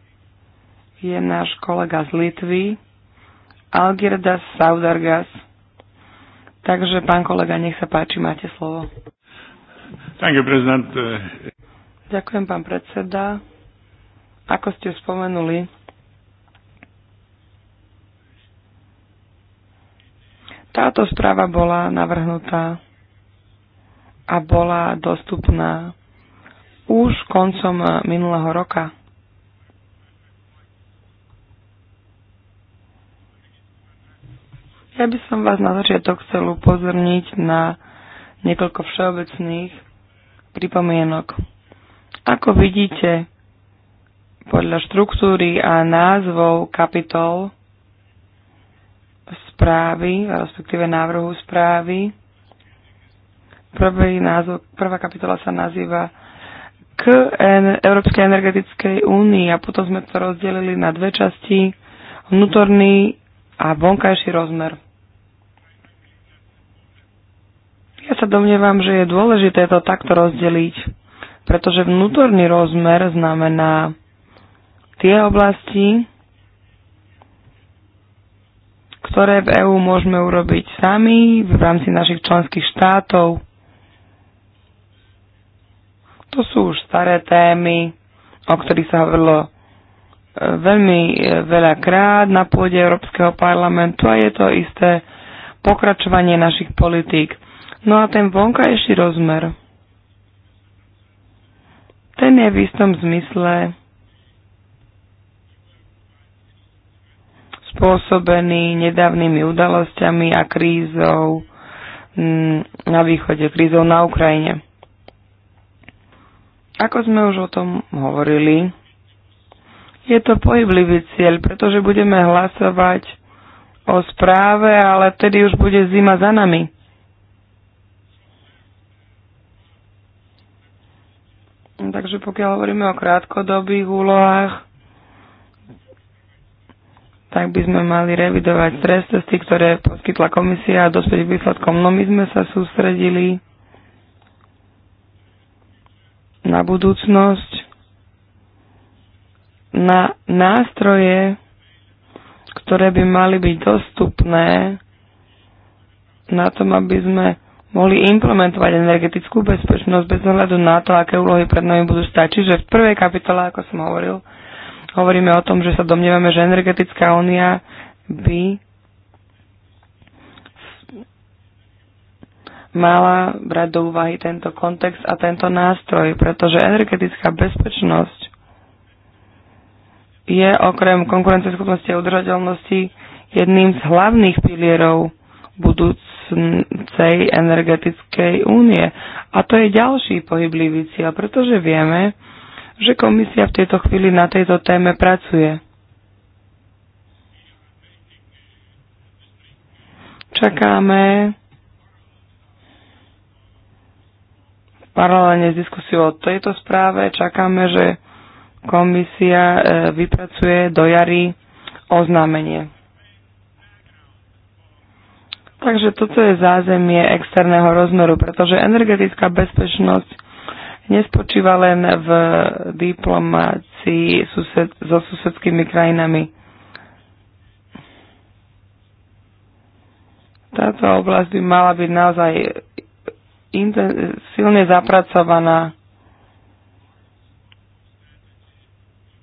je náš kolega z Litvy, Algirdas Saudargas. Takže, pán kolega, nech sa páči, máte slovo. Thank you, Ďakujem, pán predseda. Ako ste spomenuli, táto správa bola navrhnutá a bola dostupná už koncom minulého roka. Ja by som vás na začiatok chcel upozorniť na niekoľko všeobecných pripomienok. Ako vidíte, podľa štruktúry a názvov kapitol správy, respektíve návrhu správy, prvý názov, prvá kapitola sa nazýva k Európskej energetickej únii a potom sme to rozdelili na dve časti. Vnútorný a vonkajší rozmer. Ja sa domnievam, že je dôležité to takto rozdeliť, pretože vnútorný rozmer znamená tie oblasti, ktoré v EÚ môžeme urobiť sami v rámci našich členských štátov. To sú už staré témy, o ktorých sa hovorilo veľmi e, veľa krát na pôde Európskeho parlamentu a je to isté pokračovanie našich politík. No a ten vonkajší rozmer, ten je v istom zmysle spôsobený nedávnymi udalosťami a krízou mm, na východe, krízou na Ukrajine. Ako sme už o tom hovorili, je to pohyblivý cieľ, pretože budeme hlasovať o správe, ale tedy už bude zima za nami. Takže pokiaľ hovoríme o krátkodobých úlohách, tak by sme mali revidovať stres testy, ktoré poskytla komisia a dospieť výsledkom. No my sme sa sústredili na budúcnosť na nástroje, ktoré by mali byť dostupné na tom, aby sme mohli implementovať energetickú bezpečnosť bez ohľadu na to, aké úlohy pred nami budú stať. Čiže v prvej kapitole, ako som hovoril, hovoríme o tom, že sa domnievame, že energetická únia by mala brať do úvahy tento kontext a tento nástroj, pretože energetická bezpečnosť je okrem konkurenceschopnosti a udržateľnosti jedným z hlavných pilierov budúcej energetickej únie. A to je ďalší pohyblivý cieľ, pretože vieme, že komisia v tejto chvíli na tejto téme pracuje. Čakáme paralelne s diskusiou o tejto správe, čakáme, že komisia e, vypracuje do jary oznámenie. Takže toto je zázemie externého rozmeru, pretože energetická bezpečnosť nespočíva len v diplomácii sused, so susedskými krajinami. Táto oblasť by mala byť naozaj silne zapracovaná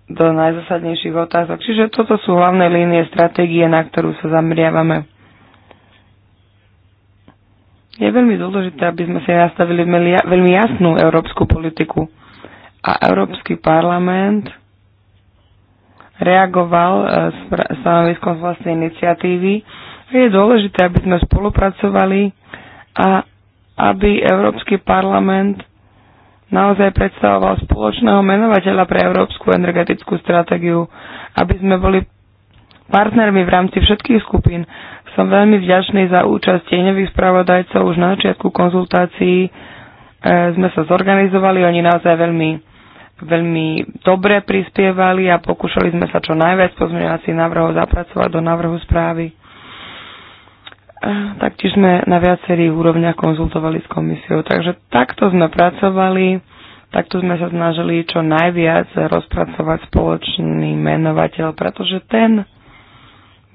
do najzasadnejších otázok. Čiže toto sú hlavné línie stratégie, na ktorú sa zameriavame. Je veľmi dôležité, aby sme si nastavili veľmi jasnú európsku politiku. A Európsky parlament reagoval e, stanoviskom z vlastnej iniciatívy. Je dôležité, aby sme spolupracovali a aby Európsky parlament naozaj predstavoval spoločného menovateľa pre európsku energetickú stratégiu, aby sme boli partnermi v rámci všetkých skupín. Som veľmi vďačný za účasť tieňových spravodajcov. Už na začiatku konzultácií e, sme sa zorganizovali, oni naozaj veľmi, veľmi dobre prispievali a pokúšali sme sa čo najviac pozmeňovacích návrhov zapracovať do návrhu správy. Taktiež sme na viacerých úrovniach konzultovali s komisiou. Takže takto sme pracovali, takto sme sa snažili čo najviac rozpracovať spoločný menovateľ, pretože ten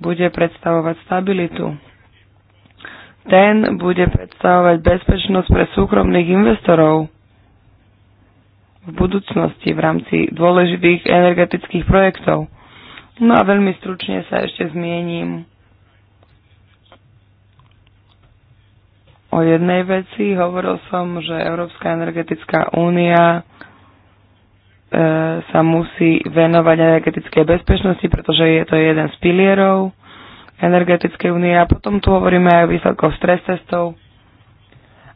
bude predstavovať stabilitu. Ten bude predstavovať bezpečnosť pre súkromných investorov v budúcnosti v rámci dôležitých energetických projektov. No a veľmi stručne sa ešte zmiením o jednej veci. Hovoril som, že Európska energetická únia e, sa musí venovať energetickej bezpečnosti, pretože je to jeden z pilierov energetickej únie. A potom tu hovoríme aj o výsledkoch stres testov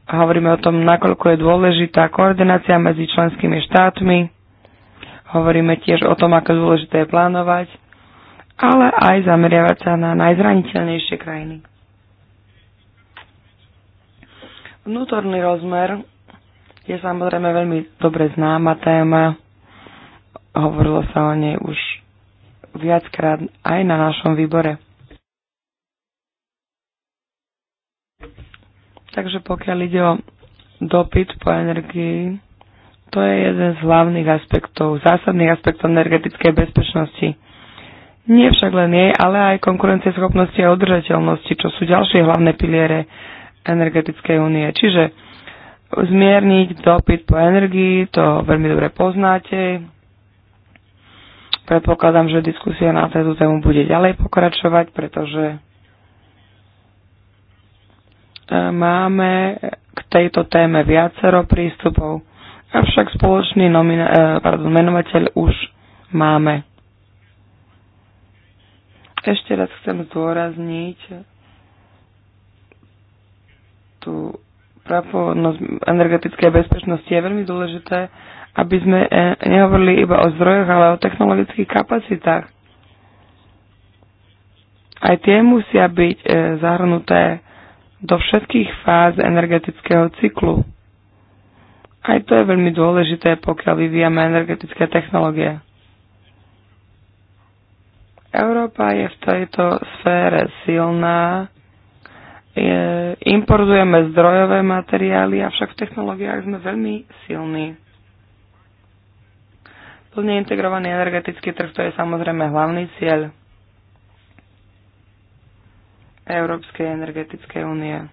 a hovoríme o tom, nakoľko je dôležitá koordinácia medzi členskými štátmi. Hovoríme tiež o tom, ako dôležité je plánovať, ale aj zameriavať sa na najzraniteľnejšie krajiny. Vnútorný rozmer je samozrejme veľmi dobre známa téma. Hovorilo sa o nej už viackrát aj na našom výbore. Takže pokiaľ ide o dopyt po energii, to je jeden z hlavných aspektov, zásadných aspektov energetickej bezpečnosti. Nie však len jej, ale aj konkurencieschopnosti a udržateľnosti, čo sú ďalšie hlavné piliere energetickej únie. Čiže zmierniť dopyt po energii, to veľmi dobre poznáte. Predpokladám, že diskusia na tú tému bude ďalej pokračovať, pretože e, máme k tejto téme viacero prístupov, avšak spoločný nomina- e, pardon, menovateľ už máme. Ešte raz chcem zdôrazniť, tú prapovodnosť energetickej bezpečnosti je veľmi dôležité, aby sme e, nehovorili iba o zdrojoch, ale o technologických kapacitách. Aj tie musia byť e, zahrnuté do všetkých fáz energetického cyklu. Aj to je veľmi dôležité, pokiaľ vyvíjame energetické technológie. Európa je v tejto sfére silná importujeme zdrojové materiály, avšak v technológiách sme veľmi silní. Plne integrovaný energetický trh to je samozrejme hlavný cieľ Európskej energetickej únie.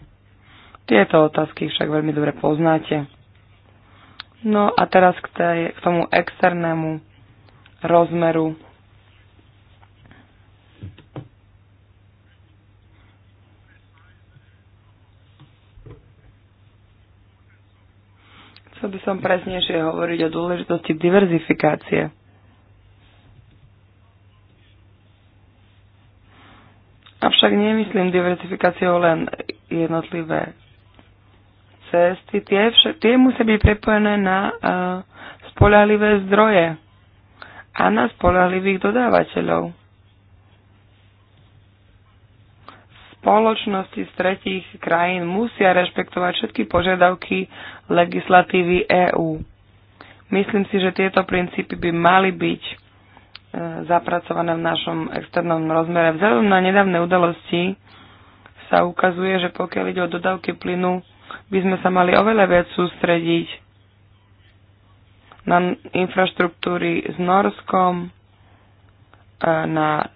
Tieto otázky však veľmi dobre poznáte. No a teraz k, tej, k tomu externému rozmeru Chcel by som presnejšie hovoriť o dôležitosti diverzifikácie. Avšak nemyslím diverzifikáciou len jednotlivé cesty. Tie, vš- tie musia byť prepojené na uh, spolahlivé zdroje a na spolahlivých dodávateľov. spoločnosti z tretích krajín musia rešpektovať všetky požiadavky legislatívy EÚ. Myslím si, že tieto princípy by mali byť e, zapracované v našom externom rozmere. Vzhľadom na nedávne udalosti sa ukazuje, že pokiaľ ide o dodávky plynu, by sme sa mali oveľa viac sústrediť na infraštruktúry s Norskom, e, na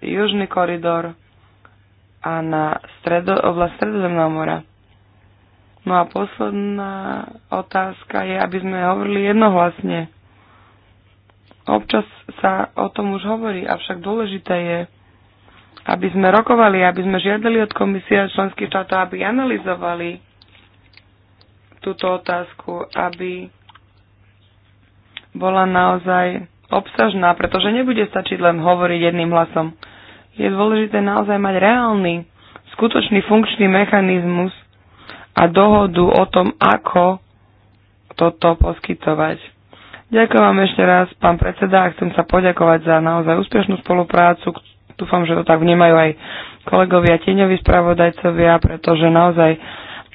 južný koridor, a na stredo, oblast Stredozemného mora. No a posledná otázka je, aby sme hovorili jednohlasne. Občas sa o tom už hovorí, avšak dôležité je, aby sme rokovali, aby sme žiadali od komisie a členských štátov, aby analyzovali túto otázku, aby bola naozaj obsažná, pretože nebude stačiť len hovoriť jedným hlasom je dôležité naozaj mať reálny, skutočný funkčný mechanizmus a dohodu o tom, ako toto poskytovať. Ďakujem vám ešte raz, pán predseda, a chcem sa poďakovať za naozaj úspešnú spoluprácu. Dúfam, že to tak vnímajú aj kolegovia tieňoví spravodajcovia, pretože naozaj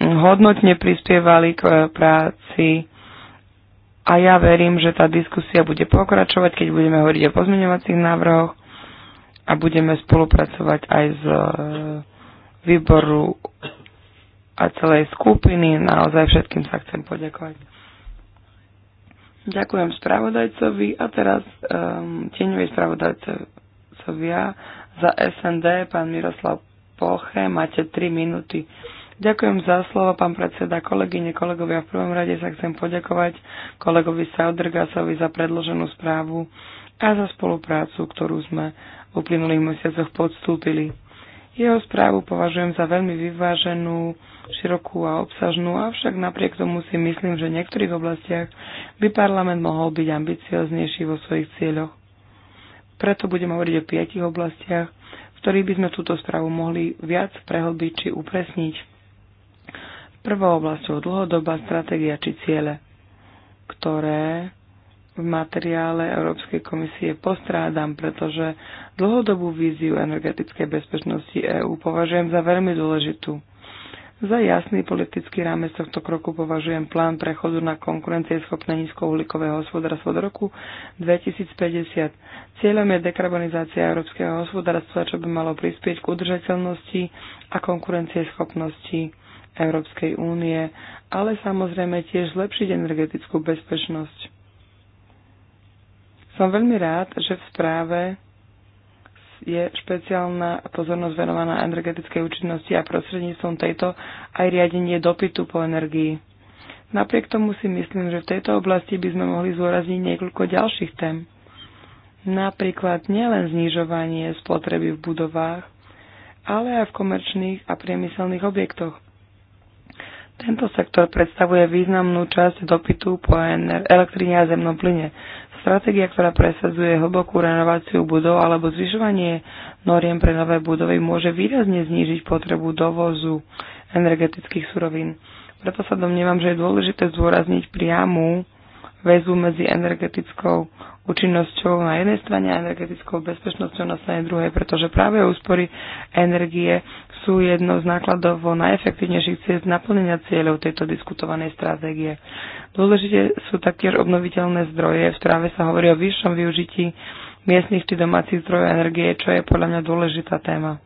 hodnotne prispievali k e, práci a ja verím, že tá diskusia bude pokračovať, keď budeme hovoriť o pozmeňovacích návrhoch a budeme spolupracovať aj z e, výboru a celej skupiny. Naozaj všetkým sa chcem poďakovať. Ďakujem spravodajcovi a teraz um, tieňovej spravodajcovia za SND, pán Miroslav Poche, máte 3 minúty. Ďakujem za slovo, pán predseda, kolegyne, kolegovia. V prvom rade sa chcem poďakovať kolegovi Saudrgasovi za predloženú správu a za spoluprácu, ktorú sme uplynulých mesiacoch podstúpili. Jeho správu považujem za veľmi vyváženú, širokú a obsažnú, avšak napriek tomu si myslím, že v niektorých oblastiach by parlament mohol byť ambicioznejší vo svojich cieľoch. Preto budem hovoriť o piatich oblastiach, v ktorých by sme túto správu mohli viac prehlbiť či upresniť. Prvou oblasťou dlhodobá stratégia či ciele, ktoré v materiále Európskej komisie postrádam, pretože dlhodobú víziu energetickej bezpečnosti EÚ považujem za veľmi dôležitú. Za jasný politický rámec tohto kroku považujem plán prechodu na konkurencieschopné nízkouhlíkové hospodárstvo do roku 2050. Cieľom je dekarbonizácia európskeho hospodárstva, čo by malo prispieť k udržateľnosti a konkurencieschopnosti Európskej únie, ale samozrejme tiež zlepšiť energetickú bezpečnosť. Som veľmi rád, že v správe je špeciálna pozornosť venovaná energetickej účinnosti a prostredníctvom tejto aj riadenie dopytu po energii. Napriek tomu si myslím, že v tejto oblasti by sme mohli zúrazniť niekoľko ďalších tém. Napríklad nielen znižovanie spotreby v budovách, ale aj v komerčných a priemyselných objektoch tento sektor predstavuje významnú časť dopytu po elektrine a zemnom plyne. Stratégia, ktorá presadzuje hlbokú renováciu budov alebo zvyšovanie noriem pre nové budovy, môže výrazne znížiť potrebu dovozu energetických surovín. Preto sa domnievam, že je dôležité zdôrazniť priamu väzu medzi energetickou účinnosťou na jednej strane a energetickou bezpečnosťou na strane druhej, pretože práve úspory energie sú jedno z nákladovo najefektívnejších ciest naplnenia cieľov tejto diskutovanej stratégie. Dôležite sú taktiež obnoviteľné zdroje. V správe sa hovorí o vyššom využití miestnych či domácich zdrojov energie, čo je podľa mňa dôležitá téma.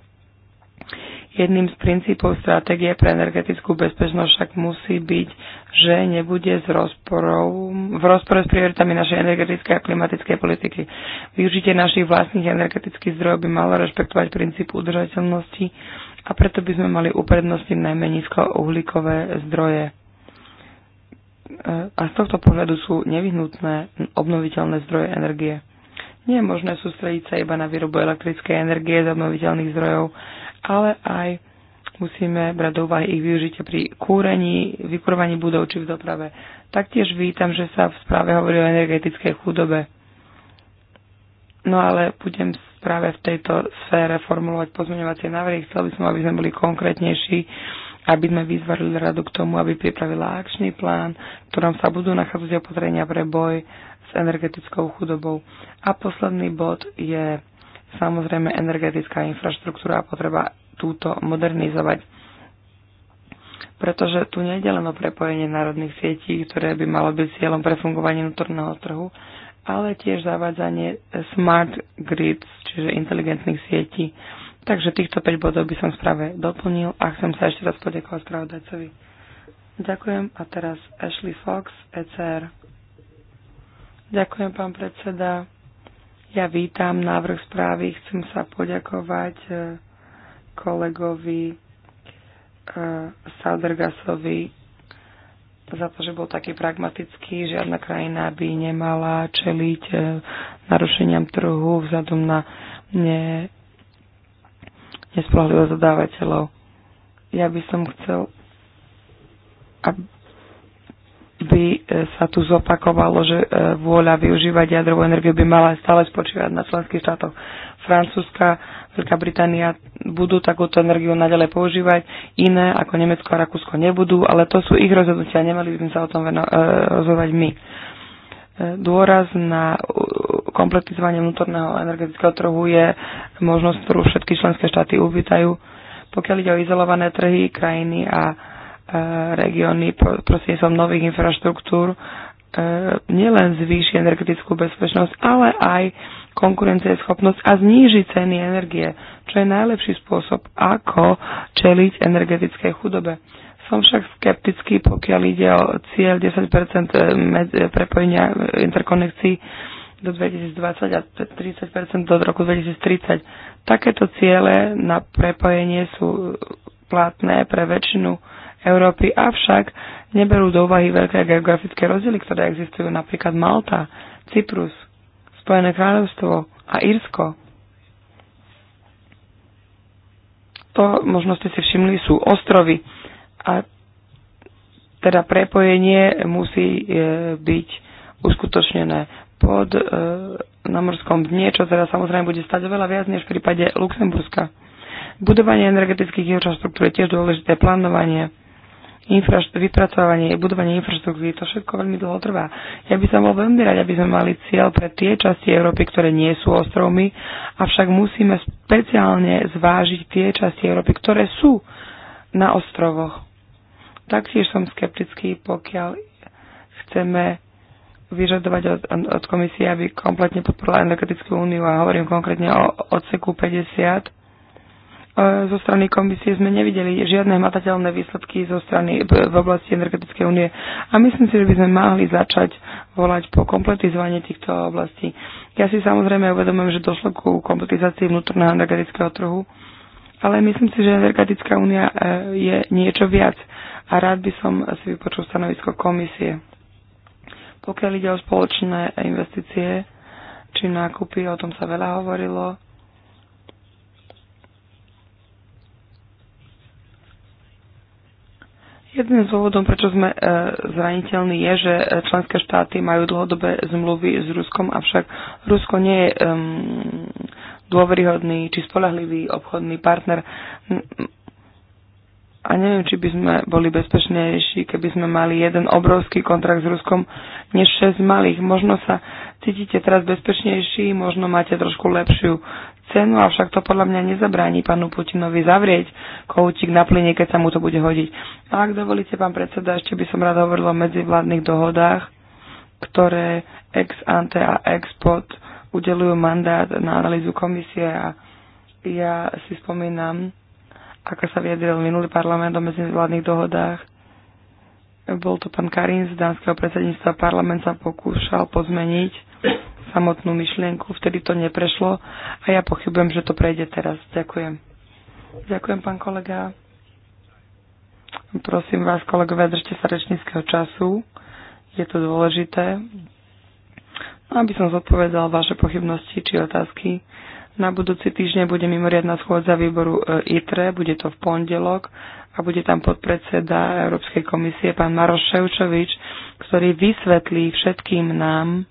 Jedným z princípov stratégie pre energetickú bezpečnosť však musí byť, že nebude z rozporov, v rozpore s prioritami našej energetickej a klimatickej politiky. Využitie našich vlastných energetických zdrojov by malo rešpektovať princíp udržateľnosti a preto by sme mali uprednostniť najmä nízkouhlíkové zdroje. E, a z tohto pohľadu sú nevyhnutné obnoviteľné zdroje energie. Nie je možné sústrediť sa iba na výrobu elektrickej energie z obnoviteľných zdrojov, ale aj musíme brať do úvahy ich využitie pri kúrení, vykurovaní budov či v doprave. Taktiež vítam, že sa v správe hovorí o energetickej chudobe. No ale budem práve v tejto sfére formulovať pozmeňovacie návrhy. Chcel by som, aby sme boli konkrétnejší, aby sme vyzvali radu k tomu, aby pripravila akčný plán, v ktorom sa budú nachádzať opatrenia pre boj s energetickou chudobou. A posledný bod je samozrejme energetická infraštruktúra a potreba túto modernizovať. Pretože tu nejde len o prepojenie národných sietí, ktoré by malo byť cieľom pre fungovanie vnútorného trhu, ale tiež zavádzanie smart grids, čiže inteligentných sietí. Takže týchto 5 bodov by som správe doplnil a chcem sa ešte raz poďakovať spravodajcovi. Ďakujem a teraz Ashley Fox, ECR. Ďakujem, pán predseda. Ja vítam návrh správy. Chcem sa poďakovať eh, kolegovi eh, Sadergasovi za to, že bol taký pragmatický. Žiadna krajina by nemala čeliť e, narušeniam trhu vzhľadom na ne, nespohlivo zadávateľov. Ja by som chcel, aby e, sa tu zopakovalo, že e, vôľa využívať jadrovú energiu by mala stále spočívať na členských štátoch. Francúzska Veľká Británia budú takúto energiu naďalej používať, iné ako Nemecko a Rakúsko nebudú, ale to sú ich rozhodnutia, nemali by sme sa o tom veno- e, rozhodovať my. E, dôraz na kompletizovanie vnútorného energetického trhu je možnosť, ktorú všetky členské štáty uvítajú. Pokiaľ ide o izolované trhy, krajiny a e, regióny som nových infraštruktúr, nielen zvýši energetickú bezpečnosť, ale aj konkurencieschopnosť a zníži ceny energie, čo je najlepší spôsob, ako čeliť energetickej chudobe. Som však skeptický, pokiaľ ide o cieľ 10 eh, prepojenia eh, interkonekcií do 2020 a 30 do roku 2030. Takéto ciele na prepojenie sú platné pre väčšinu Európy, avšak neberú do úvahy veľké geografické rozdiely, ktoré existujú, napríklad Malta, Cyprus, Spojené kráľovstvo a Írsko. To, možno ste si všimli, sú ostrovy. A teda prepojenie musí e, byť uskutočnené pod e, namorskom dne, čo teda samozrejme bude stať oveľa viac než v prípade Luxemburska. Budovanie energetických infraštruktúr je tiež dôležité plánovanie infraš- vypracovanie, budovanie infraštruktúry, to všetko veľmi dlho trvá. Ja by som bol veľmi rád, aby sme mali cieľ pre tie časti Európy, ktoré nie sú ostrovmi, avšak musíme speciálne zvážiť tie časti Európy, ktoré sú na ostrovoch. Taktiež som skeptický, pokiaľ chceme vyžadovať od, od komisie, aby kompletne podporila energetickú úniu a hovorím konkrétne o odseku 50 zo strany komisie sme nevideli žiadne hmatateľné výsledky zo strany v oblasti energetickej únie. A myslím si, že by sme mali začať volať po kompletizovaní týchto oblastí. Ja si samozrejme uvedomujem, že došlo ku kompletizácii vnútorného energetického trhu, ale myslím si, že energetická únia e, je niečo viac a rád by som si vypočul stanovisko komisie. Pokiaľ ide o spoločné investície či nákupy, o tom sa veľa hovorilo, Jedným z dôvodom, prečo sme e, zraniteľní, je, že e, členské štáty majú dlhodobé zmluvy s Ruskom, avšak Rusko nie je um, dôveryhodný či spolahlivý obchodný partner. A neviem, či by sme boli bezpečnejší, keby sme mali jeden obrovský kontrakt s Ruskom, než šesť malých. Možno sa cítite teraz bezpečnejší, možno máte trošku lepšiu cenu, avšak to podľa mňa nezabráni pánu Putinovi zavrieť koutík na plyne, keď sa mu to bude hodiť. A ak dovolíte, pán predseda, ešte by som rád hovoril o medzivládnych dohodách, ktoré ex ante a ex pod udelujú mandát na analýzu komisie a ja si spomínam, ako sa vyjadril minulý parlament o medzivládnych dohodách. Bol to pán Karin z dánskeho predsedníctva. Parlament sa pokúšal pozmeniť samotnú myšlienku, vtedy to neprešlo a ja pochybujem, že to prejde teraz. Ďakujem. Ďakujem, pán kolega. Prosím vás, kolegovia, držte sa rečníckého času. Je to dôležité. No, aby som zodpovedal vaše pochybnosti či otázky, na budúci týždeň bude mimoriadná schôdza výboru e, ITRE, bude to v pondelok a bude tam podpredseda Európskej komisie pán Maroš Ševčovič, ktorý vysvetlí všetkým nám,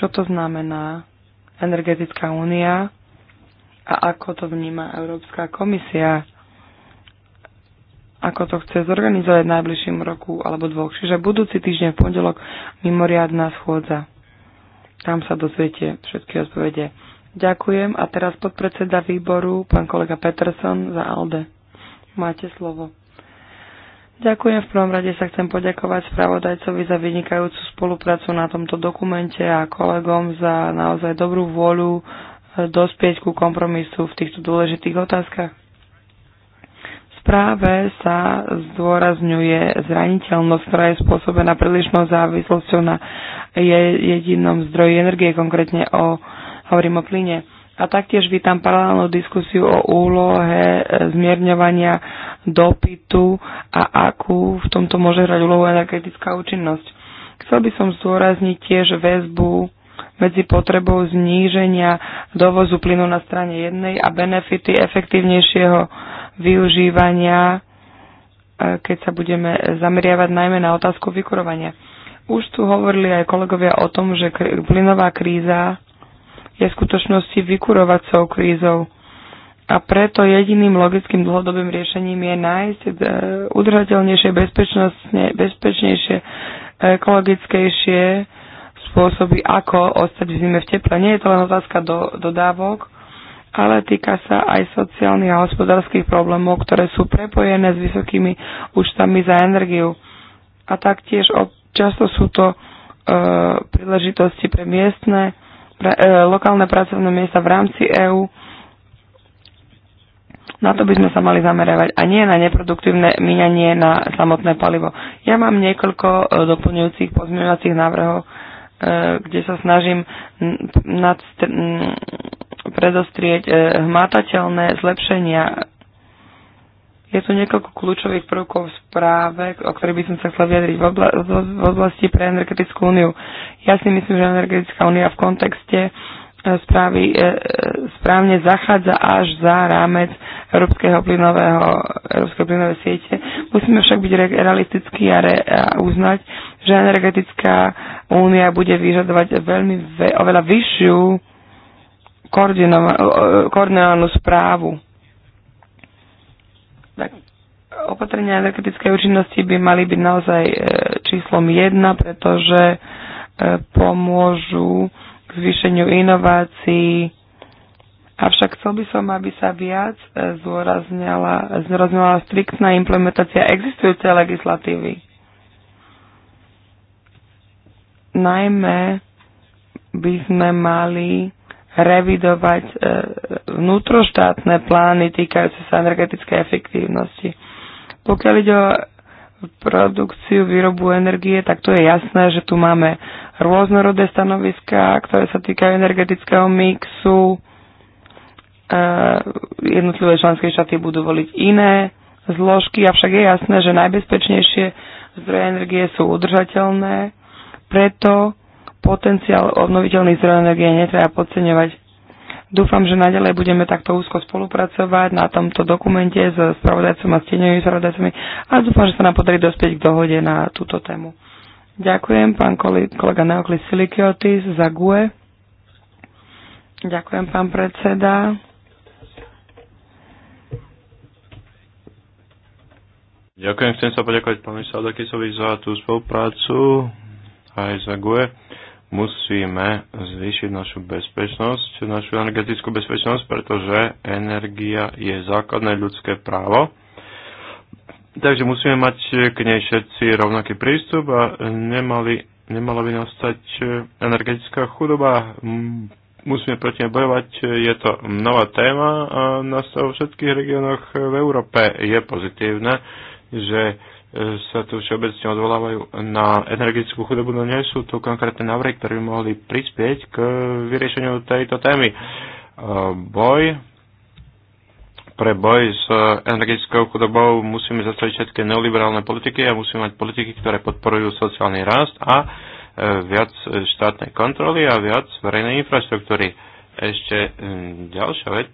čo to znamená energetická únia a ako to vníma Európska komisia, ako to chce zorganizovať v najbližším roku alebo dvoch. Čiže budúci týždeň v pondelok mimoriadná schôdza. Tam sa dozviete všetky odpovede. Ďakujem a teraz podpredseda výboru, pán kolega Peterson za ALDE. Máte slovo. Ďakujem. V prvom rade sa chcem poďakovať spravodajcovi za vynikajúcu spoluprácu na tomto dokumente a kolegom za naozaj dobrú vôľu e, dospieť ku kompromisu v týchto dôležitých otázkach. V správe sa zdôrazňuje zraniteľnosť, ktorá je spôsobená prílišnou závislosťou na jedinom zdroji energie, konkrétne o, hovorím o plyne. A taktiež vítam paralelnú diskusiu o úlohe e, zmierňovania dopytu a akú v tomto môže hrať úlohu energetická účinnosť. Chcel by som zdôrazniť tiež väzbu medzi potrebou zníženia dovozu plynu na strane jednej a benefity efektívnejšieho využívania, e, keď sa budeme zameriavať najmä na otázku vykurovania. Už tu hovorili aj kolegovia o tom, že plynová kríza je v skutočnosti vykurovať sa krízou. A preto jediným logickým dlhodobým riešením je nájsť e, udržateľnejšie, bezpečnejšie, ekologickejšie spôsoby, ako ostať v zime v teple. Nie je to len otázka do, dodávok, ale týka sa aj sociálnych a hospodárskych problémov, ktoré sú prepojené s vysokými účtami za energiu. A taktiež často sú to e, príležitosti pre miestne pra, e, lokálne pracovné miesta v rámci EÚ. Na to by sme sa mali zameriavať a nie na neproduktívne míňanie na samotné palivo. Ja mám niekoľko e, doplňujúcich pozmeňovacích návrhov, e, kde sa snažím predostrieť e, hmatateľné zlepšenia je tu niekoľko kľúčových prvkov v správe, o ktorých by som sa chcel vyjadriť v, obla- v oblasti pre energetickú úniu. Ja si myslím, že energetická únia v kontexte e, správy e, e, správne zachádza až za rámec európskeho plynového, európskeho plynovej siete. Musíme však byť realistickí a, re, a uznať, že energetická únia bude vyžadovať veľmi ve, oveľa vyššiu koordinovanú správu opatrenia energetickej účinnosti by mali byť naozaj e, číslom jedna, pretože e, pomôžu k zvýšeniu inovácií. Avšak chcel by som, aby sa viac e, zdôrazňala, striktná implementácia existujúcej legislatívy. Najmä by sme mali revidovať vnútroštátne plány týkajúce sa energetickej efektívnosti. Pokiaľ ide o produkciu, výrobu energie, tak to je jasné, že tu máme rôznorodé stanoviská, ktoré sa týkajú energetického mixu. E, jednotlivé členské štáty budú voliť iné zložky, avšak je jasné, že najbezpečnejšie zdroje energie sú udržateľné, preto potenciál obnoviteľných zdrojov energie netreba podceňovať. Dúfam, že naďalej budeme takto úzko spolupracovať na tomto dokumente s spravodajcom a stieňovými spravodajcami a dúfam, že sa nám podarí dospieť k dohode na túto tému. Ďakujem pán kolega Neoklis Silikiotis za GUE. Ďakujem pán predseda. Ďakujem, chcem sa poďakovať pánovi Sadakisovi za tú spoluprácu aj za GUE musíme zvýšiť našu bezpečnosť, našu energetickú bezpečnosť, pretože energia je základné ľudské právo. Takže musíme mať k nej všetci rovnaký prístup a nemali, nemala by nastať energetická chudoba. Musíme proti nej bojovať, je to nová téma a nás vo všetkých regiónoch v Európe je pozitívne, že sa tu všeobecne odvolávajú na energetickú chudobu, no nie sú tu konkrétne návrhy, ktoré by mohli prispieť k vyriešeniu tejto témy. E, boj pre boj s energetickou chudobou musíme zastaviť všetky neoliberálne politiky a musíme mať politiky, ktoré podporujú sociálny rast a e, viac štátnej kontroly a viac verejnej infraštruktúry. Ešte e, ďalšia vec,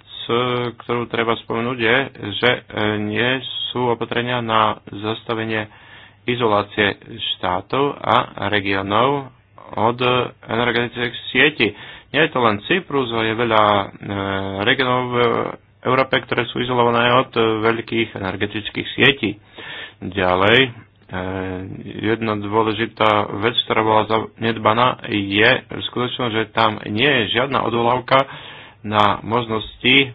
ktorú treba spomenúť, je, že e, nie sú opatrenia na zastavenie izolácie štátov a regionov od energetických sietí. Nie je to len Cyprus, je veľa e, regionov v Európe, ktoré sú izolované od veľkých energetických sietí. Ďalej, e, jedna dôležitá vec, ktorá bola zanedbaná, je skutočnosť, že tam nie je žiadna odvolávka na možnosti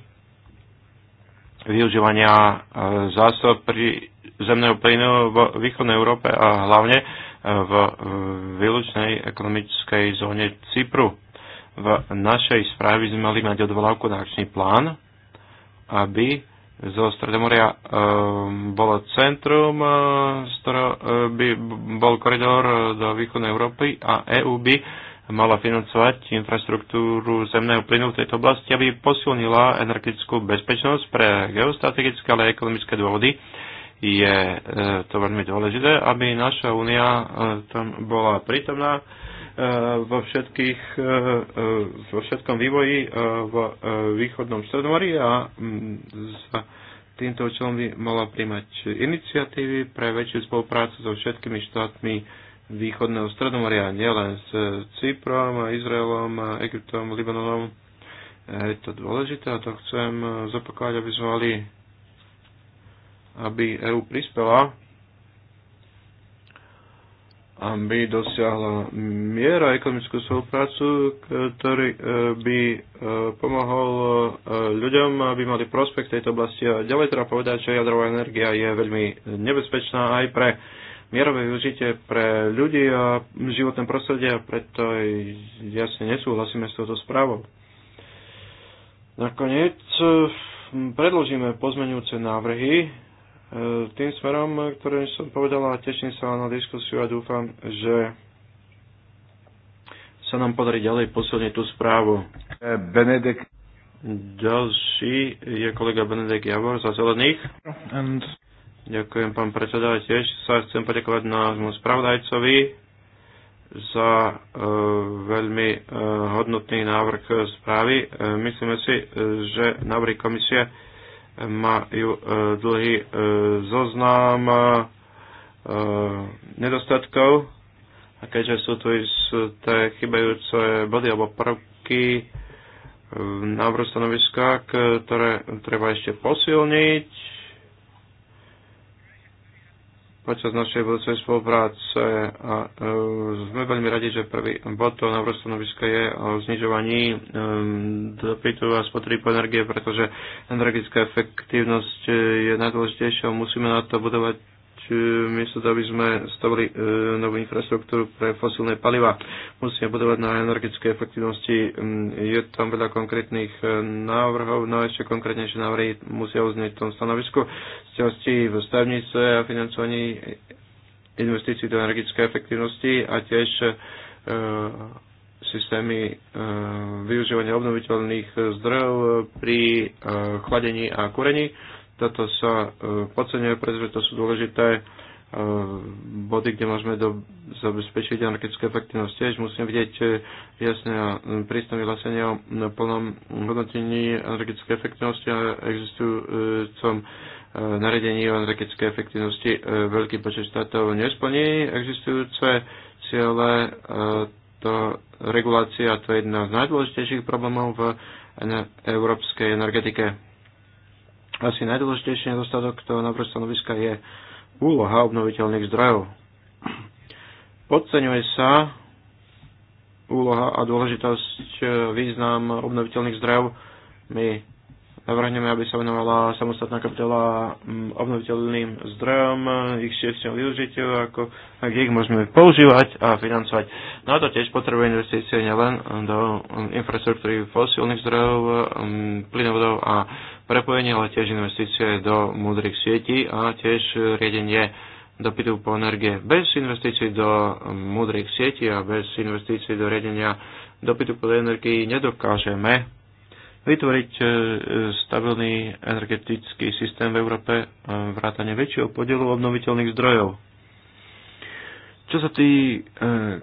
využívania e, zásob pri zemného plynu v východnej Európe a hlavne e, v výlučnej ekonomickej zóne Cypru. V našej správe sme mali mať odvolávku na akčný plán, aby zo Stredomoria e, bolo centrum, e, z ktorého e, by bol koridor do východnej Európy a EU by e, mala financovať infraštruktúru zemného plynu v tejto oblasti, aby posilnila energetickú bezpečnosť pre geostrategické, ale aj ekonomické dôvody. Je e, to veľmi dôležité, aby naša únia e, tam bola prítomná e, vo, všetkých, vo všetkom vývoji v východnom Stredomorí a s týmto účelom by mala príjmať iniciatívy pre väčšiu spoluprácu so všetkými štátmi východného Stredomoria, nielen s e, Cyprom, Izraelom, Egyptom, Libanonom. E, je to dôležité a to chcem e, zopakovať, aby sme mali, aby EU prispela, aby dosiahla miera ekonomickú spoluprácu, ktorý by pomohol ľuďom, aby mali prospekt tejto oblasti. A ďalej treba povedať, že jadrová energia je veľmi nebezpečná aj pre mierové využitie pre ľudí a životné prostredie a preto jasne nesúhlasíme s touto správou. Nakoniec predložíme pozmenujúce návrhy e, tým smerom, ktoré som povedala a teším sa na diskusiu a dúfam, že sa nám podarí ďalej posilniť tú správu. E, Benedek. Ďalší je kolega Benedek Javor za Zelených. And... Ďakujem, pán predseda. Tiež sa chcem poďakovať nášmu spravodajcovi za e, veľmi e, hodnotný návrh správy. E, myslíme si, e, že návrhy komisie majú e, dlhý e, zoznam e, nedostatkov a keďže sú tu isté chybajúce body alebo prvky e, návrhu stanoviska, ktoré treba ešte posilniť, počas našej budúcej spolupráce. A, e, sme veľmi radi, že prvý bod toho návrhu stanoviska je o znižovaní e, dopytu a spotreby energie, pretože energetická efektívnosť e, je najdôležitejšia. Musíme na to budovať E, miesto toho, aby sme stavili e, novú infraštruktúru pre fosílne paliva. Musíme budovať na energetické efektivnosti. Mm, je tam veľa konkrétnych e, návrhov, no ešte konkrétnejšie návrhy musia uznieť v tom stanovisku. Z časti v stavnice a financovaní investícií do energetickej efektivnosti a tiež systémy využívania obnoviteľných zdrojov pri chladení a kúrení toto sa e, podceňuje, pretože to sú dôležité e, body, kde môžeme do, zabezpečiť energetické efektivnosť. Tiež musíme vidieť e, jasné a prísne vyhlásenie o no, plnom hodnotení energetické efektivnosti a existujúcom naredení o energetické efektivnosti. Veľký počet štátov nesplní existujúce ciele to regulácia, to je jedna z najdôležitejších problémov v európskej energetike asi najdôležitejší nedostatok toho návrhu stanoviska je úloha obnoviteľných zdrojov. Podceňuje sa úloha a dôležitosť, e, význam obnoviteľných zdrojov. My navrhneme, aby sa venovala samostatná kapitola obnoviteľným zdrojom, ich šiestňom využitiu, ako ak ich môžeme používať a financovať. No a to tiež potrebuje investície nielen do infraštruktúry fosílnych zdrojov, plynovodov a prepojenie, ale tiež investície do múdrych sietí a tiež riadenie dopytu po energie. Bez investícií do múdrych sietí a bez investícií do riadenia dopytu po energii nedokážeme vytvoriť e, stabilný energetický systém v Európe e, vrátane väčšieho podielu obnoviteľných zdrojov. Čo sa týka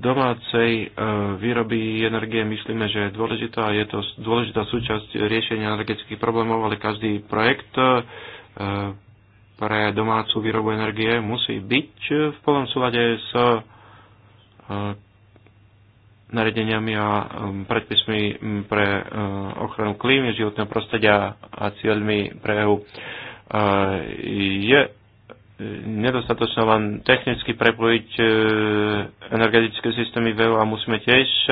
domácej e, výroby energie myslíme, že je dôležitá. Je to dôležitá súčasť riešenia energetických problémov, ale každý projekt e, pre domácu výrobu energie musí byť v plnom súlade s e, nariadeniami a predpismi pre ochranu klímy, životného prostredia a cieľmi pre EU. Je nedostatočno len technicky prepojiť e, energetické systémy v EU a musíme tiež e,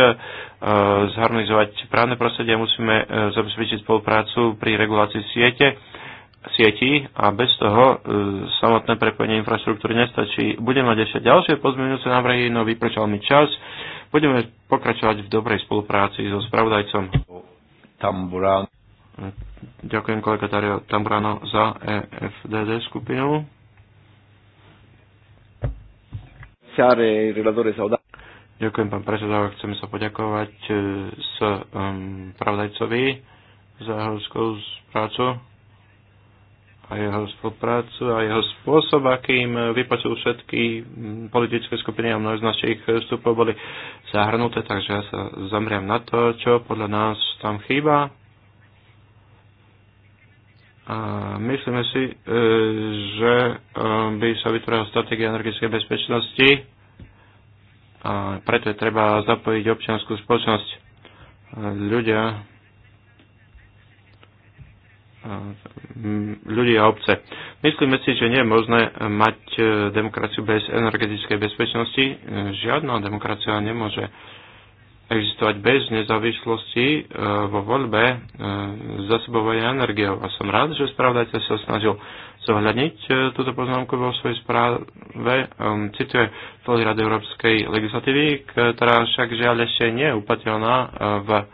zharmonizovať právne prostredie a musíme e, zabezpečiť spoluprácu pri regulácii siete sieti a bez toho e, samotné prepojenie infraštruktúry nestačí. Budeme mať ešte ďalšie pozmeňujúce návrhy, no vyprečal mi čas. Budeme pokračovať v dobrej spolupráci so spravodajcom. Tamburano. Ďakujem kolega Dario Tamburano za EFDD skupinu. ringraziare il relatore Saudato. Ďakujem, pán predseda. Chcem sa poďakovať e, s um, pravdajcovi za jeho prácu a jeho spoluprácu a jeho spôsob, akým vypočul všetky politické skupiny a mnohé z našich vstupov boli zahrnuté, takže ja sa zamriam na to, čo podľa nás tam chýba myslíme si, e, že e, by sa vytvorila stratégia energetickej bezpečnosti a preto je treba zapojiť občianskú spoločnosť. E, ľudia ľudí a obce. Myslíme si, že nie je možné mať demokraciu bez energetickej bezpečnosti. Žiadna demokracia nemôže existovať bez nezávislosti e, vo voľbe e, zasobovania energiou. A som rád, že spravodajca sa snažil zohľadniť e, túto poznámku vo svojej správe. E, Cituje celý rad európskej legislatívy, ktorá však žiaľ ešte nie je upatelná e, v e,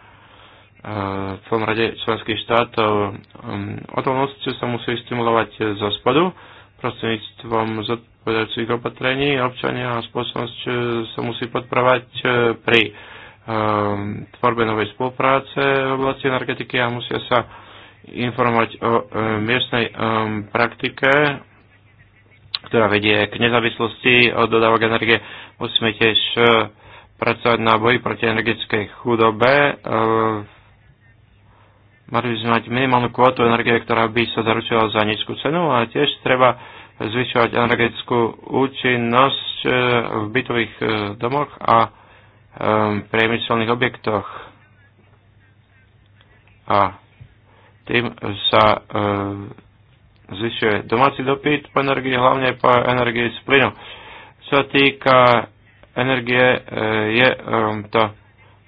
celom rade členských štátov. E, Odolnosť sa musí stimulovať zo spodu prostredníctvom zodpovedajúcich opatrení. Občania a spoločnosť e, sa musí podporovať e, pri Ehm, tvorbe novej spolupráce v oblasti energetiky a musia sa informovať o e, miestnej ehm, praktike, ktorá vedie k nezávislosti od dodávok energie. Musíme tiež e, pracovať na boji proti energetickej chudobe. E, mali by sme mať minimálnu kvotu energie, ktorá by sa zaručila za nízku cenu a tiež treba zvyšovať energetickú účinnosť v bytových domoch a Um, priemyselných objektoch. A tým sa um, zvyšuje domáci dopyt po energii, hlavne po energii z plynu. Čo týka energie, e, je um, to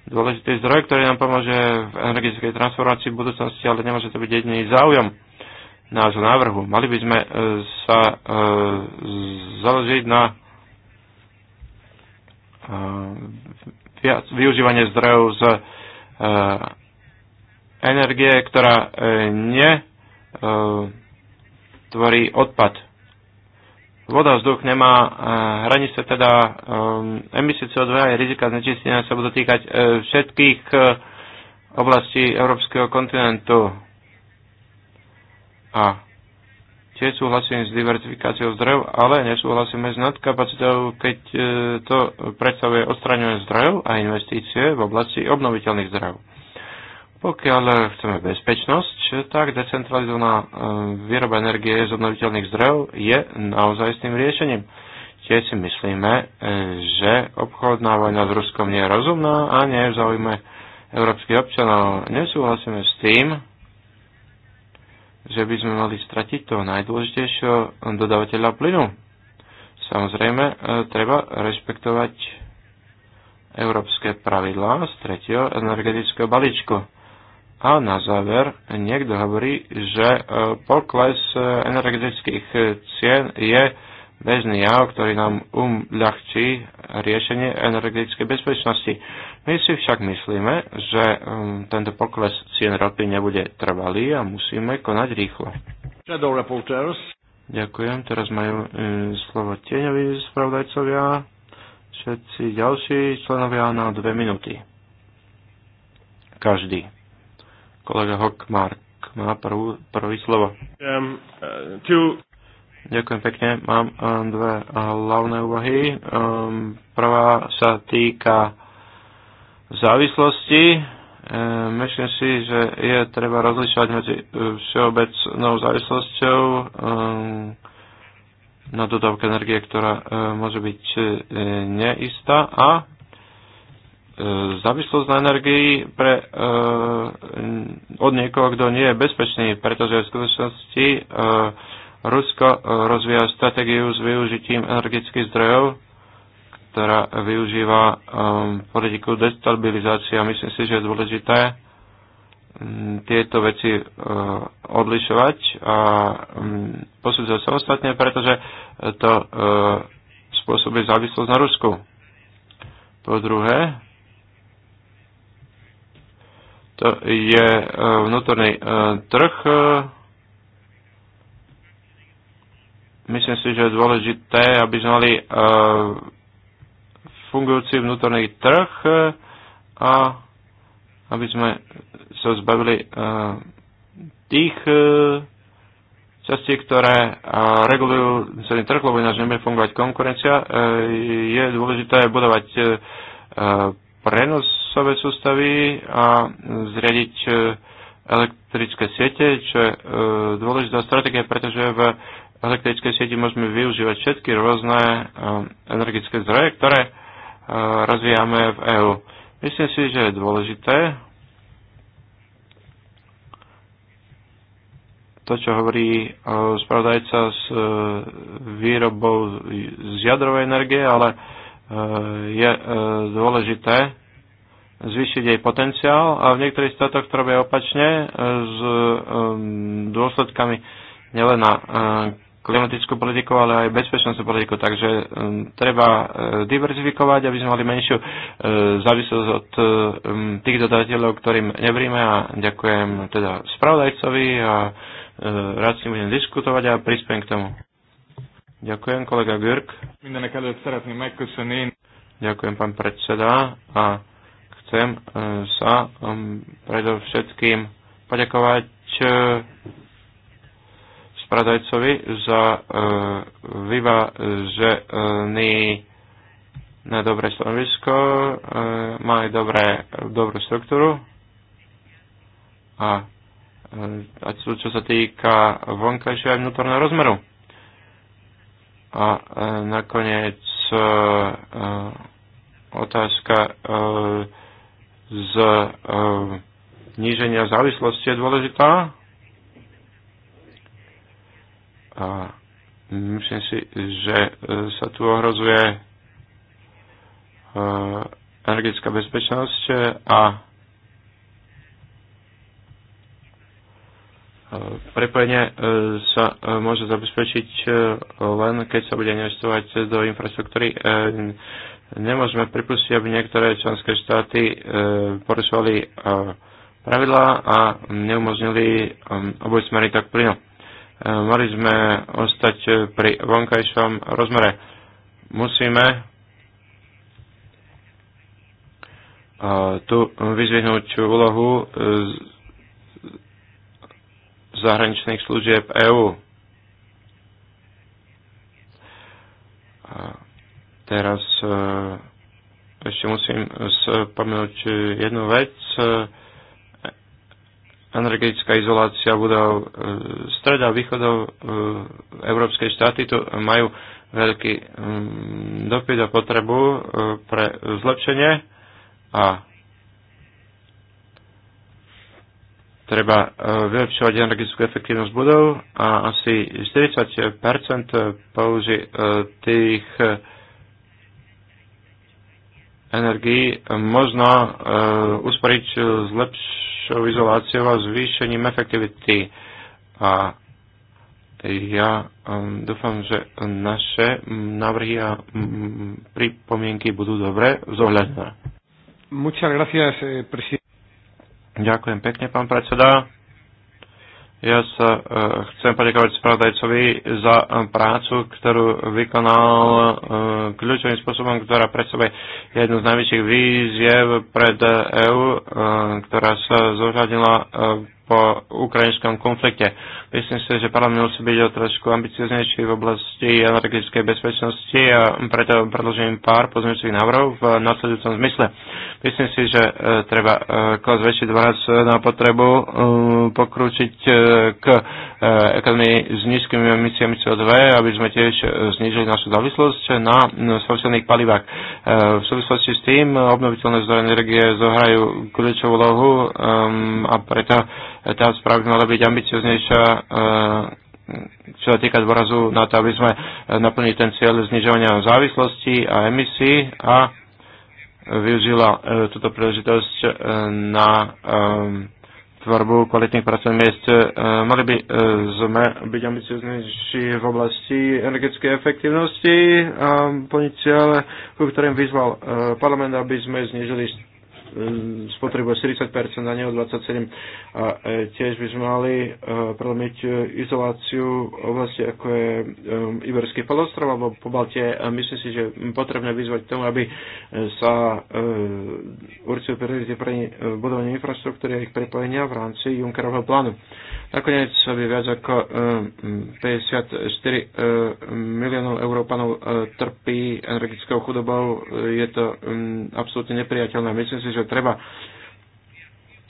dôležitý zdroj, ktorý nám pomôže v energetickej transformácii v budúcnosti, ale nemôže to byť jediný záujem nášho návrhu. Mali by sme e, sa e, založiť na Eh, viac, využívanie zdrojov z eh, energie, ktorá eh, ne tvorí odpad. Voda, vzduch nemá hranice, teda emisie CO2 a rizika znečistenia sa budú týkať všetkých oblastí európskeho kontinentu. A Tiež súhlasím s diverzifikáciou zdrojov, ale nesúhlasíme s nadkapacitou, keď e, to predstavuje odstraňovanie zdrojov a investície v oblasti obnoviteľných zdrojov. Pokiaľ chceme bezpečnosť, tak decentralizovaná e, výroba energie z obnoviteľných zdrojov je naozaj tým riešením. Tiež si myslíme, e, že obchodná vojna s Ruskom nie je rozumná a nie je v záujme európskych občanov. Nesúhlasíme s tým, že by sme mali stratiť toho najdôležitejšieho dodávateľa plynu. Samozrejme, e, treba rešpektovať európske pravidlá z tretieho energetického balíčku. A na záver niekto hovorí, že e, pokles e, energetických cien je bežný jav, ktorý nám umľahčí riešenie energetickej bezpečnosti. My si však myslíme, že um, tento pokles cien ropy nebude trvalý a musíme konať rýchlo. Ďakujem, teraz majú e, slovo tieňoví spravodajcovia, všetci ďalší členovia na dve minúty. Každý. Kolega Hockmark má prvú, prvý slovo. Um, uh, two. Ďakujem pekne. Mám um, dve hlavné úvahy. Um, prvá sa týka závislosti. E, myslím si, že je treba rozlišovať medzi e, všeobecnou závislosťou e, na dodávke energie, ktorá môže byť neistá a závislosť na energii pre, e, od niekoho, kto nie je bezpečný, pretože v skutočnosti e, Rusko rozvíja stratégiu s využitím energetických zdrojov ktorá využíva um, politiku destabilizácie a myslím si, že je dôležité um, tieto veci uh, odlišovať a um, posudzovať ostatne, pretože to uh, spôsobuje závislosť na Rusku. Po druhé, to je uh, vnútorný uh, trh. Uh, myslím si, že je dôležité, aby sme mali uh, fungujúci vnútorný trh e, a aby sme sa zbavili e, tých e, častí, ktoré regulujú celý trh, lebo ináč nebude fungovať konkurencia, je dôležité budovať prenosové sústavy a zriadiť elektrické siete, čo je dôležitá stratégia, pretože v elektrickej sieti môžeme využívať všetky rôzne energické zdroje, ktoré rozvíjame v EÚ. Myslím si, že je dôležité to, čo hovorí e, spravodajca s e, výrobou z jadrovej energie, ale e, je dôležité zvýšiť jej potenciál a v niektorých státoch to robia opačne s dôsledkami nielen na klimatickú politiku, ale aj bezpečnostnú politiku. Takže um, treba uh, diverzifikovať, aby sme mali menšiu uh, závislosť od uh, um, tých dodateľov, ktorým nevríme a ďakujem teda spravodajcovi a rád si budem diskutovať a prispiem k tomu. Ďakujem, kolega Gürk. Ďakujem, pán predseda. A chcem sa um, predovšetkým poďakovať spravodajcovi za e, vyvážený na dobré stanovisko, e, má dobré, dobrú struktúru a, e, a čo, čo sa týka vonkajšieho aj vnútorného rozmeru. A e, nakoniec e, e otázka e, z e, zníženia závislosti je dôležitá a myslím si, že e, sa tu ohrozuje e, energetická bezpečnosť e, a prepojenie sa môže zabezpečiť len, keď sa bude investovať do infraštruktúry. Nemôžeme pripustiť, aby niektoré členské štáty porušovali pravidlá a neumožnili obojsmerný tak plynu. E, mali sme ostať pri vonkajšom rozmere. Musíme e, tu vyzvihnúť úlohu e, zahraničných služieb EÚ. Teraz ešte musím spomenúť jednu vec energetická izolácia budov e, streda a východov e, európskej štáty tu majú veľký dopyt a potrebu e, pre zlepšenie a treba vylepšovať energetickú efektívnosť budov a asi 40 použi tých energií možno usporiť zlepšenie lepšou izoláciou a zvýšením efektivity. A ja um, dúfam, že naše návrhy a mm, pripomienky budú dobre zohľadné. Muchas gracias, eh, presidente. Ďakujem pekne, pán predseda. Ja sa uh, chcem poďakovať spravodajcovi za um, prácu, ktorú vykonal uh, kľúčovým spôsobom, ktorá pred sebe je jednu z najväčších výziev pred EU, uh, ktorá sa zohľadnila po ukrajinskom konflikte. Myslím si, že parlament musí byť o trošku ambicioznejší v oblasti energetickej bezpečnosti a preto predložím pár pozmeňujúcich návrhov v následujúcom zmysle. Myslím si, že e, treba e, klas väčší dôraz na potrebu e, pokrúčiť k ekonomii s nízkymi emisiami CO2, aby sme tiež znižili našu závislosť na fosilných palivách. V súvislosti s tým obnoviteľné zdroje energie zohrajú kľúčovú úlohu a preto tá správa by mala byť ambicioznejšia eh, čo sa týka dôrazu na to, aby sme eh, naplnili ten cieľ znižovania závislosti a emisí a využila eh, túto príležitosť na tvorbu kvalitných pracovných miest. Mali by sme byť ambicioznejší v oblasti energetickej efektivnosti a plniť cieľ, ku ktorým vyzval parlament, aby sme znižili E, spotrebuje 40% a nie o 27%. A e, tiež by sme mali e, prelomiť izoláciu oblasti ako je Iberský polostrov alebo po Baltie. Myslím si, že potrebné vyzvať k tomu, aby sa určili priority pre budovanie infraštruktúry a ich prepojenia v rámci Junckerovho plánu. Nakoniec by viac ako 54 eh, eh, miliónov Európanov eh, trpí energetickou chudobou. Je to mm, absolútne nepriateľné. Myslím si, že treba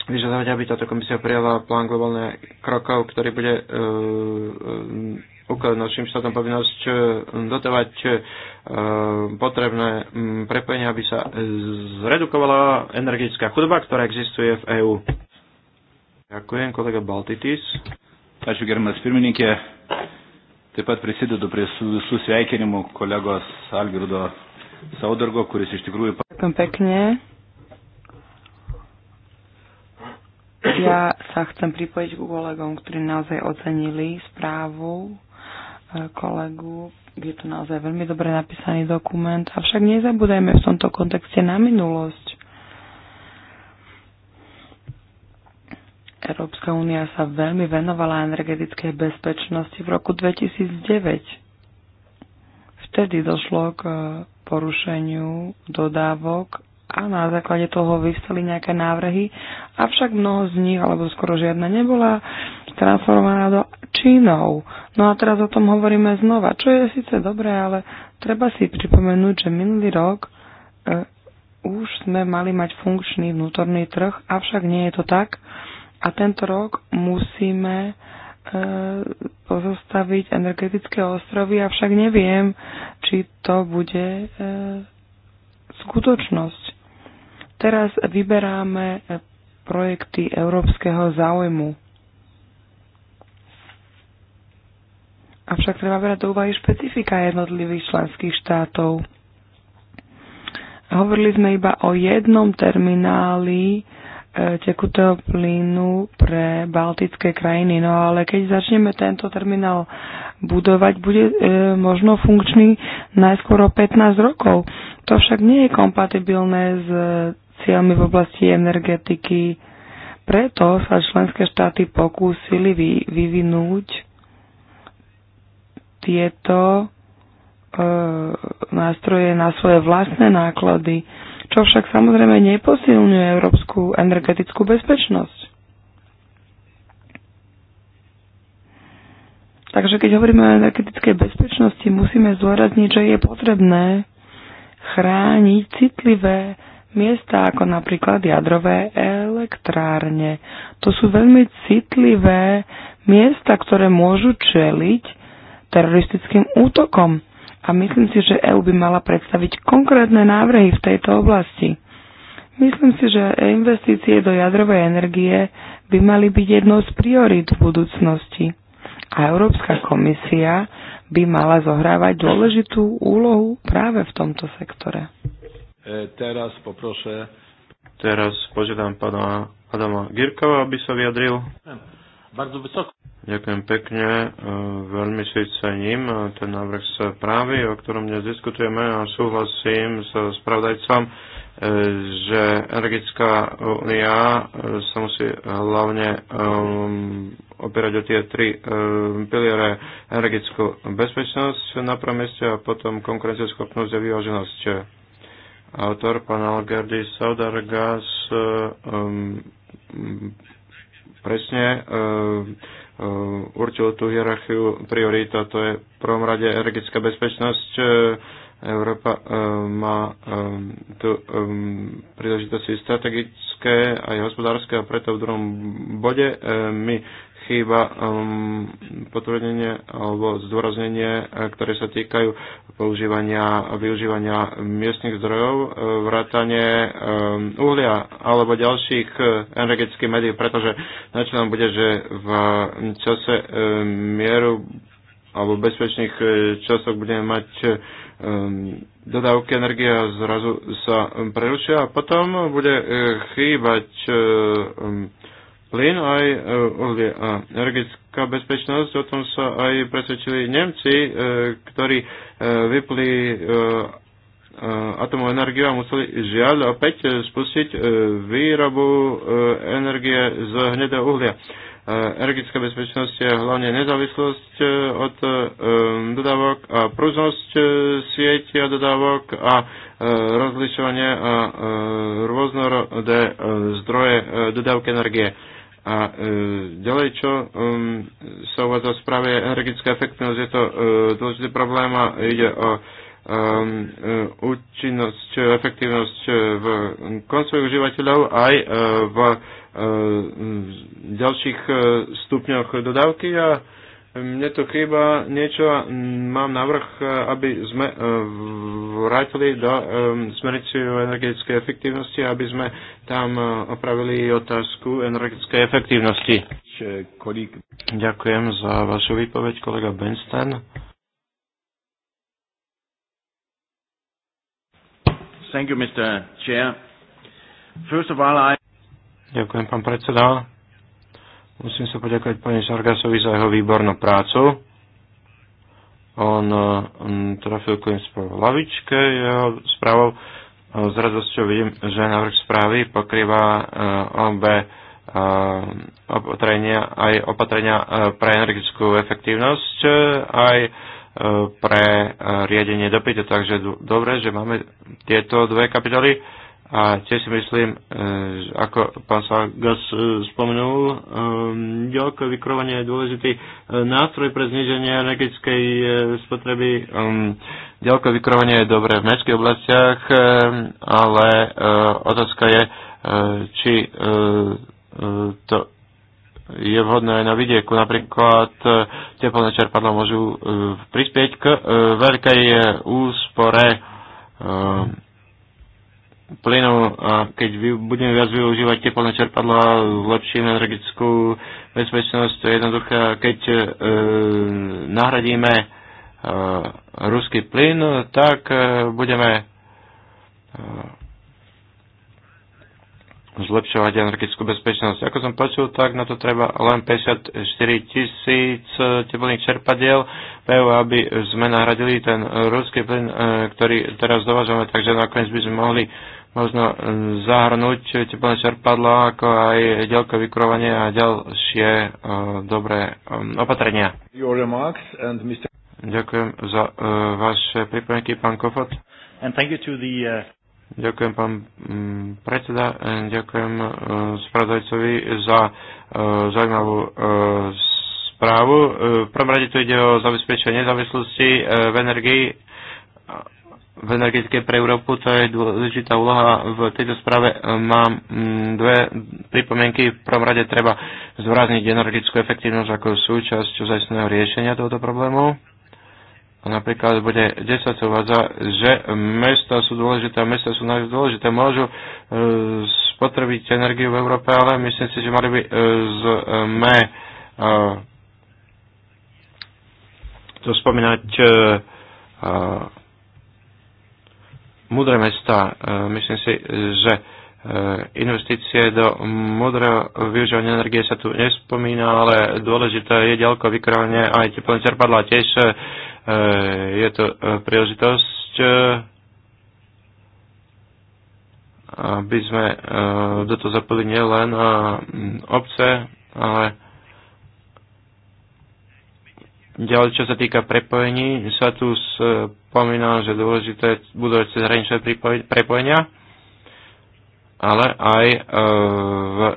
vyžadovať, aby táto komisia prijala plán globálnych krokov, ktorý bude ukladať našim štátom povinnosť dotovať potrebné mm, prepojenia, aby sa zredukovala energetická chudoba, ktorá existuje v EÚ. Ďakujem, kolega Baltitis. Ačiū gerbiamas pirmininkė. Taip pat prisidedu prie visų sveikinimų kolegos Algirdo Saudargo, kuris iš tikrųjų... Ďakujem pekne. Ja sa chcem pripojiť k kolegom, ktorí naozaj ocenili správu e, kolegu. Je to naozaj veľmi dobre napísaný dokument. Avšak nezabúdajme v tomto kontexte na minulosť. Európska únia sa veľmi venovala energetickej bezpečnosti v roku 2009. Vtedy došlo k e, porušeniu dodávok a na základe toho vyvstali nejaké návrhy, avšak mnoho z nich, alebo skoro žiadna, nebola transformovaná do činov. No a teraz o tom hovoríme znova, čo je síce dobré, ale treba si pripomenúť, že minulý rok e, už sme mali mať funkčný vnútorný trh, avšak nie je to tak. E, a tento rok musíme e, pozostaviť energetické ostrovy, avšak neviem, či to bude e, skutočnosť. Teraz vyberáme e, projekty európskeho záujmu. Avšak treba brať do úvahy špecifika jednotlivých členských štátov. Hovorili sme iba o jednom termináli, tekutého plynu pre baltické krajiny. No ale keď začneme tento terminál budovať, bude e, možno funkčný najskôr o 15 rokov. To však nie je kompatibilné s cieľmi v oblasti energetiky. Preto sa členské štáty pokúsili vy, vyvinúť tieto e, nástroje na svoje vlastné náklady. E, čo však samozrejme neposilňuje európsku energetickú bezpečnosť. Takže keď hovoríme o energetickej bezpečnosti, musíme zdôrazniť, že je potrebné chrániť citlivé miesta, ako napríklad jadrové elektrárne. To sú veľmi citlivé miesta, ktoré môžu čeliť teroristickým útokom a myslím si, že EU by mala predstaviť konkrétne návrhy v tejto oblasti. Myslím si, že investície do jadrovej energie by mali byť jednou z priorít v budúcnosti. A Európska komisia by mala zohrávať dôležitú úlohu práve v tomto sektore. E, teraz poproše... Teraz požiadam pána Adama Girkova, aby sa vyjadril bardzo wysoko. Ďakujem pekne. E, veľmi si cením e, ten návrh správy, o ktorom dnes diskutujeme a súhlasím s spravodajcom, e, že Energetická únia sa musí hlavne opierať o tie tri piliere energetickú bezpečnosť na prvom mieste a potom konkurencieschopnosť a vyváženosť. Autor, pán Algerdy Saudargas, presne e, e, určil tú hierarchiu priorita, a to je v prvom rade energetická bezpečnosť. E, Európa má tu príležitosti strategické aj hospodárske a preto v druhom bode my chýba um, potvrdenie alebo zdôraznenie, eh, ktoré sa týkajú používania a využívania miestnych zdrojov, eh, vrátanie um, eh, uhlia alebo ďalších energetických médií, pretože načelom bude, že v čase um, mieru alebo bezpečných časoch budeme mať um, dodávky energie a zrazu sa prerušia a potom bude chýbať um, plyn, aj e, uhlie a energetická bezpečnosť. O tom sa aj presvedčili Nemci, e, ktorí e, vypli atomovú energiu a museli žiaľ opäť spustiť výrobu energie z hnedého uhlia. Energetická bezpečnosť je hlavne nezávislosť od dodávok a prúznosť sieti a dodávok a rozlišovanie a rôznorodé zdroje dodávky energie. A e, ďalej, čo um, sa uvádza v správe energetická efektivnosť, je to e, dôležitý problém a ide o e, účinnosť, efektívnosť e, v koncových užívateľov aj e, v, e, v ďalších stupňoch dodávky a mne to chýba niečo, mám navrh, e, aby sme e, vrátili do e, o energetickej efektívnosti, aby sme tam opravili otázku energetickej efektívnosti. Ďakujem za vašu výpoveď, kolega Benstein. Thank you, Mr. Ďakujem, pán predseda. Musím sa poďakovať pani Sargasovi za jeho výbornú prácu. On mm, trafil koniec po lavičke jeho správou. S radosťou vidím, že návrh správy pokrýva e, obe e, opatrenia, aj opatrenia e, pre energetickú efektívnosť, aj pre riadenie dopytu. Takže dobre, že máme tieto dve kapitoly a tiež si myslím, e, ako pán Sagas e, spomenul, e, ďalkové vykrovanie je dôležitý nástroj pre zniženie energetickej spotreby. Ďalkové vykrovanie je dobré v mestských oblastiach, ale otázka je, či to je vhodné aj na vidieku. Napríklad teplné čerpadla môžu prispieť k veľkej úspore plynu a keď budeme viac využívať teplné čerpadla, zlepšíme energetickú bezpečnosť, to je jednoduché. Keď e, nahradíme e, ruský plyn, tak e, budeme e, zlepšovať energetickú bezpečnosť. Ako som počul, tak na to treba len 54 tisíc e, teplných čerpadiel e aby sme nahradili ten ruský plyn, e, ktorý teraz dovažujeme, takže nakoniec by sme mohli možno zahrnúť teplné čerpadlo, ako aj ďalko vykurovanie a ďalšie dobré opatrenia. Ďakujem za vaše pripomienky, pán Kofot. And thank you to the, uh... Ďakujem, pán mm, predseda. Hm, ďakujem hm, spravodajcovi za hm, zaujímavú správu. V prvom rade tu ide o zabezpečenie nezávislosti v energii v energetike pre Európu, to je dôležitá úloha. V tejto správe mám dve pripomienky. V prvom rade treba zvrazniť energetickú efektívnosť ako súčasť zaistného riešenia tohoto problému a napríklad bude 10 sa uvádza, že mesta sú dôležité a mesta sú najviac dôležité. Môžu e, spotrebiť energiu v Európe, ale myslím si, že mali by e, sme e, to spomínať e, e, múdre mesta. E, myslím si, že e, investície do modrého využívania energie sa tu nespomína, ale dôležité je ďalko vykrávanie aj teplné čerpadla tiež e, Eh, je to eh, príležitosť, eh, aby sme do toho zapojili nielen obce, ale Ďalej, čo sa týka prepojení, sa tu spomína, že dôležité budú cezhraničné prepojenia, ale aj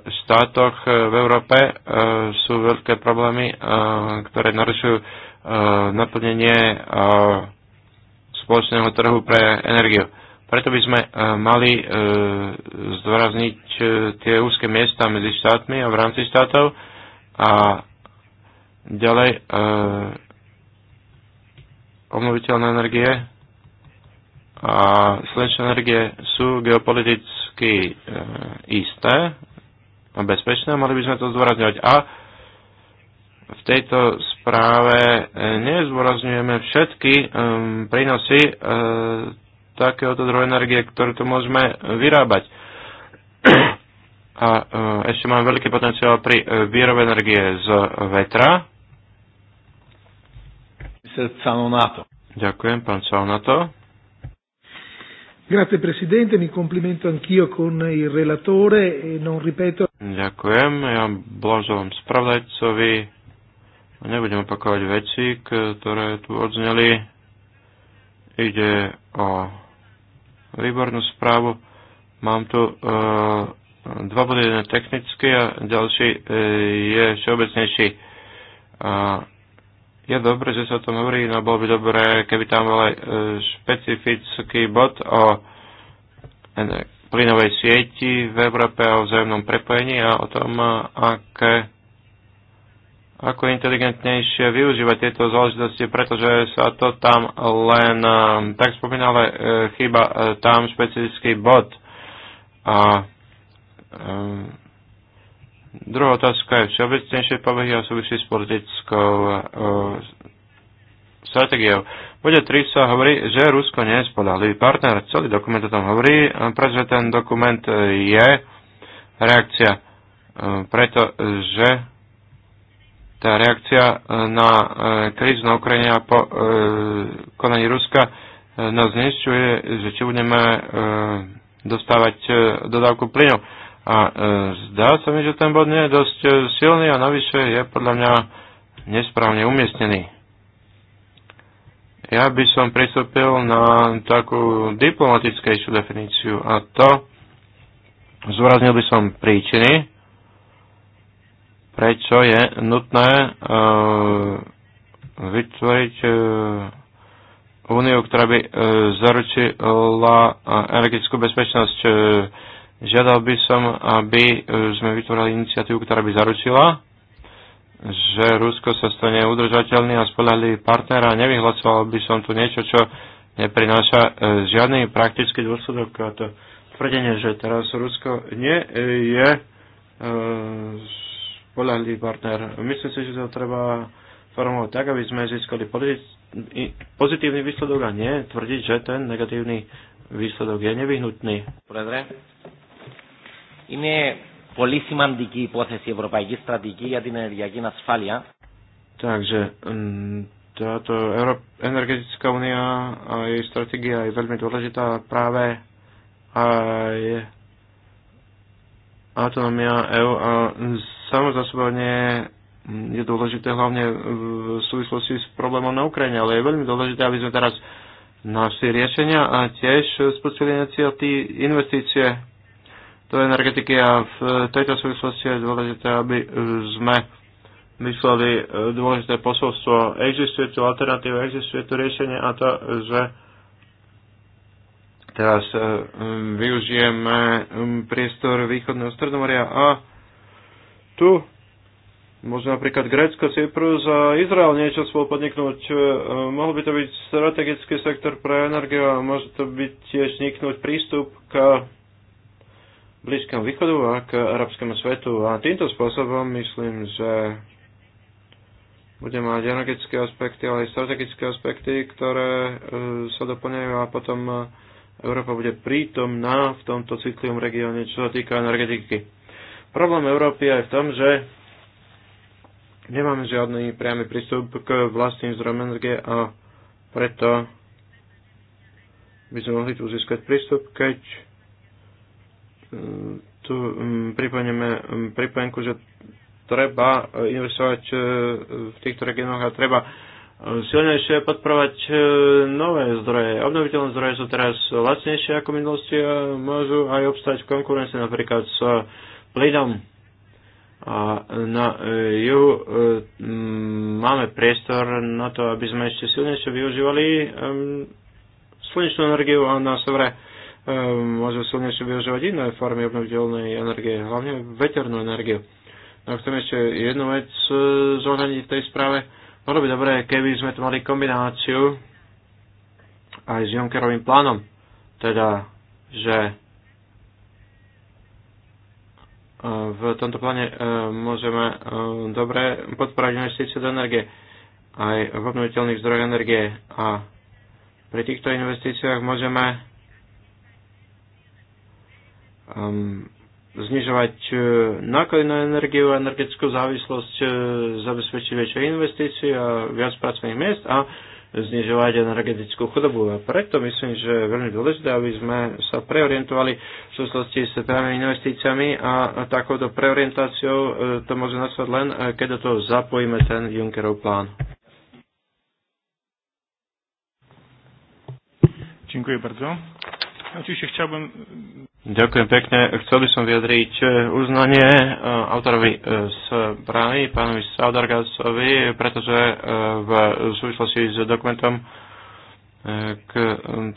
v štátoch v Európe sú veľké problémy, ktoré narušujú Eh, naplnenie eh, spoločného trhu pre energiu. Preto by sme eh, mali zdôrazniť tie úzke miesta medzi štátmi a v rámci štátov a ďalej obnoviteľné energie a slnečné energie sú geopoliticky isté a bezpečné, mali by sme to zdôrazňovať. A v tejto správe e, nezvorazňujeme všetky e, prínosy e, takéhoto zdroja energie, ktorú tu môžeme vyrábať. A ešte máme veľký potenciál pri výrobe energie z vetra. Ďakujem, pán Salnato. Grazie Presidente, mi complimento anch'io con il relatore e non ripeto. Ďakujem, ja blaželám spravodajcovi Nebudem opakovať veci, ktoré tu odzneli. Ide o výbornú správu. Mám tu e, dva body, jeden technický a ďalší e, je všeobecnejší. A e, je dobré, že sa o tom hovorí, no bolo by dobré, keby tam bol aj e, špecifický bod o plynovej sieti v Európe a o vzájomnom prepojení a o tom, aké ako inteligentnejšie využívať tieto záležitosti, pretože sa to tam len eh, tak spomína, ale eh, chyba eh, tam špecifický bod. A um, druhá otázka je všeobecnejšie povahy a súvisí s politickou uh, stratégiou. Bode 3 sa hovorí, že Rusko nie je spolahlivý partner. Celý dokument o tom hovorí, pretože ten dokument je reakcia, pretože tá reakcia e, na e, krízu na Ukrajine a po e, konaní Ruska nás znešťuje, že či budeme dostávať dodávku plynu. A zdá sa mi, že ten bod nie je dosť silný a navyše je podľa mňa nesprávne umiestnený. Ja by som pristúpil na takú diplomatickejšiu definíciu a to zúraznil by som príčiny, prečo je nutné eh, vytvoriť eh, úniu, ktorá by eh, zaručila energetickú bezpečnosť. Žiadal by som, aby sme vytvorili iniciatívu, ktorá by zaručila, že Rusko sa stane udržateľný a spolahlivý partner a nevyhlasoval by som tu niečo, čo neprináša žiadny praktický dôsledok. A to tvrdenie, že teraz Rusko nie je volali partner. Myslím si, že to treba formovať tak, aby sme získali pozitívny výsledok a nie tvrdiť, že ten negatívny výsledok je nevyhnutný. Predre? είναι πολύ σημαντική υπόθεση η Ευρωπαϊκή Στρατηγική για την Ενεργειακή Ασφάλεια. Takže táto energetická únia a jej stratégia je veľmi dôležitá práve aj autonómia EU a z samozasobne je dôležité hlavne v súvislosti s problémom na Ukrajine, ale je veľmi dôležité, aby sme teraz našli riešenia a tiež spustili iniciaty investície do energetiky a v tejto súvislosti je dôležité, aby sme mysleli dôležité posolstvo. Existuje tu alternatíva, existuje tu riešenie a to, že teraz eh, využijeme mm, priestor východného Stredomoria a tu Môže napríklad Grécko, Cyprus a Izrael niečo spolu podniknúť. E, mohol by to byť strategický sektor pre energiu a môže to byť tiež vzniknúť prístup k Blízkom východu a k arabskému svetu. A týmto spôsobom myslím, že bude mať energetické aspekty, ale aj strategické aspekty, ktoré e, sa doplňajú a potom Európa bude prítomná v tomto citlivom regióne, čo sa týka energetiky. Problém Európy je v tom, že nemáme žiadny priamy prístup k vlastným zdrojom energie a preto by sme mohli tu získať prístup, keď mm, tu mm, pripojeneme mm, pripojenku, že treba e, investovať e, v týchto regiónoch a treba e, silnejšie podporovať nové zdroje. Obnoviteľné zdroje sú teraz lacnejšie ako v minulosti a môžu aj obstať v konkurencii napríklad s plynom. A na e, ju e, máme priestor na to, aby sme ešte silnejšie využívali slnečnú energiu a na severe môžeme silnejšie využívať iné formy obnoviteľnej energie, hlavne veternú energiu. No chcem ešte jednu vec e, zohľadniť v tej správe. Bolo by dobré, keby sme tu mali kombináciu aj s Junckerovým plánom. Teda, že v tomto pláne e, môžeme e, dobre podporať investície do energie aj v obnoviteľných zdrojoch energie a pri týchto investíciách môžeme um, znižovať uh, náklady na energiu, energetickú závislosť, uh, zabezpečiť väčšie investície a viac pracovných miest a znižovať energetickú chudobu. A preto myslím, že je veľmi dôležité, aby sme sa preorientovali v súvislosti s právnymi investíciami a takouto preorientáciou e, to môže nastať len, e, keď do toho zapojíme ten Junckerov plán. Dziękuję bardzo. Oczywiście chciałbym... Ďakujem pekne. Chcel by som vyjadriť e, uznanie e, autorovi správy, e, pánovi Saudargasovi, pretože v súvislosti s dokumentom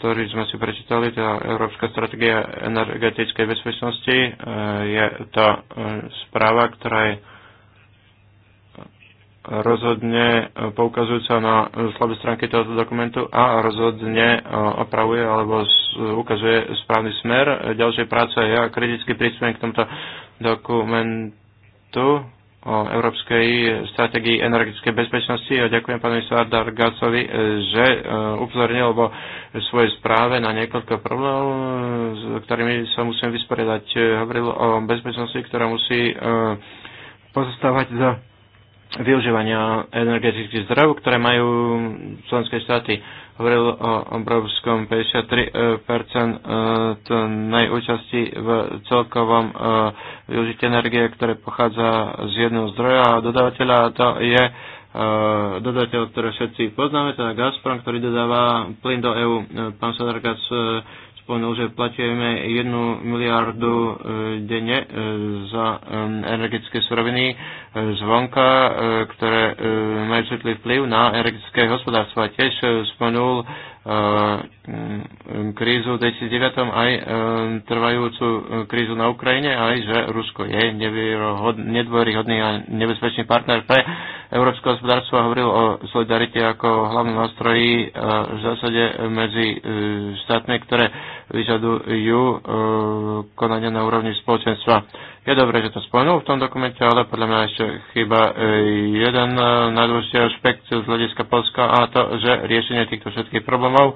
ktorý sme si prečítali, teda Európska stratégia energetickej bezpečnosti. Je to správa, ktorá je rozhodne e, poukazujúca na e, slabé stránky tohoto dokumentu a rozhodne e, opravuje alebo ukazuje správny smer. Ďalšia práca je ja kriticky príspevok k tomuto dokumentu o európskej stratégii energetickej bezpečnosti a ďakujem pánovi Sardar Gasovi, že upozornil vo svojej správe na niekoľko problémov, s ktorými sa musím vysporiadať. Hovoril o bezpečnosti, ktorá musí pozostávať za využívania energetických zdrojov, ktoré majú členské štáty. Hovoril o obrovskom 53% e, najúčasti v celkovom e, využití energie, ktoré pochádza z jedného zdroja a dodávateľa. A to je e, dodateľ, ktorý všetci poznáme, teda Gazprom, ktorý dodáva plyn do EÚ. Pán Sadargac spomenul, že platíme 1 miliardu e, denne e, za energetické suroviny e, zvonka, ktoré majú svetlý vplyv na energetické hospodárstvo. A tiež spomenul Mm, krízu v 2009, aj e, trvajúcu e, krízu na Ukrajine, aj že Rusko je nedôveryhodný a nebezpečný partner pre európske hospodárstvo a hovoril o solidarite ako hlavnom nástroji e, v zásade medzi štátmi, ktoré vyžadujú konania na úrovni spoločenstva. Je dobré, že to spomenul v tom dokumente, ale podľa mňa ešte chyba e, jeden e, najdôležitý aspekt z hľadiska Polska a to, že riešenie týchto všetkých problémov e,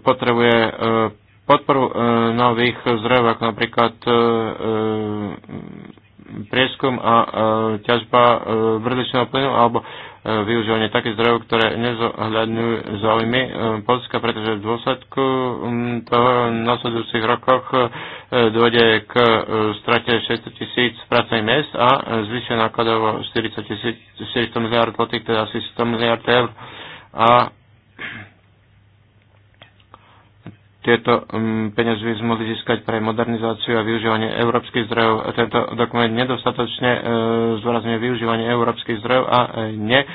potrebuje podporu nových zdrojov, ako napríklad prieskum a ťažba brdličného plynu alebo využívanie takých zdrojov, ktoré nezohľadňujú záujmy eh, Polska, pretože v dôsledku mm, toho v nasledujúcich rokoch eh, dôjde k eh, strate 600 tisíc pracovných miest a zvyšuje nákladov o 40 tisíc, 400 miliard zlotých, teda asi 100 miliard eur. A tieto mm, peniaze by sme mohli získať pre modernizáciu a využívanie európskych zdrojov. Tento dokument nedostatočne e, zdôrazňuje využívanie európskych zdrojov a e, ne e,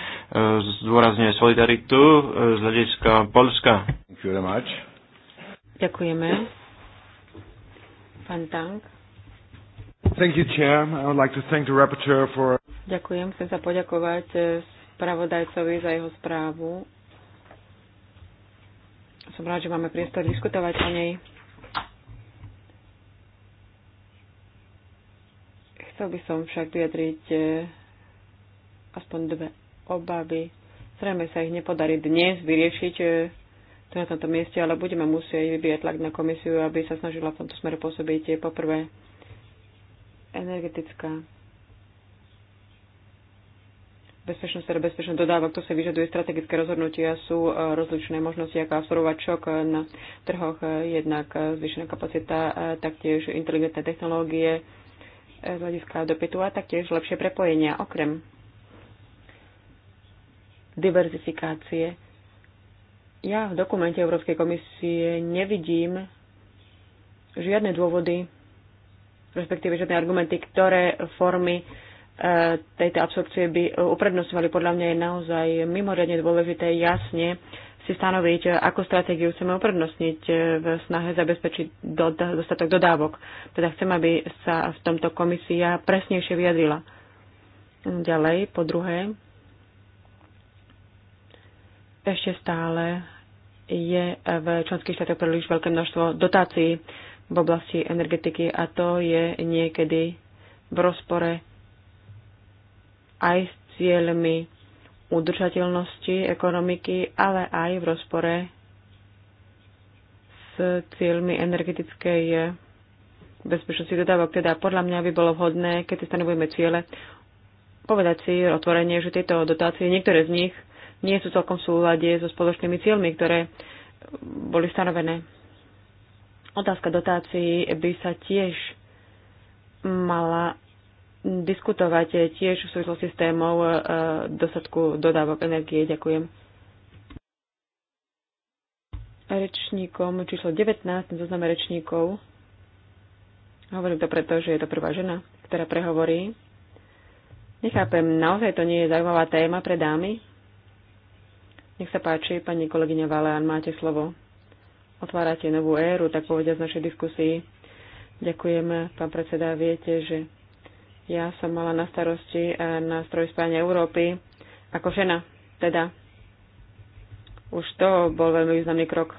zdôrazňuje solidaritu z hľadiska Polska. Ďakujeme. Pán Tank. Thank you, Chair. I would like to thank the rapporteur for... Ďakujem. Chcem sa poďakovať spravodajcovi za jeho správu som rád, že máme priestor diskutovať o nej. Chcel by som však vyjadriť eh, aspoň dve obavy. Zrejme sa ich nepodarí dnes vyriešiť eh, tu na tomto mieste, ale budeme musieť vybíjať tlak na komisiu, aby sa snažila v tomto smere pôsobiť. Poprvé, energetická bezpečnosť a teda bezpečnosť dodávok, to sa vyžaduje strategické rozhodnutia, sú e, rozličné možnosti, ako absorbovať šok na trhoch, e, jednak e, zvýšená kapacita, taktiež inteligentné technológie z hľadiska dopytu a taktiež lepšie prepojenia okrem diverzifikácie. Ja v dokumente Európskej komisie nevidím žiadne dôvody, respektíve žiadne argumenty, ktoré formy E, tejto absorpcie by e, uprednostňovali, podľa mňa je naozaj mimoriadne dôležité jasne si stanoviť, akú stratégiu chceme uprednostniť e, v snahe zabezpečiť dostatok dodávok. Teda chcem, aby sa v tomto komisia presnejšie vyjadrila. Ďalej, po druhé, ešte stále je v členských štátoch príliš veľké množstvo dotácií v oblasti energetiky a to je niekedy v rozpore aj s cieľmi udržateľnosti ekonomiky, ale aj v rozpore s cieľmi energetickej bezpečnosti dodávok. Teda podľa mňa by bolo vhodné, keď si stanovujeme ciele, povedať si otvorenie, že tieto dotácie, niektoré z nich nie sú celkom v súlade so spoločnými cieľmi, ktoré boli stanovené. Otázka dotácií by sa tiež mala diskutovať e, tiež v súvislosti s témou e, dostatku dodávok energie. Ďakujem. Rečníkom číslo 19 na zozname rečníkov. Hovorím to preto, že je to prvá žena, ktorá prehovorí. Nechápem, naozaj to nie je zaujímavá téma pre dámy? Nech sa páči, pani kolegyňa Valean, máte slovo. Otvárate novú éru, tak povediať z našej diskusii. Ďakujem, pán predseda, viete, že ja som mala na starosti e, nástroj spájania Európy ako žena, teda. Už to bol veľmi významný krok.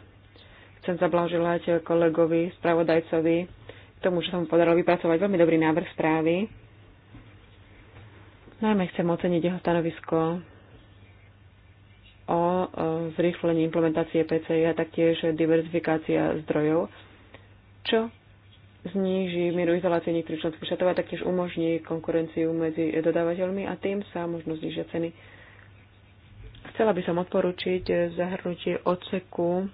Chcem zablahoželať kolegovi, spravodajcovi, k tomu, že sa mu podarilo vypracovať veľmi dobrý návrh správy. Najmä chcem oceniť jeho stanovisko o e, zrýchlení implementácie PCI a taktiež diverzifikácia zdrojov, čo zníži mieru izolácie niektorých členských štátov a taktiež umožní konkurenciu medzi dodávateľmi a tým sa možno znižia ceny. Chcela by som odporučiť zahrnutie odseku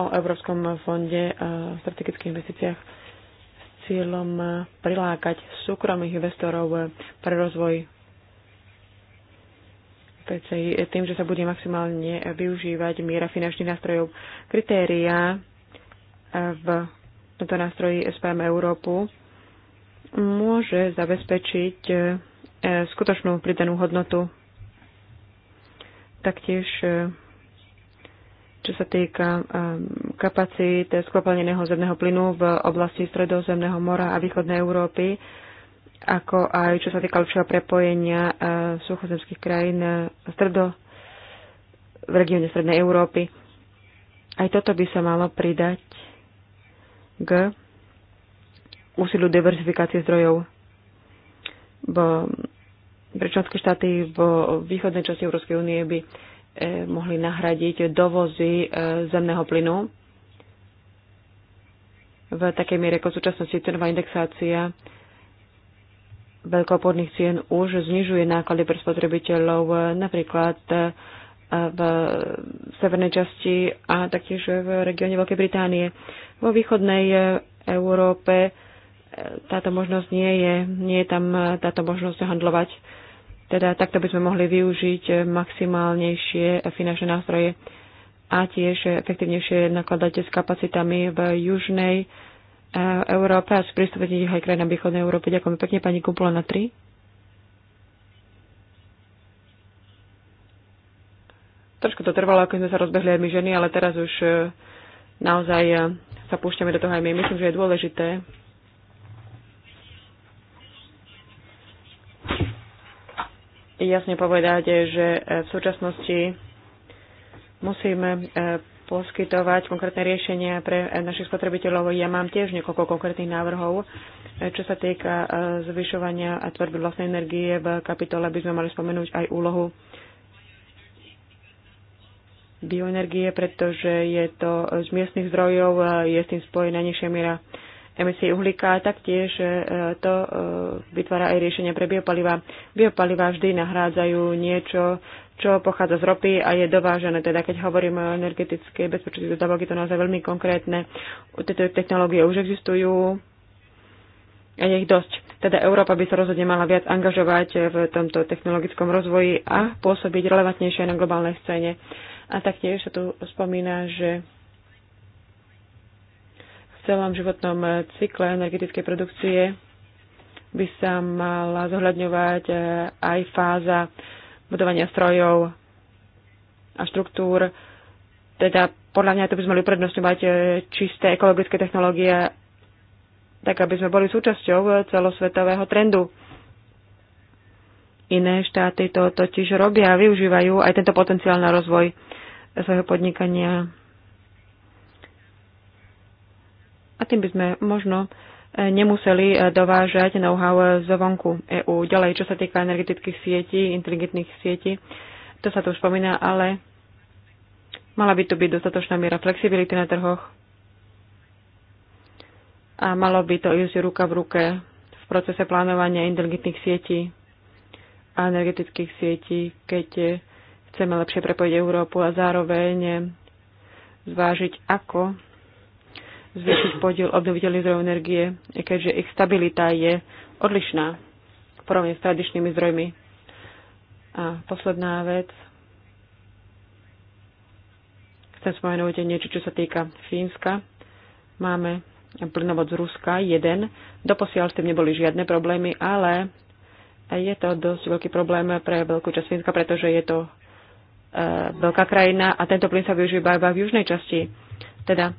o Európskom fonde a eh, strategických investíciách s cieľom eh, prilákať súkromných investorov eh, pre rozvoj PCI tým, že sa bude maximálne využívať miera finančných nástrojov. Kritéria v tento nástroj SPM Európu môže zabezpečiť e, skutočnú pridanú hodnotu. Taktiež, e, čo sa týka e, kapacít skvapalneného zemného plynu v oblasti Stredozemného mora a východnej Európy, ako aj čo sa týka lepšieho prepojenia suchozemských krajín stredo, v regióne Strednej Európy. Aj toto by sa malo pridať k úsilu diversifikácie zdrojov v pre členské štáty v východnej časti Európskej únie by eh, mohli nahradiť dovozy eh, zemného plynu v takej miere, ako v súčasnosti cenová indexácia veľkoporných cien už znižuje náklady pre spotrebiteľov. Eh, napríklad v severnej časti a taktiež v regióne Veľkej Británie. Vo východnej Európe e, táto možnosť nie je, nie je tam e, táto možnosť handlovať. Teda takto by sme mohli využiť maximálnejšie finančné nástroje a tiež efektívnejšie nakladať s kapacitami v južnej e, Európe a sprístupniť ich aj krajinám východnej Európy. Ďakujem pekne, pani Kumpula na 3. Trošku to trvalo, ako sme sa rozbehli aj my ženy, ale teraz už e, naozaj e, sa púšťame do toho aj my. Myslím, že je dôležité jasne povedať, že e, v súčasnosti musíme poskytovať konkrétne riešenia pre našich spotrebiteľov. Ja mám tiež niekoľko konkrétnych návrhov, čo sa týka zvyšovania a tvorby vlastnej energie. V kapitole by sme mali spomenúť aj úlohu bioenergie, pretože je to z miestnych zdrojov, je s tým spojená nižšia miera emisie uhlíka a taktiež e, to e, vytvára aj riešenia pre biopaliva. Biopaliva vždy nahrádzajú niečo, čo pochádza z ropy a je dovážené. Teda keď hovoríme o energetickej bezpečnosti dodávok, je to naozaj veľmi konkrétne. Tieto technológie už existujú a je ich dosť. Teda Európa by sa rozhodne mala viac angažovať v tomto technologickom rozvoji a pôsobiť relevantnejšie na globálnej scéne. A taktiež sa tu spomína, že v celom životnom cykle energetickej produkcie by sa mala zohľadňovať e, aj fáza budovania strojov a štruktúr. Teda podľa mňa to by sme mali uprednostňovať e, čisté ekologické technológie, tak aby sme boli súčasťou celosvetového trendu. Iné štáty to totiž robia a využívajú aj tento potenciál na rozvoj svojho podnikania. A tým by sme možno e, nemuseli e, dovážať know-how e, zvonku EÚ. Ďalej, čo sa týka energetických sietí, inteligentných sietí, to sa tu už spomína, ale mala by tu byť dostatočná miera flexibility na trhoch a malo by to ísť ruka v ruke v procese plánovania inteligentných sietí a energetických sietí, keď Chceme lepšie prepojiť Európu a zároveň zvážiť, ako zvýšiť podiel obnoviteľných zdrojov energie, keďže ich stabilita je odlišná v porovnaní s tradičnými zdrojmi. A posledná vec. Chcem spomenúť niečo, čo sa týka Fínska. Máme plynovod z Ruska, jeden. Doposiaľ s tým neboli žiadne problémy, ale je to dosť veľký problém pre veľkú časť Fínska, pretože je to E, veľká krajina a tento plyn sa využíva iba v južnej časti. Teda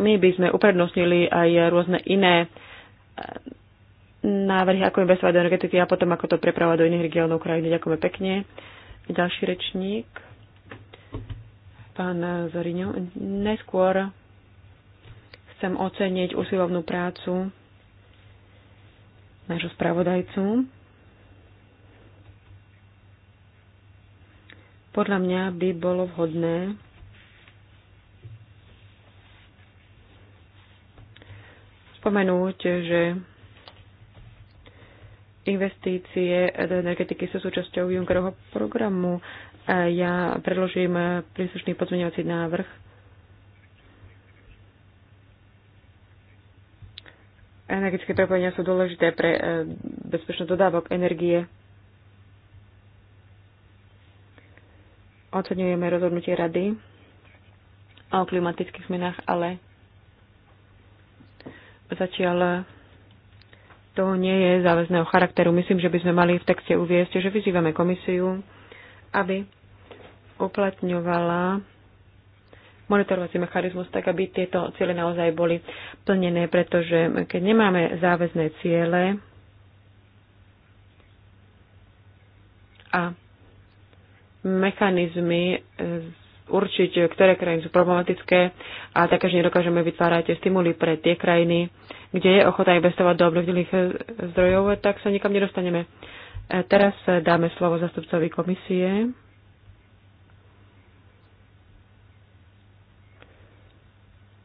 my by sme uprednostnili aj rôzne iné e, návrhy, ako investovať do energetiky a potom ako to prepravovať do iných regiónov krajiny. Ďakujeme pekne. Ďalší rečník, pán Zoriňo. Neskôr chcem oceniť usilovnú prácu nášho spravodajcu. Podľa mňa by bolo vhodné spomenúť, že investície do energetiky sú súčasťou Junckerovho programu. Ja predložím príslušný pozmeňovací návrh. Energetické prepojenia sú dôležité pre eh, bezpečnosť dodávok energie. oceňujeme rozhodnutie rady o klimatických zmenách, ale zatiaľ to nie je záväzného charakteru. Myslím, že by sme mali v texte uviesť, že vyzývame komisiu, aby uplatňovala monitorovací mechanizmus tak, aby tieto ciele naozaj boli plnené, pretože keď nemáme záväzné ciele a mechanizmy e, určiť, ktoré krajiny sú problematické a také, že nedokážeme vytvárať stimuly pre tie krajiny, kde je ochota investovať do obnoviteľných e, zdrojov, tak sa nikam nedostaneme. E, teraz dáme slovo zastupcovi komisie.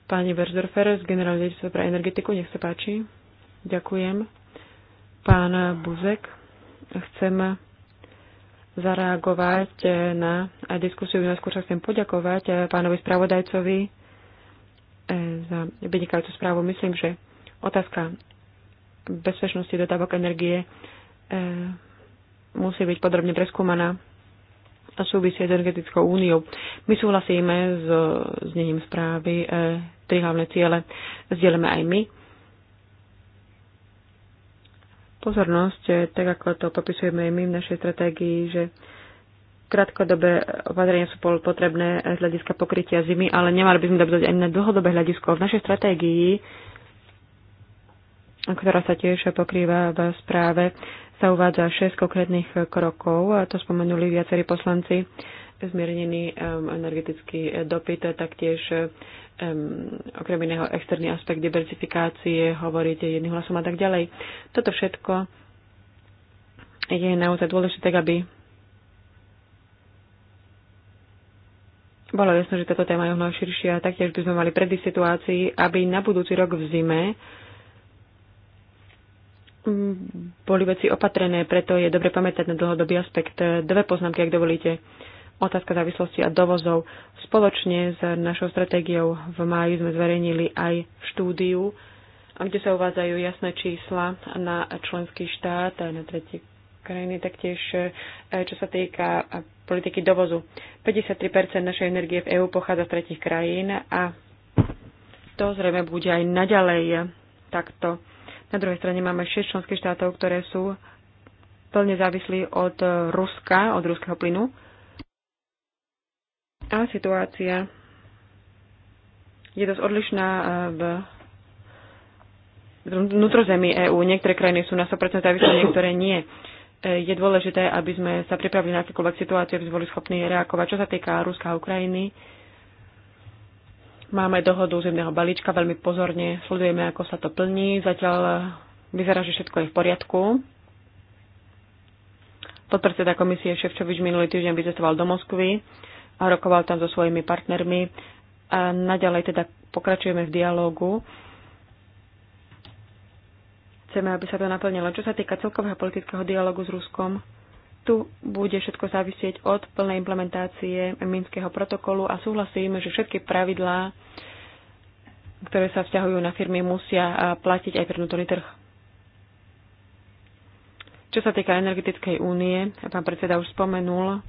Pani Berzdorfer z Generálnej riaditeľstva pre energetiku, nech sa páči. Ďakujem. Pán Buzek, chcem zareagovať eh, na diskusiu. Najskôr sa chcem poďakovať eh, pánovi spravodajcovi eh, za vynikajúcu správu. Myslím, že otázka bezpečnosti dodávok energie musí byť podrobne preskúmaná a súvisí s energetickou úniou. My súhlasíme s znením správy, tri hlavné ciele zdieľame aj my pozornosť, eh, tak ako to popisujeme aj my v našej stratégii, že krátkodobé opatrenia sú potrebné z hľadiska pokrytia zimy, ale nemali by sme dobrať ani na dlhodobé hľadisko. V našej stratégii, ktorá sa tiež pokrýva v správe, sa uvádza 6 konkrétnych krokov, a to spomenuli viacerí poslanci, zmiernený energetický e, dopyt, e, taktiež okrem iného externý aspekt diversifikácie, hovoríte jedným hlasom a tak ďalej. Toto všetko je naozaj dôležité, aby bolo jasno, že táto téma je mnoho širšia. Taktiež by sme mali predísť situácii, aby na budúci rok v zime boli veci opatrené, preto je dobre pamätať na dlhodobý aspekt. Dve poznámky, ak dovolíte otázka závislosti a dovozov. Spoločne s našou stratégiou v máji sme zverejnili aj štúdiu, kde sa uvádzajú jasné čísla na členský štát a na tretí krajiny, taktiež e, čo sa týka politiky dovozu. 53% našej energie v EÚ pochádza z tretich krajín a to zrejme bude aj naďalej takto. Na druhej strane máme 6 členských štátov, ktoré sú plne závislí od Ruska, od ruského plynu a situácia je dosť odlišná eh, v vnútrozemí EÚ. Niektoré krajiny sú na 100% závislé, niektoré nie. Eh, je dôležité, aby sme sa pripravili na akékoľvek situáciu, aby sme boli schopní reagovať. Čo sa týka Ruska a Ukrajiny, máme dohodu zemného balíčka, veľmi pozorne sledujeme, ako sa to plní. Zatiaľ eh, vyzerá, že všetko je v poriadku. Podpredseda komisie Ševčovič minulý týždeň vycestoval do Moskvy a rokoval tam so svojimi partnermi. A naďalej teda pokračujeme v dialógu. Chceme, aby sa to naplnilo. Čo sa týka celkového politického dialogu s Ruskom, tu bude všetko závisieť od plnej implementácie Minského protokolu a súhlasíme, že všetky pravidlá, ktoré sa vzťahujú na firmy, musia platiť aj pre vnútorný trh. Čo sa týka energetickej únie, pán predseda už spomenul,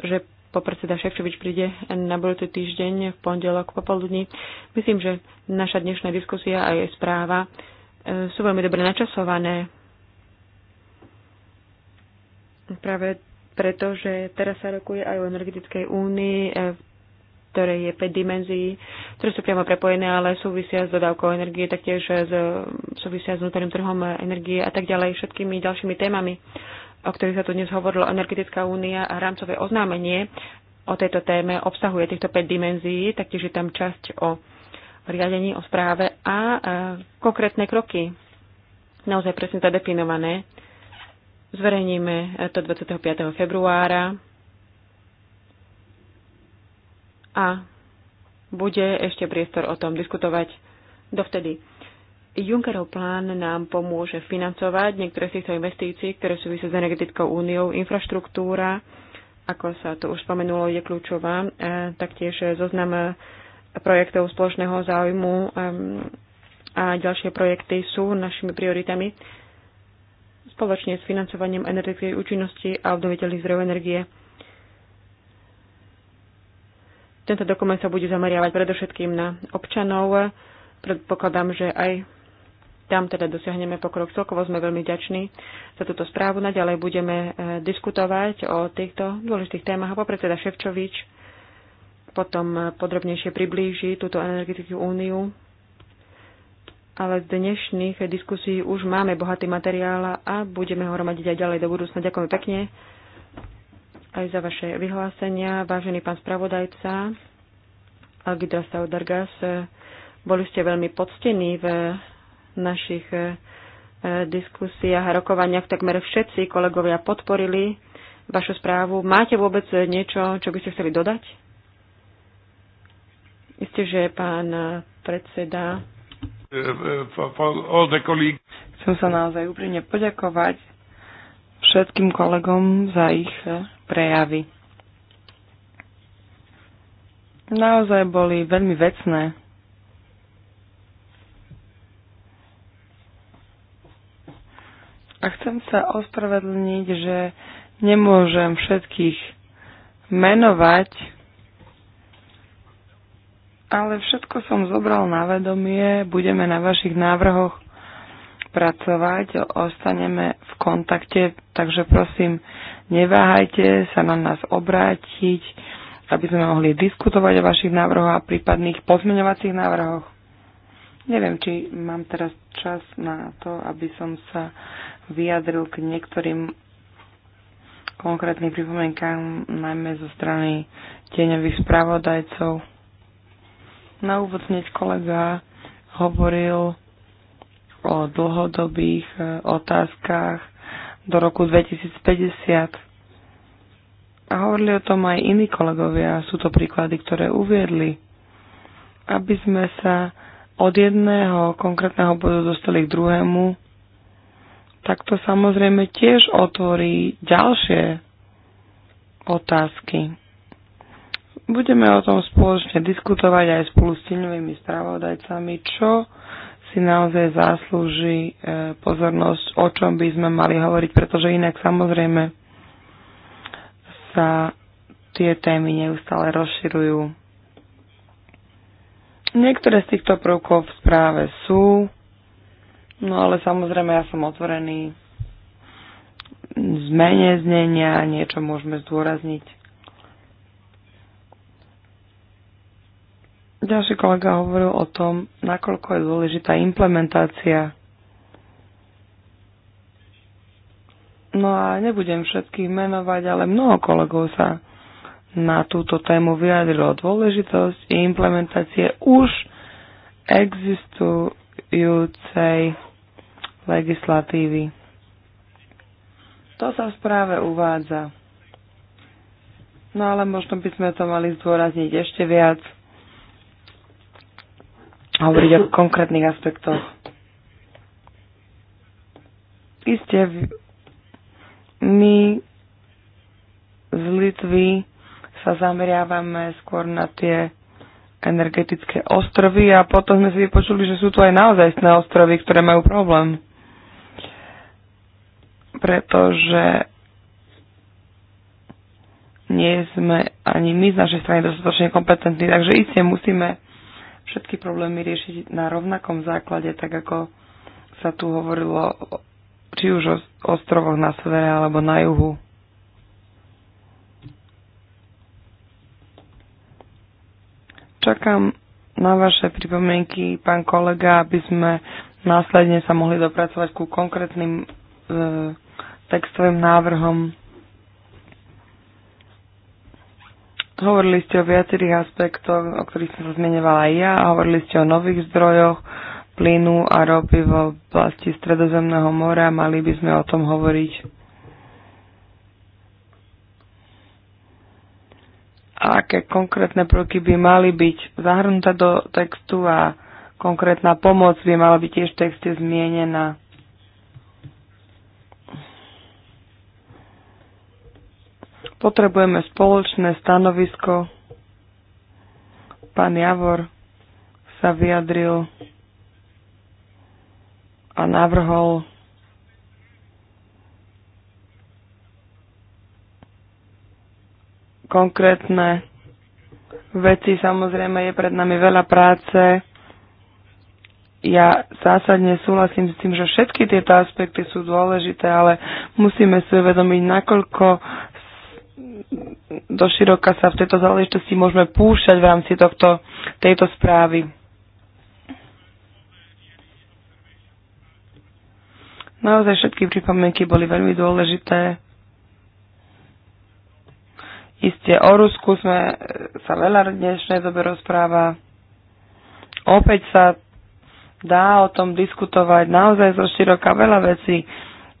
že popredseda Ševčovič príde na budúci týždeň v pondelok popoludní. Myslím, že naša dnešná diskusia a jej správa e, sú veľmi dobre načasované. Práve preto, že teraz sa rokuje aj o energetickej únii, e, v ktorej je 5 dimenzií, ktoré sú priamo prepojené, ale súvisia s dodávkou energie, taktiež s, e, súvisia s vnútorným trhom energie a tak ďalej, všetkými ďalšími témami o ktorých sa tu dnes hovorilo, Energetická únia a rámcové oznámenie o tejto téme obsahuje týchto 5 dimenzií, taktiež je tam časť o riadení, o správe a e, konkrétne kroky, naozaj presne zadefinované. Zverejníme e, to 25. februára a bude ešte priestor o tom diskutovať dovtedy. Junckerov plán nám pomôže financovať niektoré z týchto investícií, ktoré súvisia s energetickou úniou. Infraštruktúra, ako sa to už spomenulo, je kľúčová. E, taktiež zoznam e, projektov spoločného záujmu e, a ďalšie projekty sú našimi prioritami spoločne s financovaním energetickej účinnosti a obnoviteľných zdrojov energie. Tento dokument sa bude zameriavať predovšetkým na občanov. Predpokladám, že aj tam teda dosiahneme pokrok. Celkovo sme veľmi ďační za túto správu. Naďalej budeme e, diskutovať o týchto dôležitých témach a popredseda Ševčovič potom e, podrobnejšie priblíži túto energetickú úniu. Ale z dnešných diskusí už máme bohatý materiál a budeme ho hromadiť aj ďalej do budúcna. Ďakujem pekne aj za vaše vyhlásenia. Vážený pán spravodajca, Algidra Saudargas, e, boli ste veľmi poctení v našich e, e, diskusiách a rokovaniach takmer všetci kolegovia podporili vašu správu. Máte vôbec niečo, čo by ste chceli dodať? Isté, že pán predseda. E, Chcem sa naozaj úprimne poďakovať všetkým kolegom za ich prejavy. Naozaj boli veľmi vecné. A chcem sa ospravedlniť, že nemôžem všetkých menovať, ale všetko som zobral na vedomie, budeme na vašich návrhoch pracovať, ostaneme v kontakte, takže prosím, neváhajte sa na nás obrátiť, aby sme mohli diskutovať o vašich návrhoch a prípadných pozmeňovacích návrhoch. Neviem, či mám teraz čas na to, aby som sa vyjadril k niektorým konkrétnym pripomienkám, najmä zo strany tieňových spravodajcov. Na úvod hneď kolega hovoril o dlhodobých e, otázkach do roku 2050. A hovorili o tom aj iní kolegovia, sú to príklady, ktoré uviedli, aby sme sa od jedného konkrétneho bodu dostali k druhému, tak to samozrejme tiež otvorí ďalšie otázky. Budeme o tom spoločne diskutovať aj spolu s tieňovými spravodajcami, čo si naozaj zaslúži e, pozornosť, o čom by sme mali hovoriť, pretože inak samozrejme sa tie témy neustále rozširujú. Niektoré z týchto prvkov v správe sú, No ale samozrejme ja som otvorený zmene znenia, niečo môžeme zdôrazniť. Ďalší kolega hovoril o tom, nakoľko je dôležitá implementácia. No a nebudem všetkých menovať, ale mnoho kolegov sa na túto tému vyjadrilo dôležitosť implementácie už existujúcej legislatívy. To sa v správe uvádza. No ale možno by sme to mali zdôrazniť ešte viac a hovoriť o konkrétnych aspektoch. Isté, my z Litvy sa zameriavame skôr na tie energetické ostrovy a potom sme si vypočuli, že sú tu aj naozajstné ostrovy, ktoré majú problém pretože nie sme ani my z našej strany dostatočne kompetentní, takže iste musíme všetky problémy riešiť na rovnakom základe, tak ako sa tu hovorilo či už o ostrovoch na severe alebo na juhu. Čakám na vaše pripomienky, pán kolega, aby sme následne sa mohli dopracovať ku konkrétnym e, textovým návrhom. Hovorili ste o viacerých aspektoch, o ktorých som sa zmienovala aj ja. Hovorili ste o nových zdrojoch plynu a ropy v oblasti Stredozemného mora. Mali by sme o tom hovoriť. A aké konkrétne prvky by mali byť zahrnuté do textu a konkrétna pomoc by mala byť tiež v texte zmienená. Potrebujeme spoločné stanovisko. Pán Javor sa vyjadril a navrhol konkrétne veci. Samozrejme je pred nami veľa práce. Ja zásadne súhlasím s tým, že všetky tieto aspekty sú dôležité, ale musíme si uvedomiť, nakoľko doširoka sa v tejto záležitosti môžeme púšťať v rámci tohto, tejto správy. Naozaj všetky pripomienky boli veľmi dôležité. Isté o Rusku sme sa veľa dnešnej dobe rozpráva. Opäť sa dá o tom diskutovať naozaj zo široka veľa vecí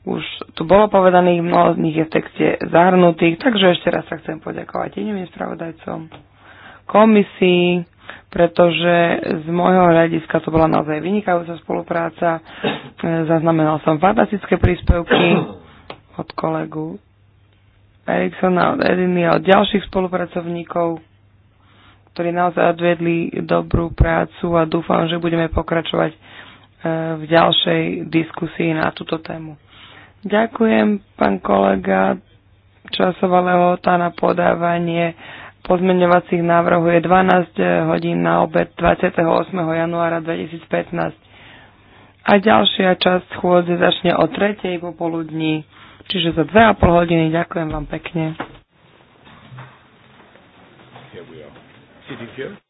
už tu bolo povedaných, mnoho z nich je v texte zahrnutých, takže ešte raz sa chcem poďakovať iným spravodajcom, komisii, pretože z môjho hľadiska to bola naozaj vynikajúca spolupráca. E, zaznamenal som fantastické príspevky od kolegu Eriksona, od Ediny a od ďalších spolupracovníkov, ktorí naozaj odvedli dobrú prácu a dúfam, že budeme pokračovať e, v ďalšej diskusii na túto tému. Ďakujem, pán kolega. Časová lehota na podávanie pozmeňovacích návrhov je 12 hodín na obed 28. januára 2015. A ďalšia časť schôdze začne o 3. popoludní, čiže za 2,5 hodiny. Ďakujem vám pekne. Here we are. Sitting here.